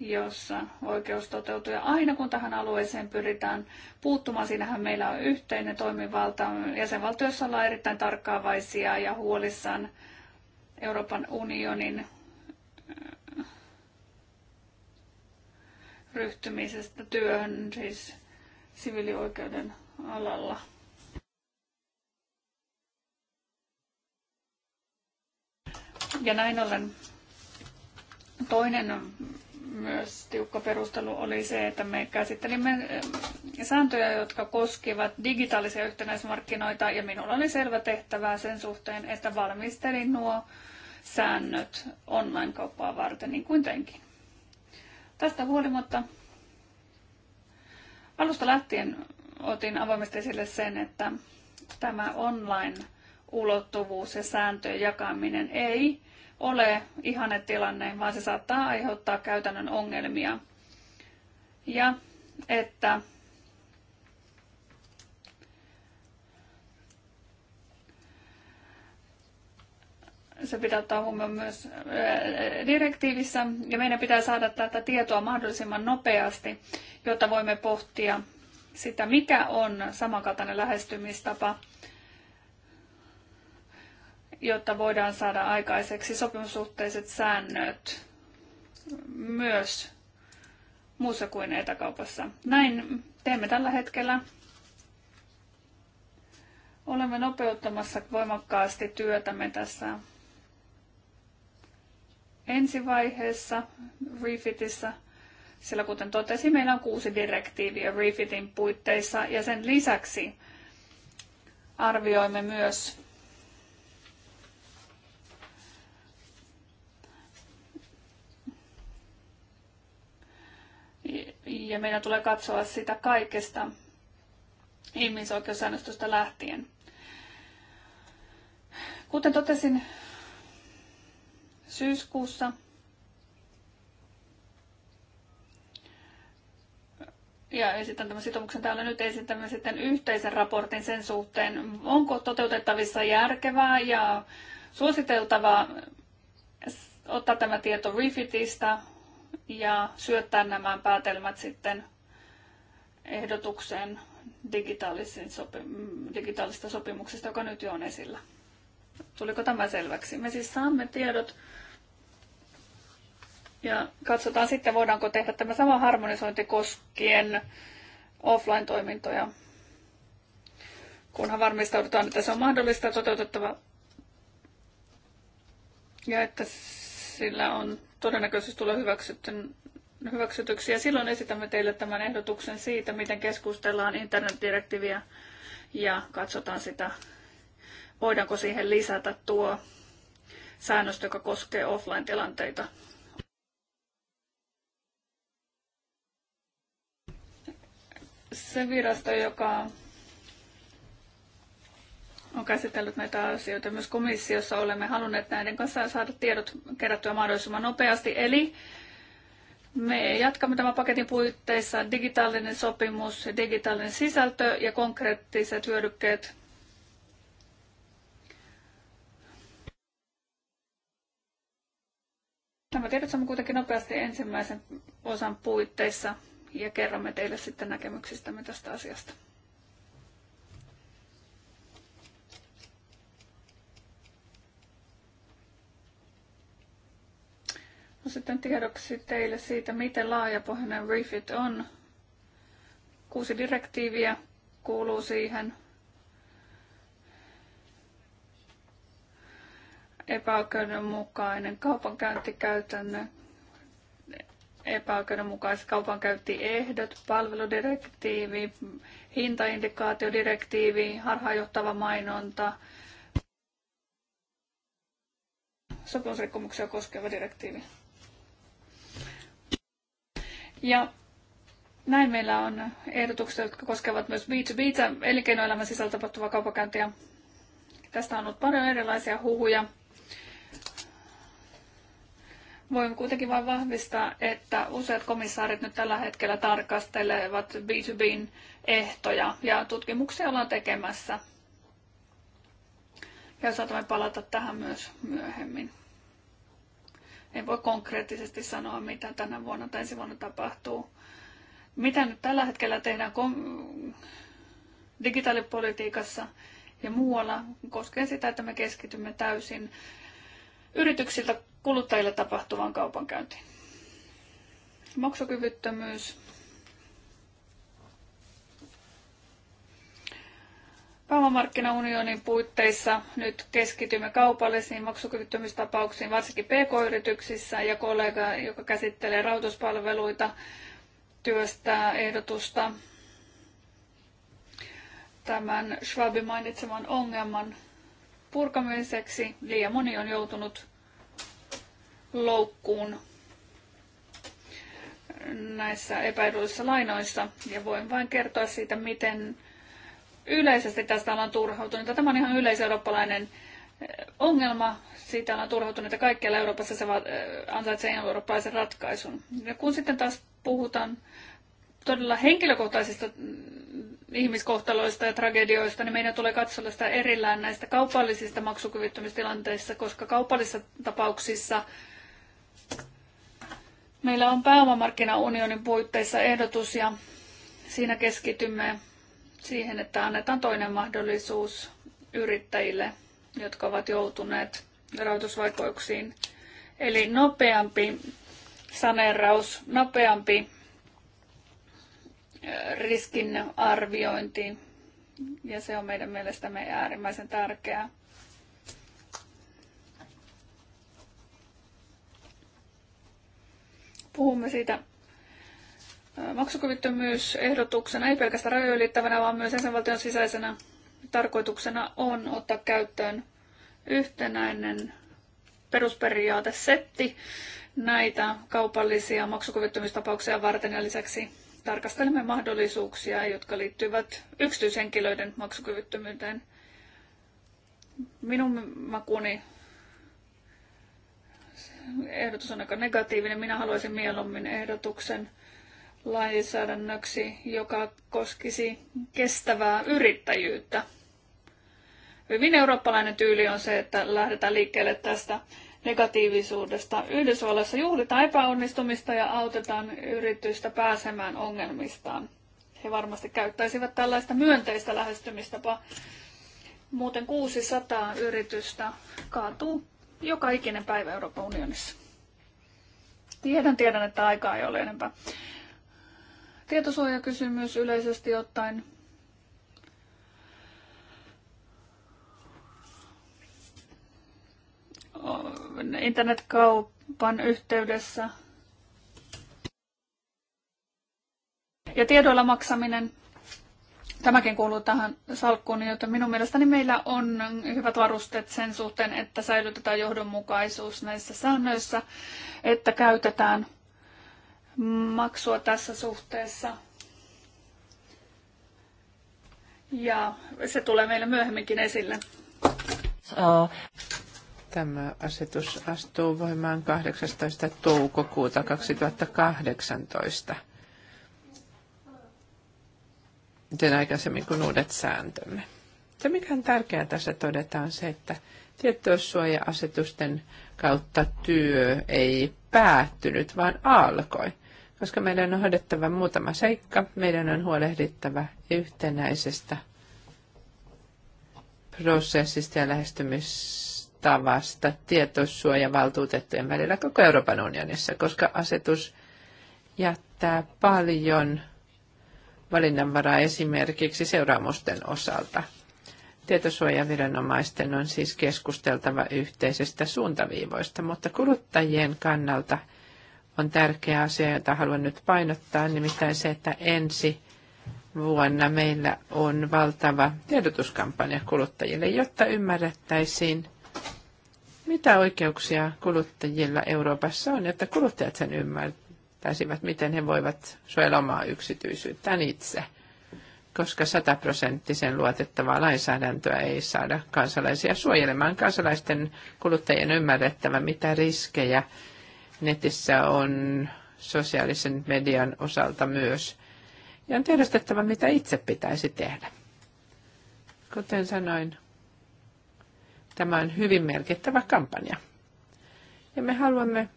jossa oikeus toteutuu. Ja aina kun tähän alueeseen pyritään puuttumaan, siinähän meillä on yhteinen toimivalta. Jäsenvaltioissa ollaan erittäin tarkkaavaisia ja huolissaan Euroopan unionin äh, ryhtymisestä työhön, siis siviilioikeuden alalla. Ja näin ollen toinen myös tiukka perustelu oli se, että me käsittelimme eh, sääntöjä, jotka koskivat digitaalisia yhtenäismarkkinoita, ja minulla oli selvä tehtävä sen suhteen, että valmistelin nuo säännöt online-kauppaa varten, niin kuin tänkin. Tästä huolimatta alusta lähtien otin avoimesti esille sen, että tämä online-ulottuvuus ja sääntöjen jakaminen ei ole tilanne, vaan se saattaa aiheuttaa käytännön ongelmia. Ja että se pitää ottaa huomioon myös eh, direktiivissä ja meidän pitää saada tätä tietoa mahdollisimman nopeasti, jotta voimme pohtia sitä, mikä on samankaltainen lähestymistapa jotta voidaan saada aikaiseksi sopimussuhteiset säännöt myös muussa kuin etäkaupassa. Näin teemme tällä hetkellä. Olemme nopeuttamassa voimakkaasti työtämme tässä ensivaiheessa Refitissä, sillä kuten totesin, meillä on kuusi direktiiviä Refitin puitteissa ja sen lisäksi arvioimme myös ja meidän tulee katsoa sitä kaikesta ihmisoikeussäännöstöstä lähtien. Kuten totesin syyskuussa, ja esitän tämän sitoumuksen täällä nyt, esitämme sitten yhteisen raportin sen suhteen, onko toteutettavissa järkevää ja suositeltavaa ottaa tämä tieto Refitistä ja syöttää nämä päätelmät sitten ehdotukseen sopi- digitaalista sopimuksesta, joka nyt jo on esillä. Tuliko tämä selväksi? Me siis saamme tiedot ja katsotaan sitten, voidaanko tehdä tämä sama harmonisointi koskien offline-toimintoja, kunhan varmistaudutaan, että se on mahdollista toteutettava ja että sillä on todennäköisesti tule hyväksytyksi. Ja silloin esitämme teille tämän ehdotuksen siitä, miten keskustellaan internetdirektiiviä ja katsotaan sitä, voidaanko siihen lisätä tuo säännöstö, joka koskee offline-tilanteita. Se virasto, joka on käsitellyt näitä asioita. Myös komissiossa olemme halunneet näiden kanssa saada tiedot kerättyä mahdollisimman nopeasti. Eli me jatkamme tämän paketin puitteissa digitaalinen sopimus, digitaalinen sisältö ja konkreettiset hyödykkeet. Nämä tiedot saamme kuitenkin nopeasti ensimmäisen osan puitteissa ja kerromme teille sitten näkemyksistämme tästä asiasta. No sitten tiedoksi teille siitä, miten laajapohjainen refit on. Kuusi direktiiviä kuuluu siihen. Epäoikeudenmukainen kaupankäyntikäytännö, epäoikeudenmukaiset kaupankäyntiehdot, palveludirektiivi, hintaindikaatiodirektiivi, harhaanjohtava mainonta, sopimusrikkomuksia koskeva direktiivi. Ja näin meillä on ehdotukset, jotka koskevat myös B2B, elinkeinoelämän sisällä tapahtuvaa kaupankäyntiä. Tästä on ollut paljon erilaisia huhuja. Voin kuitenkin vain vahvistaa, että useat komissaarit nyt tällä hetkellä tarkastelevat B2Bin ehtoja ja tutkimuksia ollaan tekemässä. Ja saatamme palata tähän myös myöhemmin. En voi konkreettisesti sanoa, mitä tänä vuonna tai ensi vuonna tapahtuu. Mitä nyt tällä hetkellä tehdään digitaalipolitiikassa ja muualla, koskee sitä, että me keskitymme täysin yrityksiltä kuluttajille tapahtuvaan kaupankäyntiin. Maksukyvyttömyys Pääomamarkkinaunionin puitteissa nyt keskitymme kaupallisiin maksukyvyttömyystapauksiin, varsinkin pk-yrityksissä, ja kollega, joka käsittelee rahoituspalveluita, työstää ehdotusta tämän Schwabin mainitseman ongelman purkamiseksi. Liian moni on joutunut loukkuun näissä epäedullisissa lainoissa ja voin vain kertoa siitä, miten yleisesti tästä ollaan turhautuneita. Tämä on ihan yleiseurooppalainen eh, ongelma. Siitä ollaan turhautuneita kaikkialla Euroopassa. Se eh, ansaitsee eurooppalaisen ratkaisun. Ja kun sitten taas puhutaan todella henkilökohtaisista mm, ihmiskohtaloista ja tragedioista, niin meidän tulee katsoa sitä erillään näistä kaupallisista maksukyvyttömyystilanteista, koska kaupallisissa tapauksissa meillä on pääomamarkkinaunionin puitteissa ehdotus ja siinä keskitymme siihen, että annetaan toinen mahdollisuus yrittäjille, jotka ovat joutuneet rahoitusvaikeuksiin. Eli nopeampi saneeraus, nopeampi riskin arviointi, ja se on meidän mielestämme äärimmäisen tärkeää. Puhumme siitä ehdotuksena ei pelkästään rajoja ylittävänä, vaan myös jäsenvaltion sisäisenä tarkoituksena on ottaa käyttöön yhtenäinen perusperiaatesetti näitä kaupallisia maksukyvyttömyystapauksia varten ja lisäksi tarkastelemme mahdollisuuksia, jotka liittyvät yksityishenkilöiden maksukyvyttömyyteen. Minun makuni ehdotus on aika negatiivinen. Minä haluaisin mieluummin ehdotuksen, lainsäädännöksi, joka koskisi kestävää yrittäjyyttä. Hyvin eurooppalainen tyyli on se, että lähdetään liikkeelle tästä negatiivisuudesta. Yhdysvalloissa juhlitaan epäonnistumista ja autetaan yritystä pääsemään ongelmistaan. He varmasti käyttäisivät tällaista myönteistä lähestymistapaa. Muuten 600 yritystä kaatuu joka ikinen päivä Euroopan unionissa. Tiedän, tiedän, että aikaa ei ole enempää tietosuojakysymys yleisesti ottaen. Internetkaupan yhteydessä. Ja tiedoilla maksaminen. Tämäkin kuuluu tähän salkkuun, joten minun mielestäni meillä on hyvät varusteet sen suhteen, että säilytetään johdonmukaisuus näissä säännöissä, että käytetään – maksua tässä suhteessa. Ja se tulee meille myöhemminkin esille. Äh. Tämä asetus astuu voimaan 18. toukokuuta 2018. Miten aikaisemmin kuin uudet sääntömme. Se, mikä on tärkeää tässä todetaan, on se, että tietosuoja-asetusten kautta työ ei päättynyt, vaan alkoi koska meidän on hoidettava muutama seikka. Meidän on huolehdittava yhtenäisestä prosessista ja lähestymistavasta tietosuojavaltuutettujen välillä koko Euroopan unionissa, koska asetus jättää paljon valinnanvaraa esimerkiksi seuraamusten osalta. Tietosuojaviranomaisten on siis keskusteltava yhteisestä suuntaviivoista, mutta kuluttajien kannalta – on tärkeä asia, jota haluan nyt painottaa, nimittäin se, että ensi vuonna meillä on valtava tiedotuskampanja kuluttajille, jotta ymmärrettäisiin, mitä oikeuksia kuluttajilla Euroopassa on, jotta kuluttajat sen ymmärtäisivät, miten he voivat suojella omaa yksityisyyttään itse, koska sataprosenttisen luotettavaa lainsäädäntöä ei saada kansalaisia suojelemaan. Kansalaisten kuluttajien ymmärrettävä, mitä riskejä netissä on sosiaalisen median osalta myös. Ja on tiedostettava, mitä itse pitäisi tehdä. Kuten sanoin, tämä on hyvin merkittävä kampanja. Ja me haluamme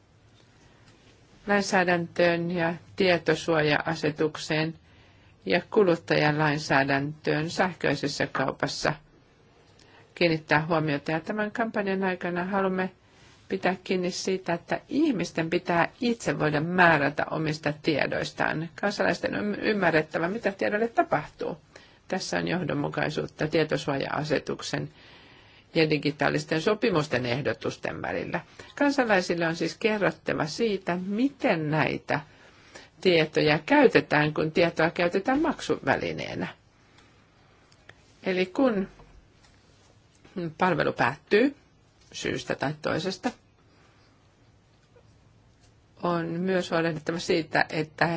lainsäädäntöön ja tietosuoja-asetukseen ja kuluttajan lainsäädäntöön sähköisessä kaupassa kiinnittää huomiota. Ja tämän kampanjan aikana haluamme pitää kiinni siitä, että ihmisten pitää itse voida määrätä omista tiedoistaan. Kansalaisten on ymmärrettävä, mitä tiedolle tapahtuu. Tässä on johdonmukaisuutta tietosuoja-asetuksen ja digitaalisten sopimusten ehdotusten välillä. Kansalaisille on siis kerrottava siitä, miten näitä tietoja käytetään, kun tietoa käytetään maksuvälineenä. Eli kun palvelu päättyy syystä tai toisesta, on myös huolehdittava siitä, että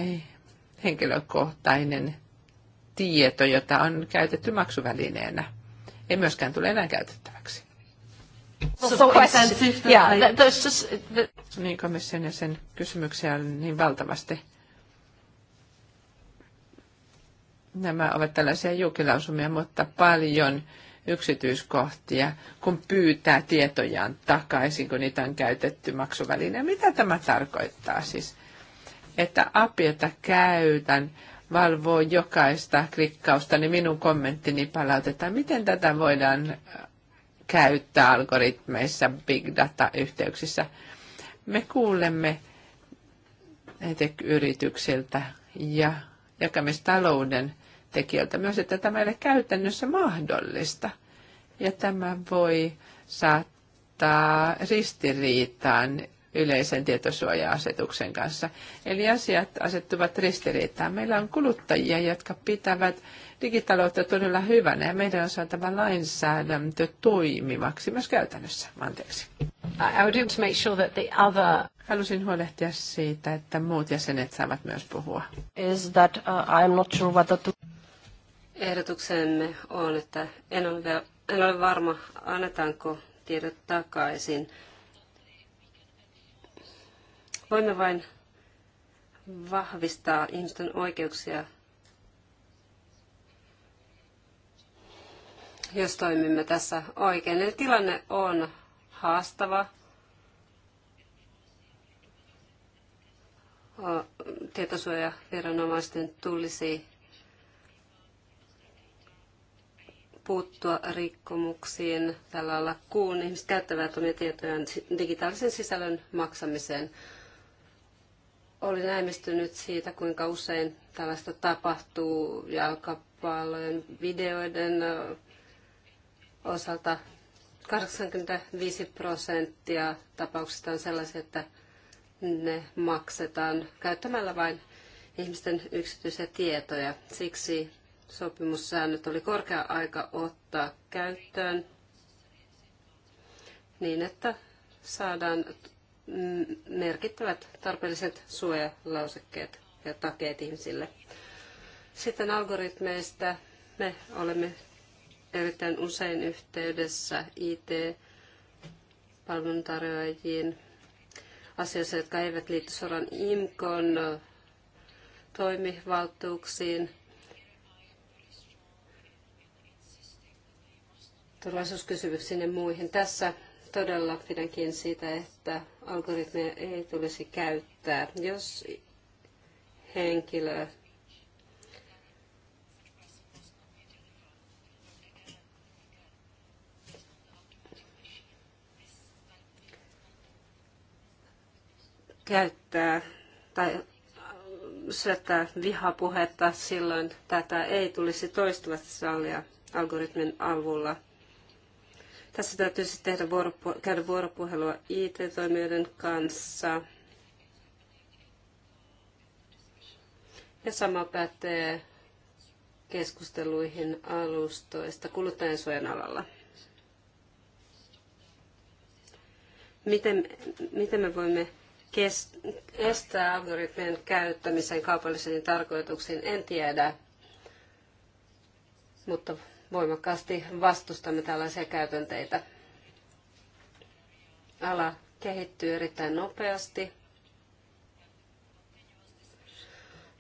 henkilökohtainen tieto, jota on käytetty maksuvälineenä, ei myöskään tule enää käytettäväksi. Niin komission ja sen kysymyksiä on niin valtavasti. Nämä ovat tällaisia julkilausumia, mutta paljon yksityiskohtia, kun pyytää tietojaan takaisin, kun niitä on käytetty maksuvälineen. Mitä tämä tarkoittaa siis? Että apiota käytän, valvoo jokaista klikkausta, niin minun kommenttini palautetaan. Miten tätä voidaan äh, käyttää algoritmeissa, big data-yhteyksissä? Me kuulemme yrityksiltä ja jakamistalouden tekijöiltä myös, että tämä ei ole käytännössä mahdollista. Ja tämä voi saattaa ristiriitaan yleisen tietosuoja-asetuksen kanssa. Eli asiat asettuvat ristiriitaan. Meillä on kuluttajia, jotka pitävät digitaloutta todella hyvänä ja meidän on saatava lainsäädäntö toimivaksi myös käytännössä. Anteeksi. I sure other... Halusin huolehtia siitä, että muut jäsenet saavat myös puhua. Is that, uh, I'm not sure whether to... Ehdotuksemme on, että en ole, en ole varma, annetaanko tiedot takaisin. Voimme vain vahvistaa ihmisten oikeuksia, jos toimimme tässä oikein. Eli tilanne on haastava. Tietosuojaviranomaisten tulisi puuttua rikkomuksiin tällä lailla, kun ihmiset käyttävät omia tietojaan digitaalisen sisällön maksamiseen. Olin äimistynyt siitä, kuinka usein tällaista tapahtuu jalkapallojen videoiden äh, osalta. 85 prosenttia tapauksista on sellaisia, että ne maksetaan käyttämällä vain ihmisten yksityisiä tietoja. Siksi sopimussäännöt oli korkea aika ottaa käyttöön niin, että saadaan mm, merkittävät tarpeelliset suojalausekkeet ja takeet ihmisille. Sitten algoritmeista me olemme erittäin usein yhteydessä IT-palveluntarjoajiin asioissa, jotka eivät liity suoraan IMKon toimivaltuuksiin, turvallisuuskysymyksiin ja muihin. Tässä todella pidänkin siitä, että algoritmeja ei tulisi käyttää. Jos henkilö käyttää tai syöttää vihapuhetta, silloin tätä ei tulisi toistuvasti sallia algoritmin avulla. Tässä täytyisi siis tehdä vuoropu- käydä vuoropuhelua IT-toimijoiden kanssa. Ja sama pätee keskusteluihin alustoista kuluttajansuojan alalla. Miten, miten me voimme estää algoritmien käyttämisen kaupallisiin tarkoituksiin, en tiedä. Mutta voimakkaasti vastustamme tällaisia käytänteitä. Ala kehittyy erittäin nopeasti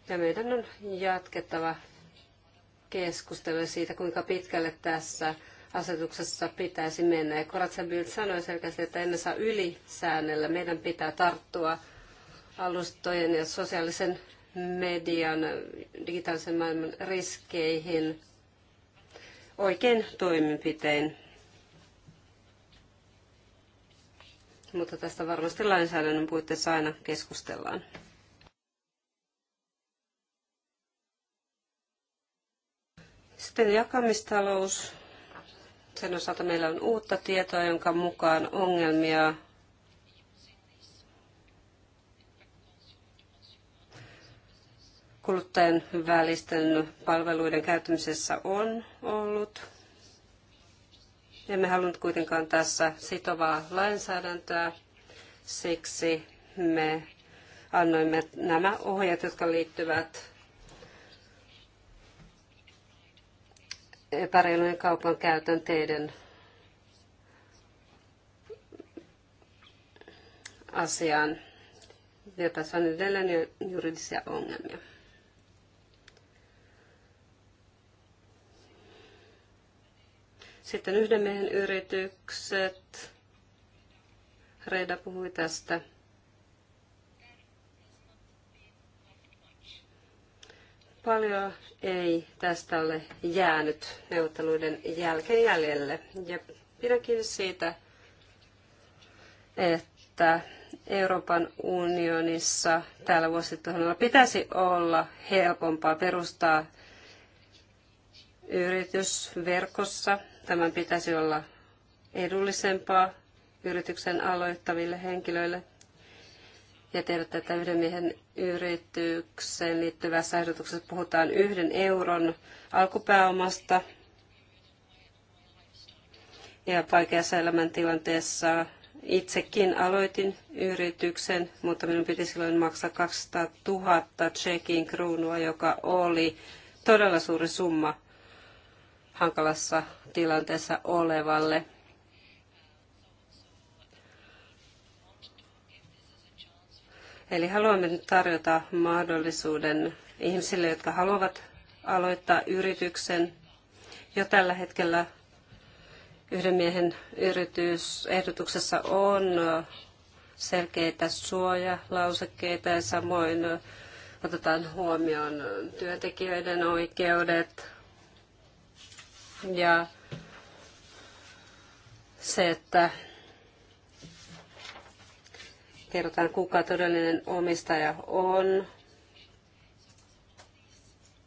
ja meidän on jatkettava keskustelua siitä, kuinka pitkälle tässä asetuksessa pitäisi mennä. Ja Koratsabild sanoi selkeästi, että emme saa ylisäännellä. Meidän pitää tarttua alustojen ja sosiaalisen median digitaalisen maailman riskeihin – oikein toimenpitein. Mutta tästä varmasti lainsäädännön puitteissa aina keskustellaan. Sitten jakamistalous. Sen osalta meillä on uutta tietoa, jonka mukaan ongelmia kuluttajien välisten palveluiden käyttämisessä on ollut. Emme halunnut kuitenkaan tässä sitovaa lainsäädäntöä, siksi me annoimme nämä ohjeet, jotka liittyvät epäreilujen kaupan käytänteiden asiaan. Ja tässä on edelleen juridisia ongelmia. Sitten yhden miehen yritykset. Reida puhui tästä. Paljon ei tästä ole jäänyt neuvotteluiden jälkeen jäljelle. Ja pidän kiinni siitä, että Euroopan unionissa tällä vuosituhannella pitäisi olla helpompaa perustaa yritysverkossa. Tämän pitäisi olla edullisempaa yrityksen aloittaville henkilöille ja tehdä tätä yhden miehen yritykseen liittyvässä ehdotuksessa puhutaan yhden euron alkupääomasta. Ja vaikeassa elämäntilanteessa itsekin aloitin yrityksen, mutta minun piti silloin maksaa 200 000 tsekin kruunua, joka oli todella suuri summa hankalassa tilanteessa olevalle. Eli haluamme nyt tarjota mahdollisuuden ihmisille, jotka haluavat aloittaa yrityksen. Jo tällä hetkellä yhden miehen yritysehdotuksessa on selkeitä suojalausekkeita ja samoin otetaan huomioon työntekijöiden oikeudet, ja se, että kerrotaan kuka todellinen omistaja on.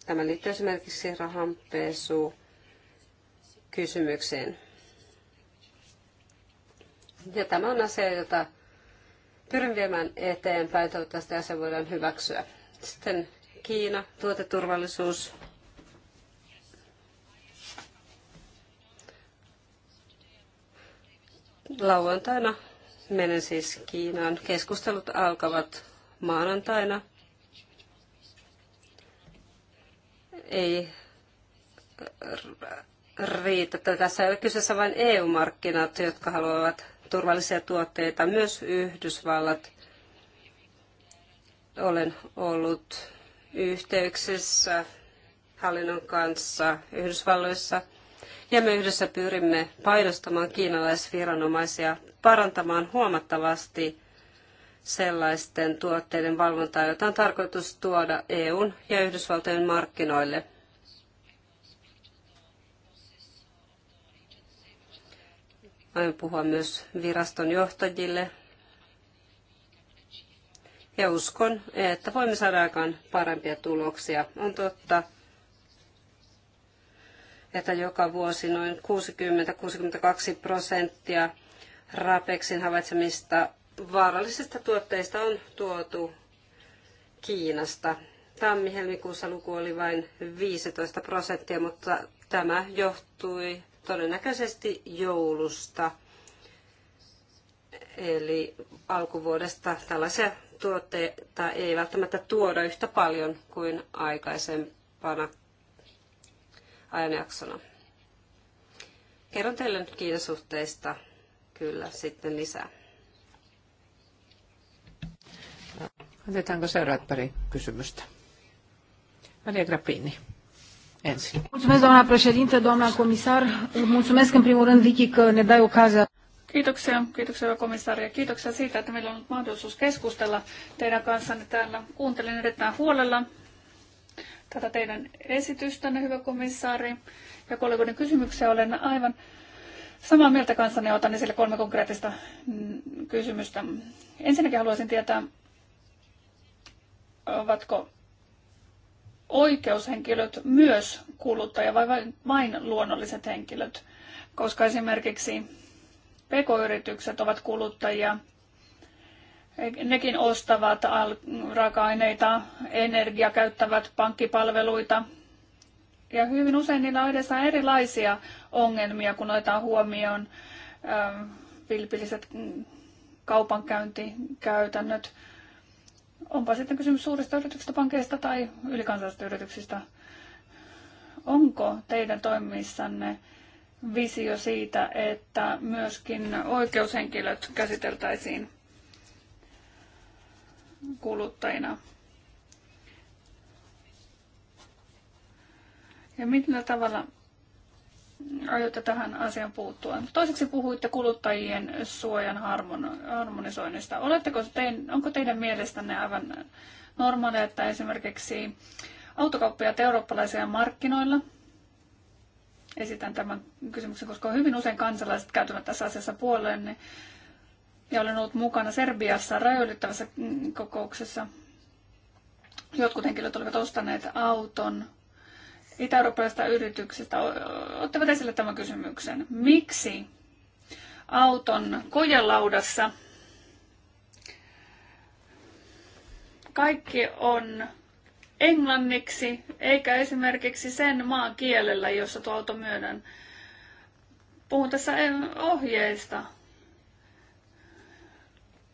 Tämä liittyy esimerkiksi rahanpesu kysymykseen. Ja tämä on asia, jota pyrin viemään eteenpäin. Toivottavasti asia voidaan hyväksyä. Sitten Kiina, tuoteturvallisuus. Lauantaina menen siis Kiinaan. Keskustelut alkavat maanantaina. Ei riitä. Tässä ei ole kyseessä vain EU-markkinat, jotka haluavat turvallisia tuotteita. Myös Yhdysvallat. Olen ollut yhteyksissä hallinnon kanssa Yhdysvalloissa – ja me yhdessä pyrimme painostamaan kiinalaisviranomaisia parantamaan huomattavasti sellaisten tuotteiden valvontaa, joita on tarkoitus tuoda EUn ja Yhdysvaltojen markkinoille. Aion puhua myös viraston johtajille ja uskon, että voimme saada aikaan parempia tuloksia. On totta, että joka vuosi noin 60-62 prosenttia rapeksin havaitsemista vaarallisista tuotteista on tuotu Kiinasta. Tammi-helmikuussa luku oli vain 15 prosenttia, mutta tämä johtui todennäköisesti joulusta. Eli alkuvuodesta tällaisia tuotteita ei välttämättä tuoda yhtä paljon kuin aikaisempana ajanjaksona. Kerron teille nyt kiitosuhteista kyllä sitten lisää. Otetaanko seuraavat pari kysymystä? Maria Grappini. Ensin. Mulțumesc, doamna președinte, doamna comisar. Mulțumesc în primul rând, Vicky, că ne dai ocazia. Kiitoksia, kiitoksia hyvä komissaari ja kiitoksia siitä, että meillä on ollut mahdollisuus keskustella teidän kanssanne täällä. Kuuntelin erittäin huolella tätä teidän esitystänne, hyvä komissaari, ja kollegoiden kysymyksiä olen aivan samaa mieltä kanssanne ja otan esille kolme konkreettista mm, kysymystä. Ensinnäkin haluaisin tietää, ovatko oikeushenkilöt myös kuluttaja vai vain luonnolliset henkilöt, koska esimerkiksi pk-yritykset ovat kuluttajia Nekin ostavat raaka-aineita, energia käyttävät pankkipalveluita. Ja hyvin usein niillä on edessä erilaisia ongelmia, kun otetaan huomioon ähm, vilpilliset kaupankäyntikäytännöt. Onpa sitten kysymys suurista yrityksistä, pankeista tai ylikansallisista yrityksistä. Onko teidän toimissanne visio siitä, että myöskin oikeushenkilöt käsiteltäisiin kuluttajina. Ja millä tavalla aiotte tähän asiaan puuttua? Toiseksi puhuitte kuluttajien suojan harmonisoinnista. Oletteko te, onko teidän mielestänne aivan normaalia, että esimerkiksi autokauppiaat eurooppalaisia markkinoilla esitän tämän kysymyksen, koska hyvin usein kansalaiset käytävät tässä asiassa puolelle, niin ja olen ollut mukana Serbiassa rajoittavassa mm, kokouksessa. Jotkut henkilöt olivat ostaneet auton itä eurooppalaisesta yrityksestä. Ottavat esille tämän kysymyksen. Miksi auton kojelaudassa kaikki on englanniksi, eikä esimerkiksi sen maan kielellä, jossa tuo auto myydään. Puhun tässä ohjeista,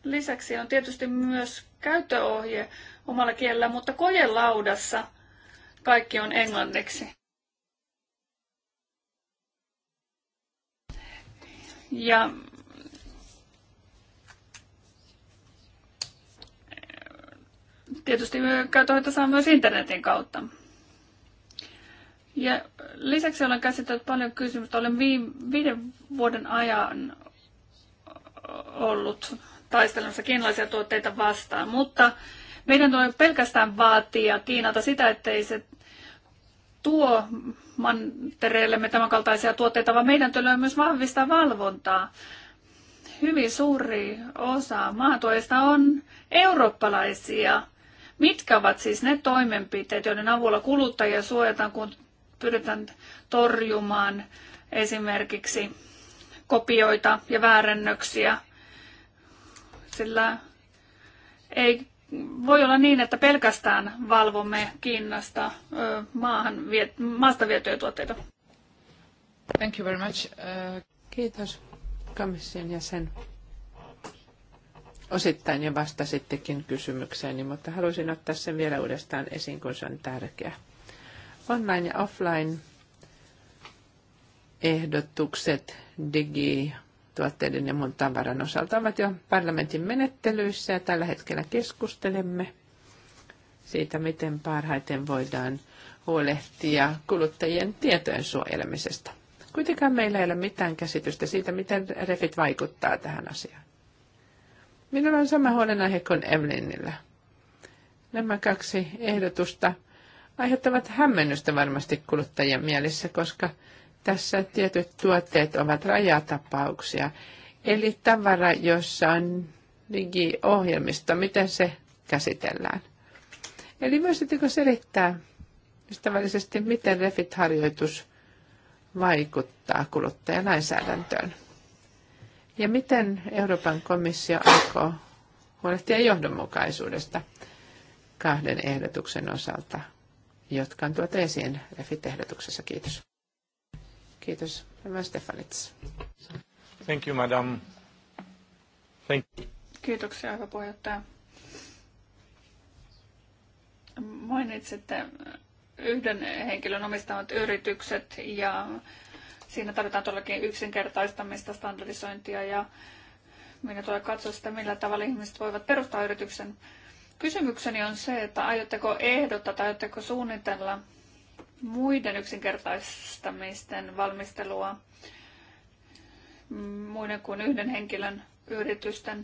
Lisäksi on tietysti myös käyttöohje omalla kielellä, mutta kojelaudassa kaikki on englanniksi. Ja tietysti käytöhoito saa myös internetin kautta. Ja lisäksi olen käsitellyt paljon kysymyksiä. Olen viiden vuoden ajan ollut taistelemassa kiinalaisia tuotteita vastaan, mutta meidän tulee pelkästään vaatia Kiinalta sitä, ettei se tuo mantereellemme tämänkaltaisia tuotteita, vaan meidän tulee myös vahvistaa valvontaa. Hyvin suuri osa maatuesta on eurooppalaisia. Mitkä ovat siis ne toimenpiteet, joiden avulla kuluttajia suojataan, kun pyritään torjumaan esimerkiksi kopioita ja väärennöksiä? sillä ei voi olla niin, että pelkästään valvomme Kiinasta maahan, viet, maasta vietyjä tuotteita. Thank you very much. Uh... Kiitos komission jäsen. Osittain jo vastasittekin kysymykseeni, mutta halusin ottaa sen vielä uudestaan esiin, kun se on tärkeä. Online ja offline ehdotukset digi tuotteiden ja muun tavaran osalta ovat jo parlamentin menettelyissä ja tällä hetkellä keskustelemme siitä, miten parhaiten voidaan huolehtia kuluttajien tietojen suojelemisesta. Kuitenkaan meillä ei ole mitään käsitystä siitä, miten refit vaikuttaa tähän asiaan. Minulla on sama huolenaihe kuin Evelynillä. Nämä kaksi ehdotusta aiheuttavat hämmennystä varmasti kuluttajien mielessä, koska tässä tietyt tuotteet ovat rajatapauksia. Eli tavara, jossa on digiohjelmisto, miten se käsitellään. Eli voisitteko selittää ystävällisesti, miten refit-harjoitus vaikuttaa kuluttajalainsäädäntöön? Ja miten Euroopan komissio aikoo huolehtia johdonmukaisuudesta kahden ehdotuksen osalta, jotka on tuotu esiin refit-ehdotuksessa? Kiitos. Kiitos. Hyvä Stefanits. Thank you, madam. Thank you. Kiitoksia, hyvä puheenjohtaja. Mainitsitte yhden henkilön omistamat yritykset ja siinä tarvitaan todellakin yksinkertaistamista, standardisointia ja minä tulee katsoa sitä, millä tavalla ihmiset voivat perustaa yrityksen. Kysymykseni on se, että aiotteko ehdottaa tai aiotteko suunnitella muiden yksinkertaistamisten valmistelua muiden kuin yhden henkilön yritysten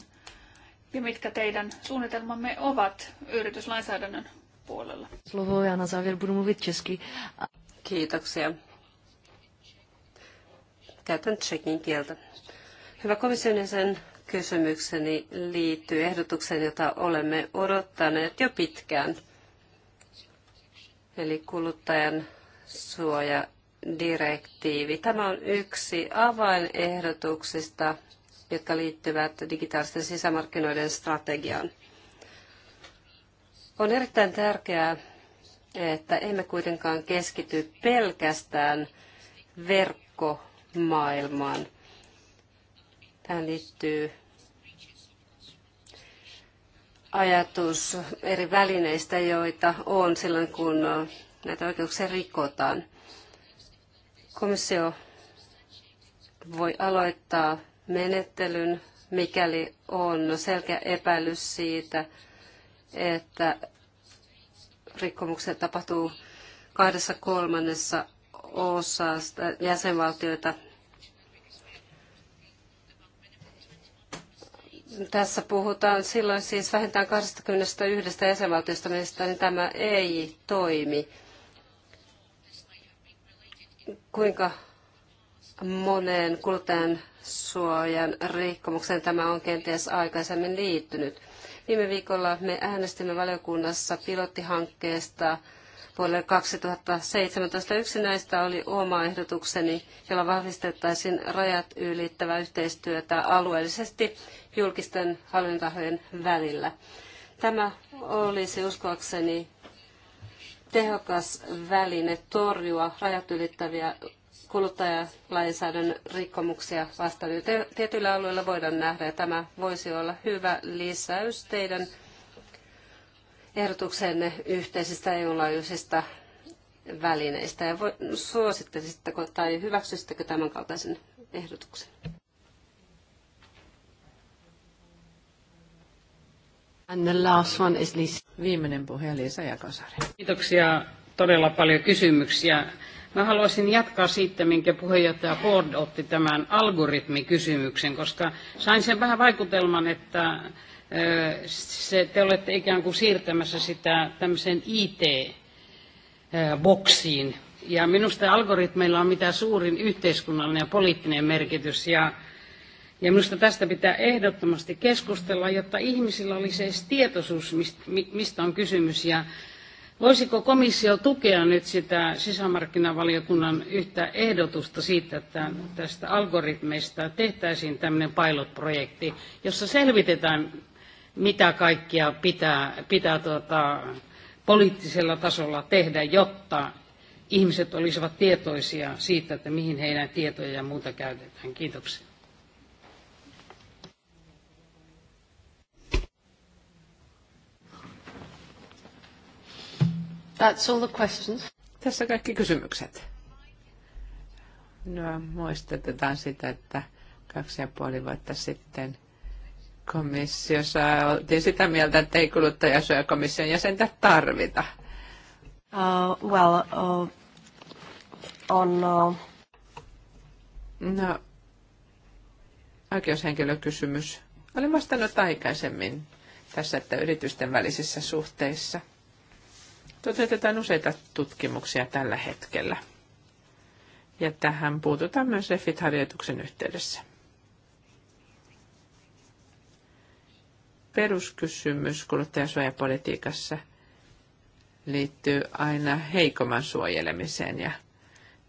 ja mitkä teidän suunnitelmamme ovat yrityslainsäädännön puolella? Slovo na závěr Kiitoksia. Käytän tsekin kieltä. Hyvä komission jäsen, kysymykseni liittyy ehdotukseen, jota olemme odottaneet jo pitkään – eli kuluttajan suojadirektiivi. Tämä on yksi avainehdotuksista, jotka liittyvät digitaalisten sisämarkkinoiden strategiaan. On erittäin tärkeää, että emme kuitenkaan keskity pelkästään verkkomaailmaan. Tähän liittyy ajatus eri välineistä, joita on silloin, kun näitä oikeuksia rikotaan. Komissio voi aloittaa menettelyn, mikäli on selkeä epäilys siitä, että rikkomuksia tapahtuu kahdessa kolmannessa osassa jäsenvaltioita Tässä puhutaan silloin siis vähintään 21 jäsenvaltiosta, mistä niin tämä ei toimi. Kuinka monen kuluttajan suojan rikkomukseen tämä on kenties aikaisemmin liittynyt? Viime viikolla me äänestimme valiokunnassa pilottihankkeesta vuodelle 2017. Yksi näistä oli oma ehdotukseni, jolla vahvistettaisiin rajat ylittävää yhteistyötä alueellisesti julkisten hallintahojen välillä. Tämä olisi uskoakseni tehokas väline torjua rajat ylittäviä kuluttajalainsäädännön rikkomuksia vastaan. Tietyillä alueilla voidaan nähdä, ja tämä voisi olla hyvä lisäys teidän ehdotuksenne yhteisistä EU-laajuisista välineistä ja suosittelisitteko tai hyväksyisittekö tämän kaltaisen ehdotuksen? And the last one is Lisa. Viimeinen puhuja Liisa Jakosari. Kiitoksia todella paljon kysymyksiä. Mä haluaisin jatkaa siitä, minkä puheenjohtaja Ford otti tämän algoritmikysymyksen, koska sain sen vähän vaikutelman, että se, te olette ikään kuin siirtämässä sitä tämmöiseen IT-boksiin. Ja minusta algoritmeilla on mitä suurin yhteiskunnallinen ja poliittinen merkitys. Ja, ja minusta tästä pitää ehdottomasti keskustella, jotta ihmisillä olisi edes tietoisuus, mistä on kysymys. Ja voisiko komissio tukea nyt sitä sisämarkkinavaliokunnan yhtä ehdotusta siitä, että tästä algoritmeista tehtäisiin tämmöinen pilot-projekti, jossa selvitetään mitä kaikkia pitää, pitää tuota, poliittisella tasolla tehdä, jotta ihmiset olisivat tietoisia siitä, että mihin heidän tietoja ja muuta käytetään. Kiitoksia. That's all the questions. Tässä kaikki kysymykset. No, muistutetaan sitä, että kaksi ja puoli vuotta sitten komissiossa oltiin sitä mieltä, että ei kuluttajasuojakomission jäsentä tarvita. Uh, well, uh, on... Uh... No, oikeushenkilökysymys. Olin vastannut aikaisemmin tässä, että yritysten välisissä suhteissa toteutetaan useita tutkimuksia tällä hetkellä. Ja tähän puututaan myös refit-harjoituksen yhteydessä. peruskysymys kuluttajansuojapolitiikassa liittyy aina heikomman suojelemiseen ja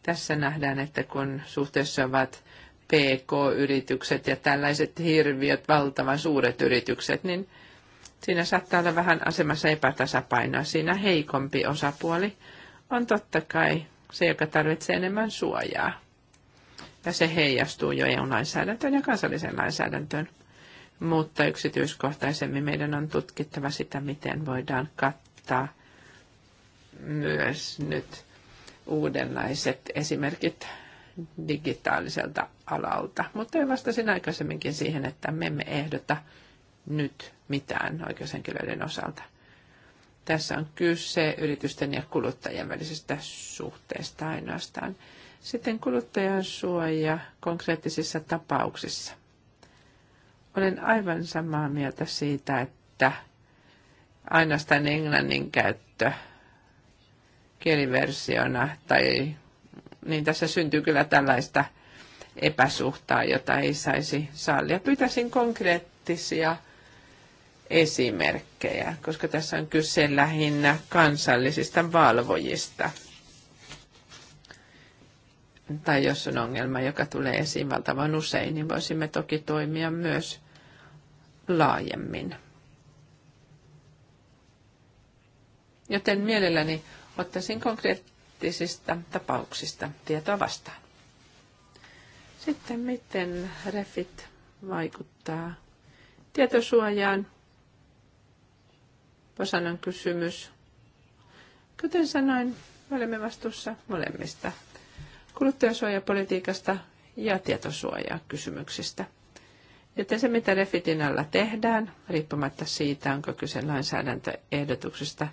tässä nähdään, että kun suhteessa ovat PK-yritykset ja tällaiset hirviöt, valtavan suuret yritykset, niin siinä saattaa olla vähän asemassa epätasapainoa. Siinä heikompi osapuoli on totta kai se, joka tarvitsee enemmän suojaa. Ja se heijastuu jo EU-lainsäädäntöön ja kansalliseen lainsäädäntöön mutta yksityiskohtaisemmin meidän on tutkittava sitä, miten voidaan kattaa myös nyt uudenlaiset esimerkit digitaaliselta alalta. Mutta jo vastasin aikaisemminkin siihen, että me emme ehdota nyt mitään oikeushenkilöiden osalta. Tässä on kyse yritysten ja kuluttajien välisestä suhteesta ainoastaan. Sitten kuluttajan suoja konkreettisissa tapauksissa. Olen aivan samaa mieltä siitä, että ainoastaan englannin käyttö kieliversiona, tai niin tässä syntyy kyllä tällaista epäsuhtaa, jota ei saisi sallia. Pyytäisin konkreettisia esimerkkejä, koska tässä on kyse lähinnä kansallisista valvojista. Tai jos on ongelma, joka tulee esiin valtavan usein, niin voisimme toki toimia myös laajemmin. Joten mielelläni ottaisin konkreettisista tapauksista tietoa vastaan. Sitten miten refit vaikuttaa tietosuojaan. Posanan kysymys. Kuten sanoin, me olemme vastuussa molemmista kuluttajansuojapolitiikasta ja tietosuojakysymyksistä. kysymyksistä Joten se, mitä refitinällä tehdään, riippumatta siitä, onko kyse lainsäädäntöehdotuksesta,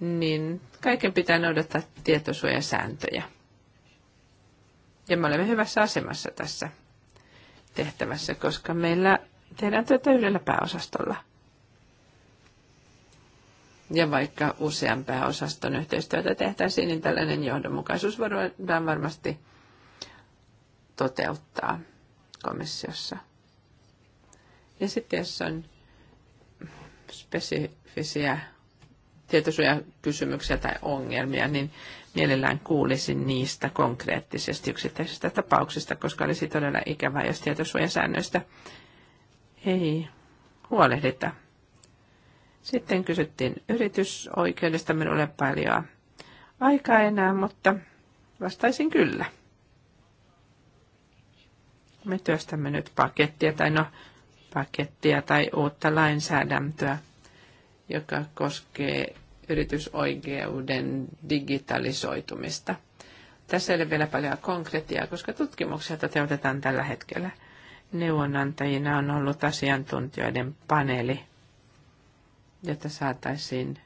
niin kaiken pitää noudattaa tietosuojasääntöjä. Ja me olemme hyvässä asemassa tässä tehtävässä, koska meillä tehdään työtä yhdellä pääosastolla. Ja vaikka usean pääosaston yhteistyötä tehtäisiin, niin tällainen johdonmukaisuus voidaan varmasti toteuttaa komissiossa. Ja sitten jos on spesifisiä kysymyksiä tai ongelmia, niin mielellään kuulisin niistä konkreettisesti yksittäisistä tapauksista, koska olisi todella ikävää, jos tietosuojasäännöistä ei huolehdita. Sitten kysyttiin yritysoikeudesta. Minulle paljon aikaa enää, mutta vastaisin kyllä. Me työstämme nyt pakettia, tai no pakettia tai uutta lainsäädäntöä, joka koskee yritysoikeuden digitalisoitumista. Tässä ei ole vielä paljon konkretiaa, koska tutkimuksia toteutetaan tällä hetkellä. Neuvonantajina on ollut asiantuntijoiden paneeli, jotta saataisiin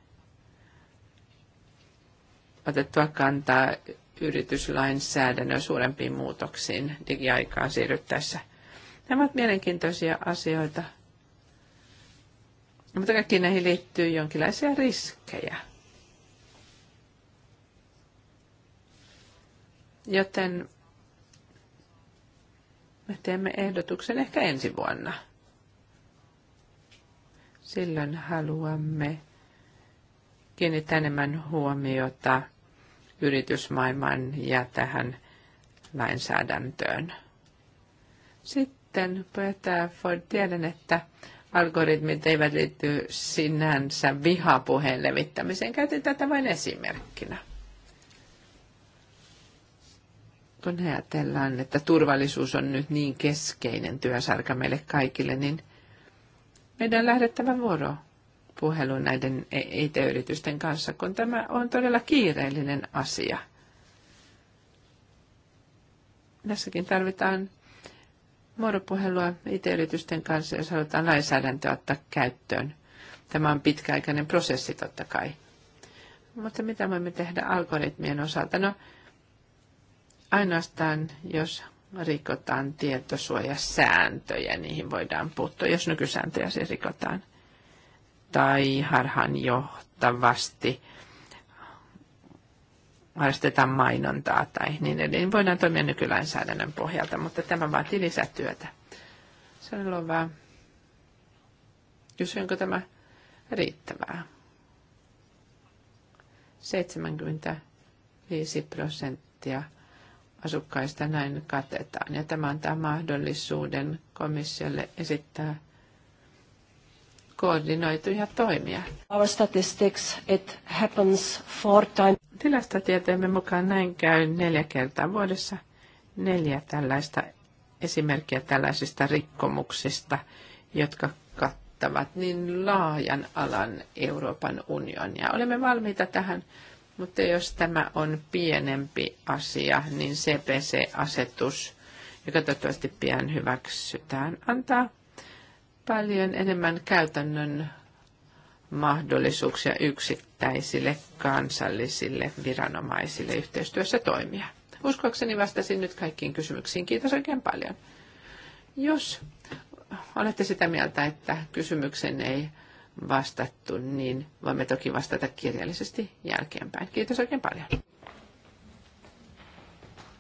otettua kantaa yrityslainsäädännön suurempiin muutoksiin digiaikaan siirryttäessä – Nämä ovat mielenkiintoisia asioita. No, mutta kaikki näihin liittyy jonkinlaisia riskejä. Joten me teemme ehdotuksen ehkä ensi vuonna. Silloin haluamme kiinnittää enemmän huomiota yritysmaailman ja tähän lainsäädäntöön. Sitten sitten pöytää Ford, tiedän, että algoritmit eivät liitty sinänsä vihapuheen levittämiseen. Käytin tätä vain esimerkkinä. Kun ajatellaan, että turvallisuus on nyt niin keskeinen työsarka meille kaikille, niin meidän on lähdettävä puhelu näiden e- IT-yritysten kanssa, kun tämä on todella kiireellinen asia. Tässäkin tarvitaan vuoropuhelua IT-yritysten kanssa, jos halutaan lainsäädäntöä ottaa käyttöön. Tämä on pitkäaikainen prosessi totta kai. Mutta mitä voimme tehdä algoritmien osalta? No, ainoastaan jos rikotaan tietosuojasääntöjä, niihin voidaan puuttua, jos nykysääntöjä siis rikotaan. Tai harhaanjohtavasti harrastetaan mainontaa tai niin edelleen. Niin voidaan toimia nykylainsäädännön pohjalta, mutta tämä vaatii lisätyötä. Se on luovaa. Kysyinkö tämä riittävää? 75 prosenttia asukkaista näin katetaan. Ja tämä antaa mahdollisuuden komissiolle esittää koordinoituja toimia. Our statistics, it happens four times. mukaan näin käy neljä kertaa vuodessa. Neljä tällaista esimerkkiä tällaisista rikkomuksista, jotka kattavat niin laajan alan Euroopan unionia. Olemme valmiita tähän, mutta jos tämä on pienempi asia, niin CPC-asetus, joka toivottavasti pian hyväksytään, antaa paljon enemmän käytännön mahdollisuuksia yksittäisille kansallisille viranomaisille yhteistyössä toimia. Uskoakseni vastasin nyt kaikkiin kysymyksiin. Kiitos oikein paljon. Jos olette sitä mieltä, että kysymyksen ei vastattu, niin voimme toki vastata kirjallisesti jälkeenpäin. Kiitos oikein paljon.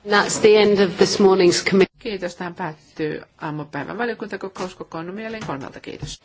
That's the end of this morning's committee. Kiitos. Tähän päättyy aamupäivän valiokuntakokous kokoonnut mieleen kolmelta. Kiitos.